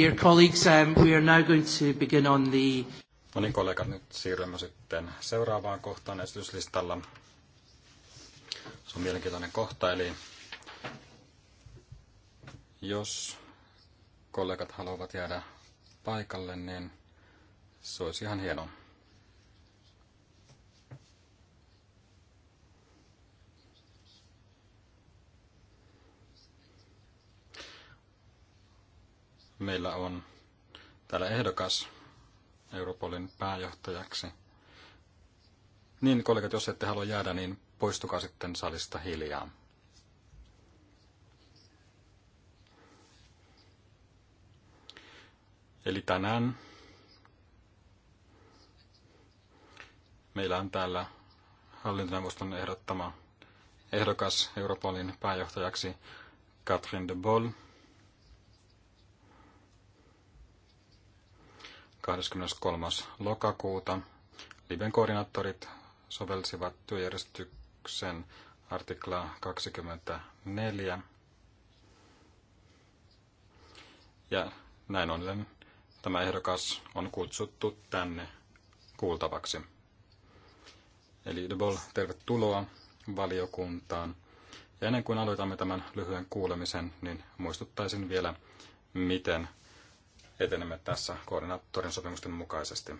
Dear colleagues, um, we are now going to begin on the... No niin, kollegat, nyt siirrymme sitten seuraavaan kohtaan esityslistalla. Se on mielenkiintoinen kohta, eli jos kollegat haluavat jäädä paikalle, niin se olisi ihan hienoa. sen pääjohtajaksi. Niin, kollegat, jos ette halua jäädä, niin poistukaa sitten salista hiljaa. Eli tänään meillä on täällä hallintoneuvoston ehdottama ehdokas Europolin pääjohtajaksi Catherine de Boll. 23. lokakuuta Liben koordinaattorit sovelsivat työjärjestyksen artiklaa 24. Ja näin ollen tämä ehdokas on kutsuttu tänne kuultavaksi. Eli Debol, tervetuloa valiokuntaan. Ja ennen kuin aloitamme tämän lyhyen kuulemisen, niin muistuttaisin vielä, miten etenemme tässä koordinaattorin sopimusten mukaisesti.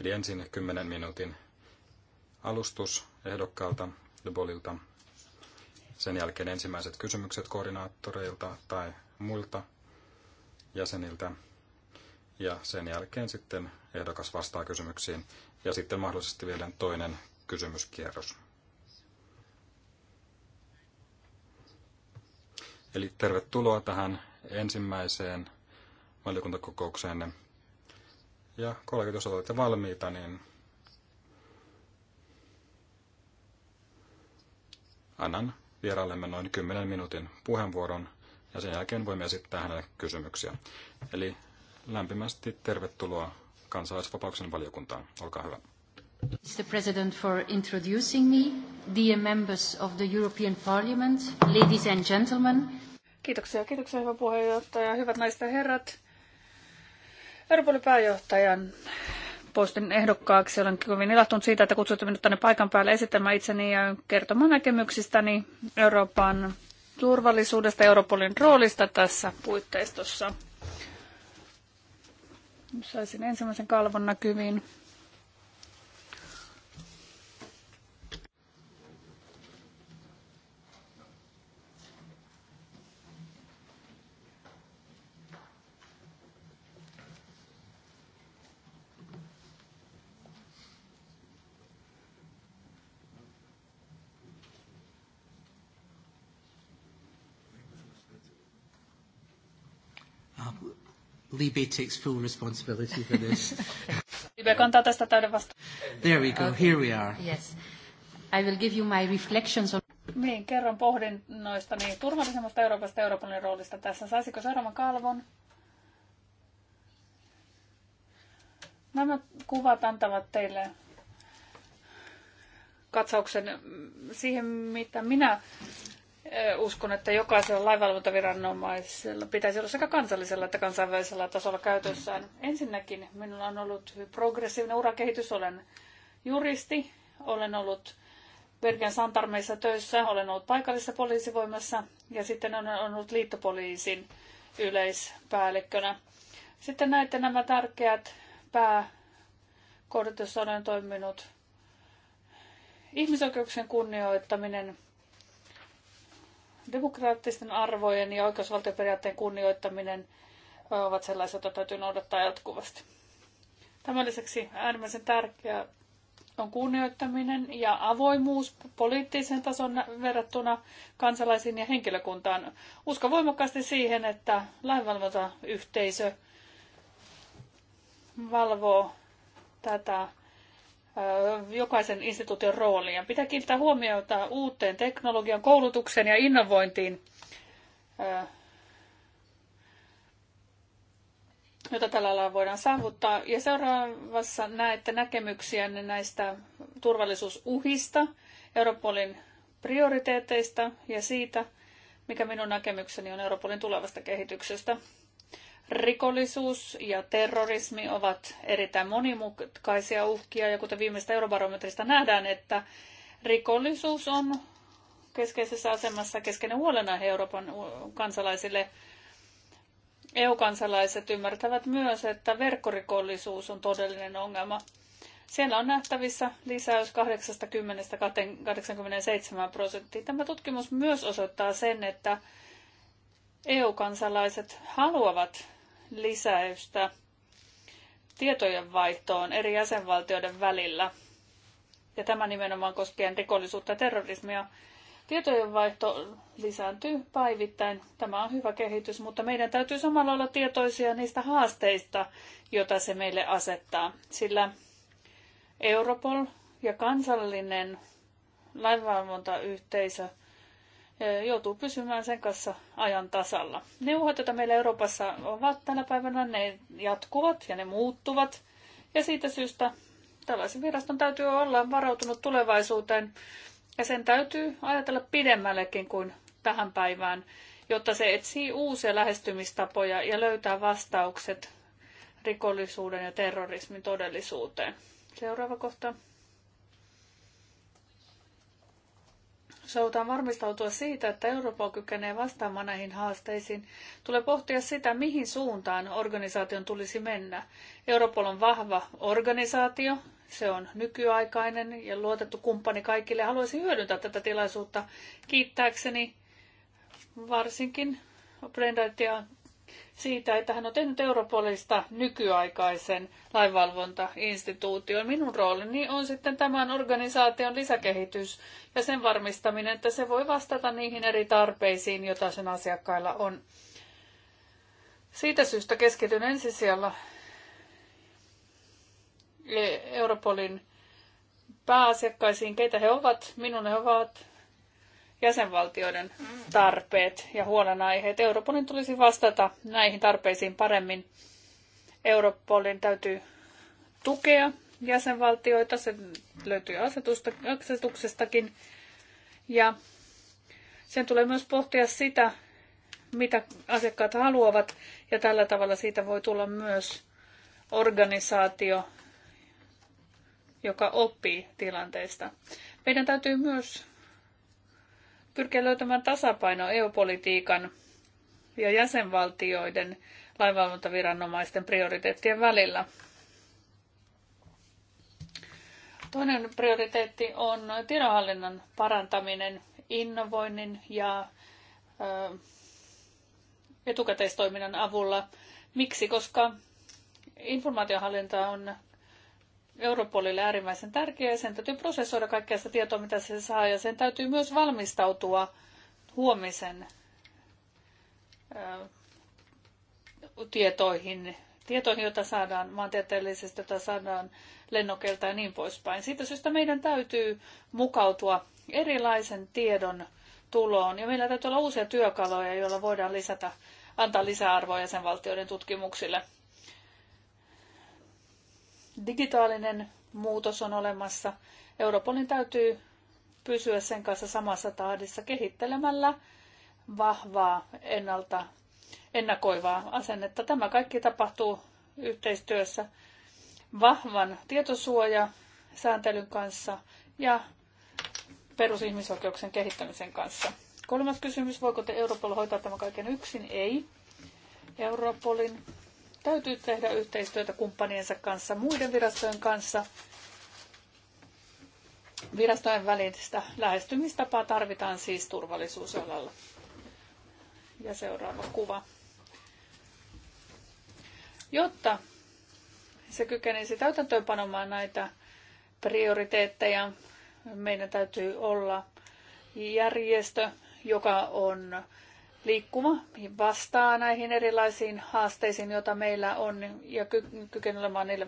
Eli ensin 10 minuutin alustus ehdokkaalta Dubolilta. Sen jälkeen ensimmäiset kysymykset koordinaattoreilta tai muilta jäseniltä. Ja sen jälkeen sitten ehdokas vastaa kysymyksiin. Ja sitten mahdollisesti vielä toinen kysymyskierros. Eli tervetuloa tähän ensimmäiseen valiokuntakokoukseenne. Ja kollegat, jos olette valmiita, niin annan vieraillemme noin 10 minuutin puheenvuoron ja sen jälkeen voimme esittää hänelle kysymyksiä. Eli lämpimästi tervetuloa kansalaisvapauksen valiokuntaan. Olkaa hyvä. Mr. President for introducing me, dear members of the European Parliament, ladies and gentlemen. Kiitoksia, kiitoksia hyvä puheenjohtaja, hyvät naiset ja herrat. Euroopan pääjohtajan postin ehdokkaaksi. Olen kovin ilahtunut siitä, että kutsuitte minut tänne paikan päälle esittämään itseni ja kertomaan näkemyksistäni Euroopan turvallisuudesta, Europolin roolista tässä puitteistossa. Saisin ensimmäisen kalvon näkyviin. Libe takes full responsibility for this. There we go, okay. here we are. Yes. I will give you my reflections on... Niin, kerron pohdinnoista niin turvallisemmasta Euroopasta Euroopan roolista tässä. Saisiko seuraavan kalvon? Nämä kuvat antavat teille katsauksen siihen, mitä minä uskon, että jokaisella lainvalvontaviranomaisella pitäisi olla sekä kansallisella että kansainvälisellä tasolla käytössään. Ensinnäkin minulla on ollut progressiivinen urakehitys. Olen juristi, olen ollut Bergen Santarmeissa töissä, olen ollut paikallisessa poliisivoimassa ja sitten olen ollut liittopoliisin yleispäällikkönä. Sitten näette nämä tärkeät pääkohdat, joissa olen toiminut. Ihmisoikeuksien kunnioittaminen, Demokraattisten arvojen ja oikeusvaltioperiaatteen kunnioittaminen ovat sellaisia, joita täytyy noudattaa jatkuvasti. Tämän lisäksi äärimmäisen tärkeää on kunnioittaminen ja avoimuus poliittisen tason verrattuna kansalaisiin ja henkilökuntaan. Uskon voimakkaasti siihen, että lainvalvontayhteisö valvoo tätä jokaisen instituution roolia. Pitää kiinnittää huomiota uuteen teknologian, koulutukseen ja innovointiin, jota tällä alalla voidaan saavuttaa. Ja seuraavassa näette näkemyksiä näistä turvallisuusuhista, Europolin prioriteeteista ja siitä, mikä minun näkemykseni on Europolin tulevasta kehityksestä. Rikollisuus ja terrorismi ovat erittäin monimutkaisia uhkia ja kuten viimeistä eurobarometrista nähdään, että rikollisuus on keskeisessä asemassa keskeinen huolenaihe Euroopan kansalaisille. EU-kansalaiset ymmärtävät myös, että verkkorikollisuus on todellinen ongelma. Siellä on nähtävissä lisäys 80-87 prosenttia. Tämä tutkimus myös osoittaa sen, että EU-kansalaiset haluavat lisäystä tietojen eri jäsenvaltioiden välillä. Ja tämä nimenomaan koskien rikollisuutta ja terrorismia. Tietojen vaihto lisääntyy päivittäin. Tämä on hyvä kehitys, mutta meidän täytyy samalla olla tietoisia niistä haasteista, joita se meille asettaa. Sillä Europol ja kansallinen lainvalvontayhteisö – joutuu pysymään sen kanssa ajan tasalla. Ne uhat, joita meillä Euroopassa ovat tänä päivänä, ne jatkuvat ja ne muuttuvat. Ja siitä syystä tällaisen viraston täytyy olla varautunut tulevaisuuteen ja sen täytyy ajatella pidemmällekin kuin tähän päivään, jotta se etsii uusia lähestymistapoja ja löytää vastaukset rikollisuuden ja terrorismin todellisuuteen. Seuraava kohta. halutaan varmistautua siitä, että Eurooppa kykenee vastaamaan näihin haasteisiin, tulee pohtia sitä, mihin suuntaan organisaation tulisi mennä. Europol on vahva organisaatio, se on nykyaikainen ja luotettu kumppani kaikille. Haluaisin hyödyntää tätä tilaisuutta kiittääkseni varsinkin Brendat siitä, että hän on tehnyt Europolista nykyaikaisen lainvalvontainstituution. Minun roolini on sitten tämän organisaation lisäkehitys ja sen varmistaminen, että se voi vastata niihin eri tarpeisiin, joita sen asiakkailla on. Siitä syystä keskityn ensisijalla e-, Europolin pääasiakkaisiin, keitä he ovat. Minun he ovat jäsenvaltioiden tarpeet ja huolenaiheet. Europolin tulisi vastata näihin tarpeisiin paremmin. Europolin täytyy tukea jäsenvaltioita, se löytyy asetusta, asetuksestakin. Ja sen tulee myös pohtia sitä, mitä asiakkaat haluavat, ja tällä tavalla siitä voi tulla myös organisaatio, joka oppii tilanteista. Meidän täytyy myös pyrkiä löytämään tasapaino EU-politiikan ja jäsenvaltioiden lainvalvontaviranomaisten prioriteettien välillä. Toinen prioriteetti on tiedonhallinnan parantaminen, innovoinnin ja ö, etukäteistoiminnan avulla. Miksi? Koska informaatiohallinta on Europolille äärimmäisen tärkeä ja sen täytyy prosessoida kaikkea sitä tietoa, mitä se saa ja sen täytyy myös valmistautua huomisen ö, tietoihin, tietoihin, joita saadaan maantieteellisesti, joita saadaan lennokelta ja niin poispäin. Siitä syystä meidän täytyy mukautua erilaisen tiedon tuloon ja meillä täytyy olla uusia työkaluja, joilla voidaan lisätä, antaa lisäarvoa jäsenvaltioiden tutkimuksille. Digitaalinen muutos on olemassa. Europolin täytyy pysyä sen kanssa samassa tahdissa kehittelemällä vahvaa ennalta ennakoivaa asennetta. Tämä kaikki tapahtuu yhteistyössä vahvan tietosuoja sääntelyn kanssa ja perusihmisoikeuksien kehittämisen kanssa. Kolmas kysymys, voiko te Europol hoitaa tämän kaiken yksin? Ei. Europolin täytyy tehdä yhteistyötä kumppaniensa kanssa, muiden virastojen kanssa. Virastojen välistä lähestymistapaa tarvitaan siis turvallisuusalalla. Ja seuraava kuva. Jotta se kykenisi täytäntöönpanomaan näitä prioriteetteja, meidän täytyy olla järjestö, joka on liikkuma vastaa näihin erilaisiin haasteisiin, joita meillä on, ja ky- olemaan niille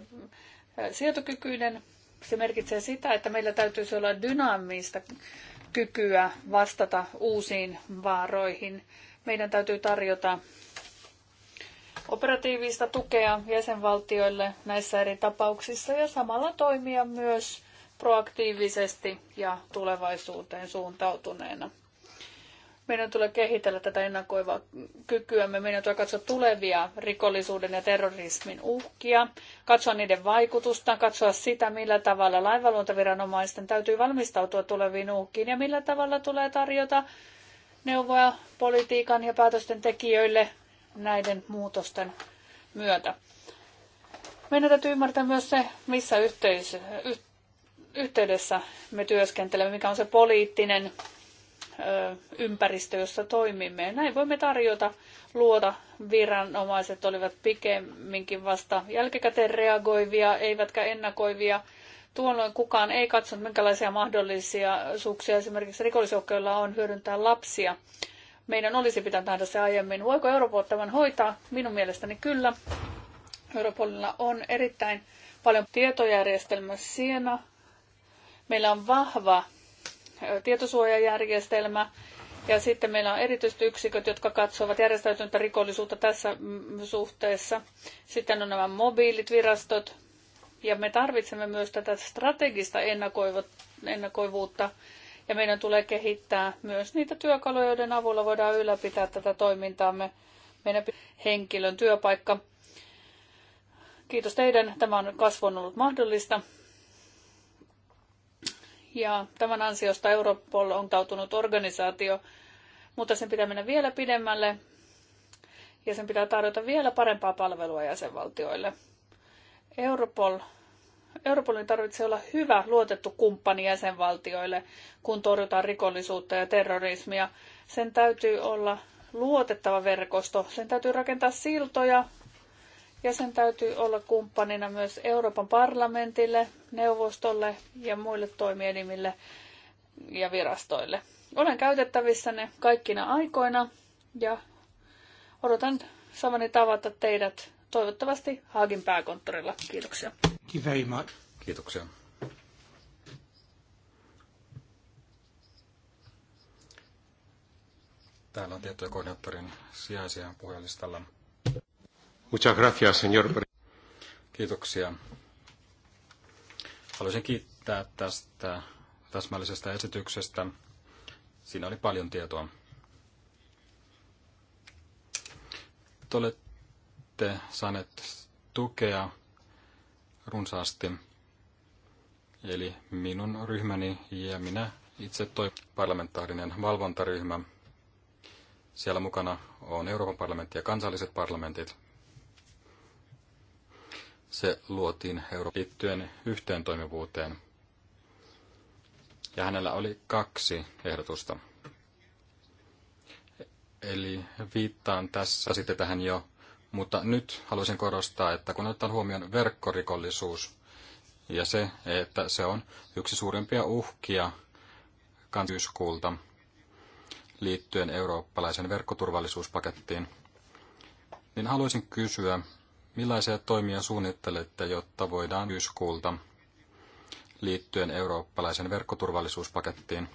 sietokykyinen. Se merkitsee sitä, että meillä täytyisi olla dynaamista kykyä vastata uusiin vaaroihin. Meidän täytyy tarjota operatiivista tukea jäsenvaltioille näissä eri tapauksissa ja samalla toimia myös proaktiivisesti ja tulevaisuuteen suuntautuneena. Meidän tulee kehitellä tätä ennakoivaa kykyämme. Meidän tulee katsoa tulevia rikollisuuden ja terrorismin uhkia, katsoa niiden vaikutusta, katsoa sitä, millä tavalla laivaluontaviranomaisten täytyy valmistautua tuleviin uhkiin ja millä tavalla tulee tarjota neuvoja politiikan ja päätösten tekijöille näiden muutosten myötä. Meidän täytyy ymmärtää myös se, missä yhteys, yhteydessä me työskentelemme, mikä on se poliittinen ympäristö, jossa toimimme. Näin voimme tarjota, luoda viranomaiset olivat pikemminkin vasta jälkikäteen reagoivia, eivätkä ennakoivia. Tuolloin kukaan ei katsonut, minkälaisia mahdollisia suuksia esimerkiksi rikollisjoukkoilla on hyödyntää lapsia. Meidän olisi pitänyt nähdä se aiemmin. Voiko Europol tämän hoitaa? Minun mielestäni kyllä. Europolilla on erittäin paljon tietojärjestelmä Siena. Meillä on vahva tietosuojajärjestelmä. Ja sitten meillä on erityiset yksiköt, jotka katsovat järjestäytynyttä rikollisuutta tässä suhteessa. Sitten on nämä mobiilit virastot. Ja me tarvitsemme myös tätä strategista ennakoivuutta. Ja meidän tulee kehittää myös niitä työkaluja, joiden avulla voidaan ylläpitää tätä toimintaamme. Meidän henkilön työpaikka. Kiitos teidän. Tämä on kasvu ollut mahdollista ja tämän ansiosta Europol on tautunut organisaatio, mutta sen pitää mennä vielä pidemmälle ja sen pitää tarjota vielä parempaa palvelua jäsenvaltioille. Europol, Europolin tarvitsee olla hyvä luotettu kumppani jäsenvaltioille, kun torjutaan rikollisuutta ja terrorismia. Sen täytyy olla luotettava verkosto, sen täytyy rakentaa siltoja ja sen täytyy olla kumppanina myös Euroopan parlamentille, neuvostolle ja muille toimielimille ja virastoille. Olen käytettävissänne kaikkina aikoina ja odotan saavani tavata teidät toivottavasti Haagin pääkonttorilla. Kiitoksia. Kiitoksia. Täällä on tiettyjä koordinaattorin sijaisia puhujalistalla. Muchas gracias, señor. Kiitoksia. Haluaisin kiittää tästä täsmällisestä esityksestä. Siinä oli paljon tietoa. Te olette saaneet tukea runsaasti. Eli minun ryhmäni ja minä itse toi parlamentaarinen valvontaryhmä. Siellä mukana on Euroopan parlamentti ja kansalliset parlamentit se luotiin Euroopan liittyen yhteentoimivuuteen. Ja hänellä oli kaksi ehdotusta. Eli viittaan tässä sitten tähän jo, mutta nyt haluaisin korostaa, että kun otetaan huomioon verkkorikollisuus ja se, että se on yksi suurimpia uhkia kansalliskuulta liittyen eurooppalaisen verkkoturvallisuuspakettiin, niin haluaisin kysyä, Millaisia toimia suunnittelette, jotta voidaan syyskuulta liittyen eurooppalaisen verkkoturvallisuuspakettiin?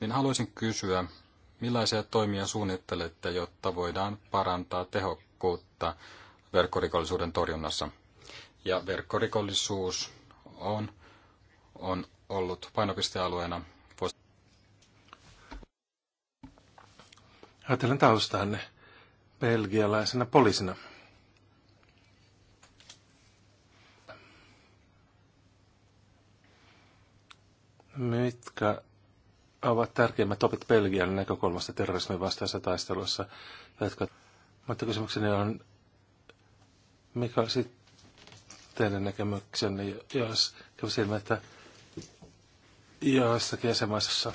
Niin haluaisin kysyä, millaisia toimia suunnittelette, jotta voidaan parantaa tehokkuutta verkkorikollisuuden torjunnassa? Ja verkkorikollisuus on, on ollut painopistealueena. Ajattelen taustanne belgialaisena poliisina. Mitkä ovat tärkeimmät opit Belgian näkökulmasta terrorismin vastaisessa taistelussa? Jotka... Mutta kysymykseni on, mikä olisi teidän näkemyksenne, jos kävi silmä, että joissakin jäsenmaissa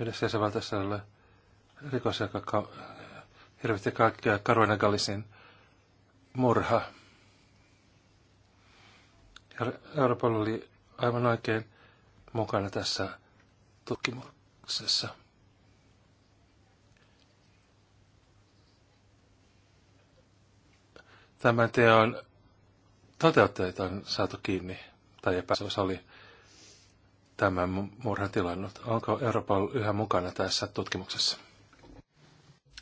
yhdessä jäsenvaltiossa oli rikos, joka ka- hirvitti kaikkia Karuina Gallisin murha – Europol oli aivan oikein mukana tässä tutkimuksessa. Tämän teon toteuttajat on saatu kiinni, tai epäsuus oli tämän murhan tilannut. Onko Europol yhä mukana tässä tutkimuksessa?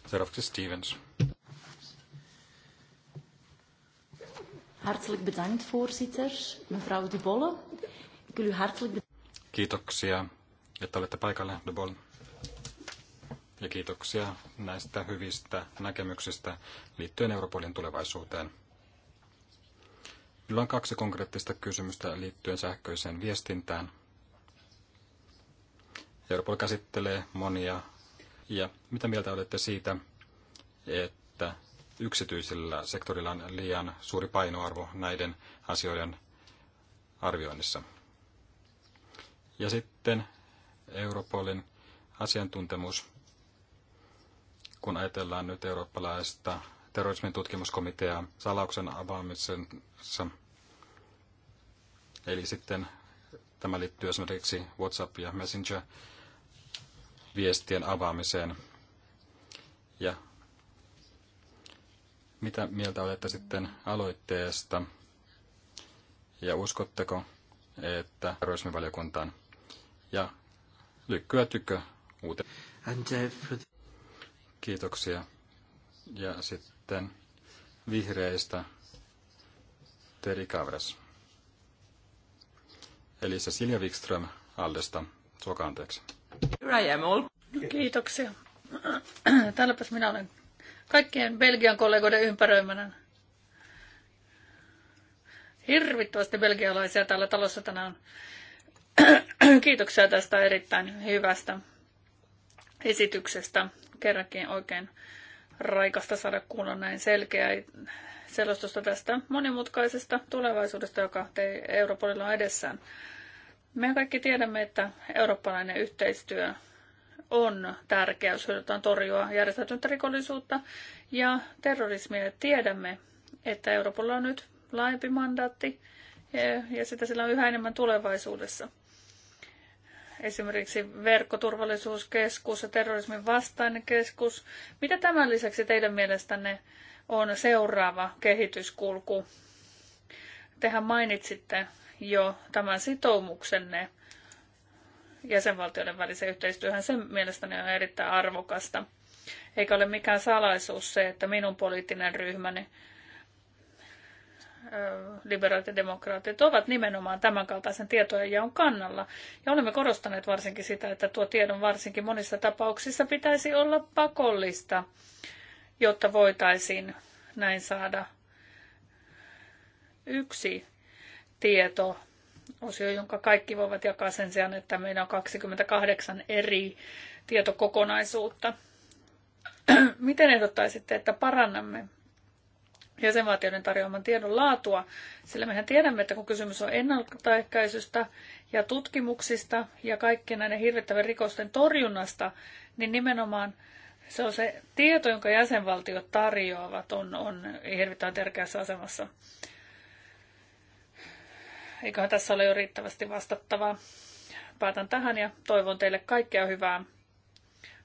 Seuraavaksi Stevens. Hartelijk bedankt, voorzitter. Mevrouw de Bolle, ik wil u hartelijk Kiitoksia, että olette paikalla, de Bolle. Ja kiitoksia näistä hyvistä näkemyksistä liittyen Europolin tulevaisuuteen. Minulla on kaksi konkreettista kysymystä liittyen sähköiseen viestintään. Europol käsittelee monia. Ja mitä mieltä olette siitä, että yksityisellä sektorilla on liian suuri painoarvo näiden asioiden arvioinnissa. Ja sitten Europolin asiantuntemus, kun ajatellaan nyt eurooppalaista terrorismin tutkimuskomiteaa salauksen avaamisessa, eli sitten tämä liittyy esimerkiksi WhatsApp- ja Messenger-viestien avaamiseen. Ja mitä mieltä olette sitten aloitteesta ja uskotteko, että terrorismivaliokuntaan ja lykkyä tykkö uuteen. Uh, Kiitoksia. Ja sitten vihreistä Teri kavres Eli se Silja Wikström Allesta. Suoka anteeksi. Kiitoksia. Täälläpäs minä olen kaikkien Belgian kollegoiden ympäröimänä. Hirvittävästi belgialaisia täällä talossa tänään. Kiitoksia tästä erittäin hyvästä esityksestä. Kerrankin oikein raikasta saada kuulla näin selkeää selostusta tästä monimutkaisesta tulevaisuudesta, joka tei Europolilla edessään. Me kaikki tiedämme, että eurooppalainen yhteistyö on tärkeä, jos yritetään torjua järjestäytynyttä rikollisuutta ja terrorismia. Tiedämme, että Euroopalla on nyt laajempi mandaatti ja sitä sillä on yhä enemmän tulevaisuudessa. Esimerkiksi verkkoturvallisuuskeskus ja terrorismin vastainen keskus. Mitä tämän lisäksi teidän mielestänne on seuraava kehityskulku? Tehän mainitsitte jo tämän sitoumuksenne jäsenvaltioiden välisen yhteistyöhön, sen mielestäni on erittäin arvokasta. Eikä ole mikään salaisuus se, että minun poliittinen ryhmäni liberaalit ja demokraatit ovat nimenomaan tämänkaltaisen tietojen jaon kannalla. Ja olemme korostaneet varsinkin sitä, että tuo tiedon varsinkin monissa tapauksissa pitäisi olla pakollista, jotta voitaisiin näin saada yksi tieto osio, jonka kaikki voivat jakaa sen sijaan, että meillä on 28 eri tietokokonaisuutta. Miten ehdottaisitte, että parannamme jäsenvaltioiden tarjoaman tiedon laatua, sillä mehän tiedämme, että kun kysymys on ennaltaehkäisystä ja tutkimuksista ja kaikkien näiden hirvittävän rikosten torjunnasta, niin nimenomaan se on se tieto, jonka jäsenvaltiot tarjoavat, on, on hirvittävän tärkeässä asemassa eiköhän tässä ole jo riittävästi vastattavaa. Päätän tähän ja toivon teille kaikkea hyvää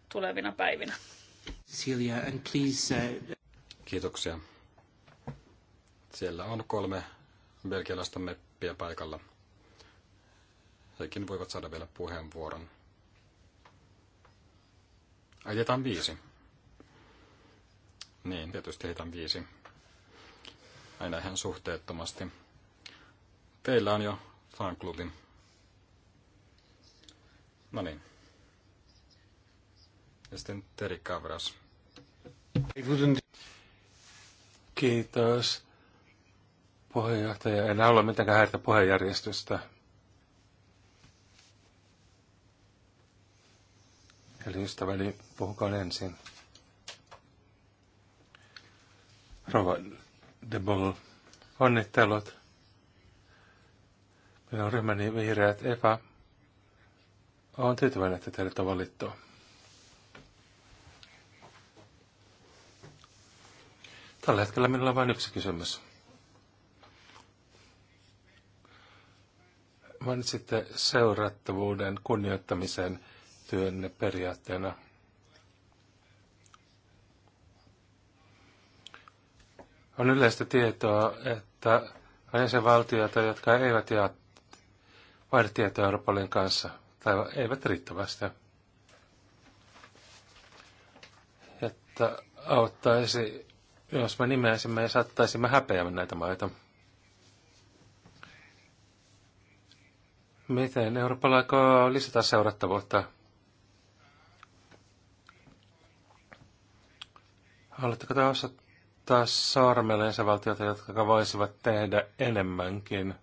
tulevina päivinä. Cecilia, and please, uh... Kiitoksia. Siellä on kolme belgialaista meppiä paikalla. Hekin voivat saada vielä puheenvuoron. Ajetaan viisi. Niin, tietysti heitän viisi. Aina ihan suhteettomasti. Teillä on jo fanklubin. No niin. Ja sitten Teri Kavras. Kiitos. Puheenjohtaja, en ole mitenkään häiritä puheenjärjestystä. Eli ystäväni, puhukaan ensin. Rova de Bol, onnittelut on ryhmäni vihreät Eva on tyytyväinen, että teidät on valittu. Tällä hetkellä minulla on vain yksi kysymys. Mainitsitte seurattavuuden kunnioittamisen työnne periaatteena. On yleistä tietoa, että ajan valtioita, jotka eivät jaa vaihda tietoa Europolin kanssa, tai eivät riittävästi. Että auttaisi, jos me nimeäisimme ja saattaisimme häpeämme näitä maita. Miten Euroopalla aikaa lisätä seurattavuutta? Haluatteko te osoittaa sormelleensa valtioita, jotka voisivat tehdä enemmänkin?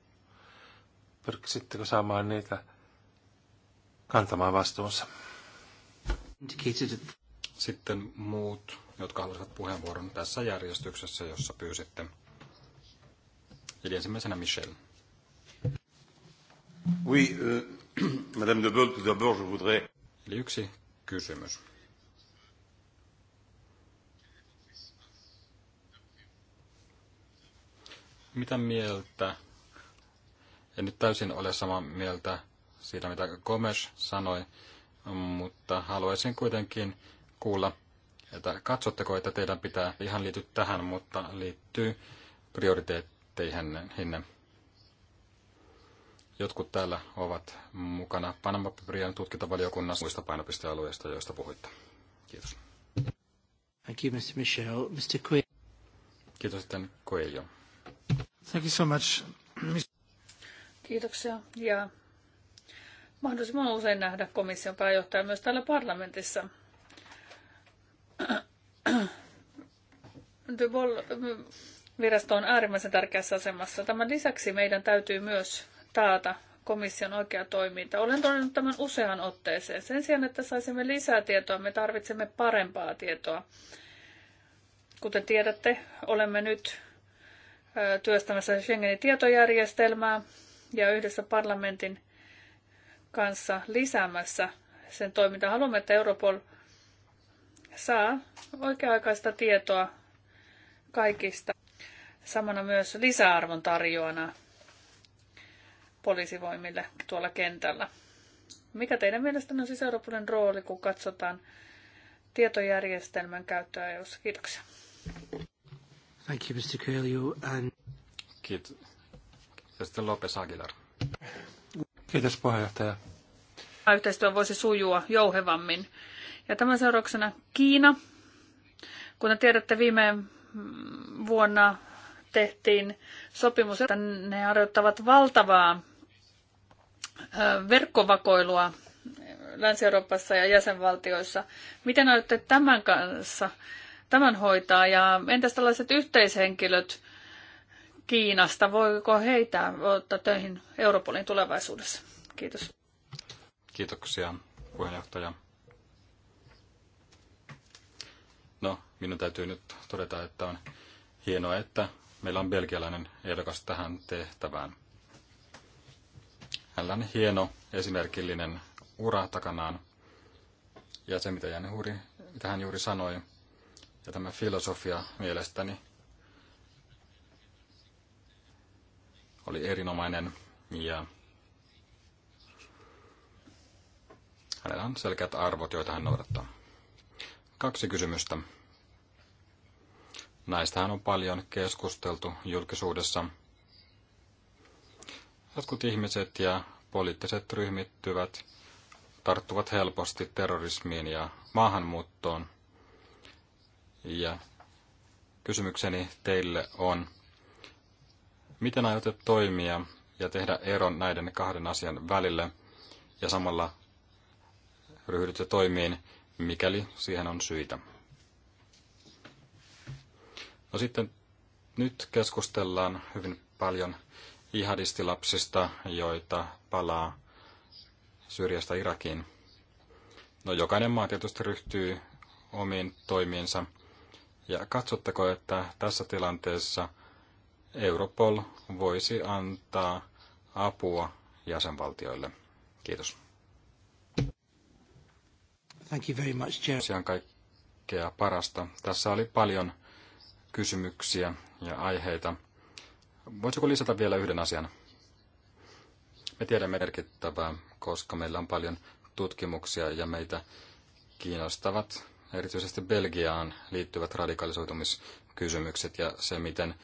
Pyrkisittekö saamaan niitä kantamaan vastuunsa? Sitten muut, jotka halusivat puheenvuoron tässä järjestyksessä, jossa pyysitte. Eli ensimmäisenä Michel. Oui, euh, Madame de Bol, tout d'abord, je voudrais... Eli yksi kysymys. Mitä mieltä en nyt täysin ole samaa mieltä siitä, mitä Gomes sanoi, mutta haluaisin kuitenkin kuulla, että katsotteko, että teidän pitää ihan liity tähän, mutta liittyy prioriteetteihin. Jotkut täällä ovat mukana Panama-paperien tutkintavaliokunnassa muista painopistealueista, joista puhuitte. Kiitos. Thank you, Mr. Michel. Mr. Kiitos sitten Coelho. Thank you so much. Kiitoksia ja mahdollisimman usein nähdä komission pääjohtaja myös täällä parlamentissa. Mm, virasto on äärimmäisen tärkeässä asemassa. Tämän lisäksi meidän täytyy myös taata komission oikea toiminta. Olen todennut tämän useaan otteeseen. Sen sijaan, että saisimme lisää tietoa, me tarvitsemme parempaa tietoa. Kuten tiedätte, olemme nyt työstämässä Schengenin tietojärjestelmää ja yhdessä parlamentin kanssa lisäämässä sen toimintaa. Haluamme, että Europol saa oikea-aikaista tietoa kaikista. Samana myös lisäarvon tarjoana poliisivoimille tuolla kentällä. Mikä teidän mielestänne on siis Euroopan rooli, kun katsotaan tietojärjestelmän käyttöä EU:ssa? Kiitoksia. Thank you, Mr. Curlew, And... Kiitos, ja sitten Lopes Aguilar. Kiitos puheenjohtaja. Yhteistyö voisi sujua jouhevammin. Ja tämän seurauksena Kiina. Kuten tiedätte, viime mm, vuonna tehtiin sopimus, että ne harjoittavat valtavaa verkkovakoilua Länsi-Euroopassa ja jäsenvaltioissa. Miten aiotte tämän kanssa tämän hoitaa ja entäs tällaiset yhteishenkilöt, Kiinasta. Voiko heitä ottaa töihin Europolin tulevaisuudessa? Kiitos. Kiitoksia, puheenjohtaja. No, minun täytyy nyt todeta, että on hienoa, että meillä on belgialainen ehdokas tähän tehtävään. Hänellä on hieno, esimerkillinen ura takanaan. Ja se, mitä, Jani mitä hän juuri sanoi, ja tämä filosofia mielestäni oli erinomainen ja hänellä on selkeät arvot, joita hän noudattaa. Kaksi kysymystä. Näistähän on paljon keskusteltu julkisuudessa. Jotkut ihmiset ja poliittiset ryhmittyvät tarttuvat helposti terrorismiin ja maahanmuuttoon. Ja kysymykseni teille on, Miten aiotte toimia ja tehdä eron näiden kahden asian välille ja samalla ryhdytte toimiin, mikäli siihen on syitä? No sitten nyt keskustellaan hyvin paljon ihadistilapsista, joita palaa Syyriasta Irakiin. No jokainen maa tietysti ryhtyy omiin toimiinsa. Ja katsotteko, että tässä tilanteessa – Europol voisi antaa apua jäsenvaltioille. Kiitos. Thank you very much, Jerry. Tosiaan kaikkea parasta. Tässä oli paljon kysymyksiä ja aiheita. Voisiko lisätä vielä yhden asian? Me tiedämme merkittävää, koska meillä on paljon tutkimuksia ja meitä kiinnostavat erityisesti Belgiaan liittyvät radikalisoitumiskysymykset ja se, miten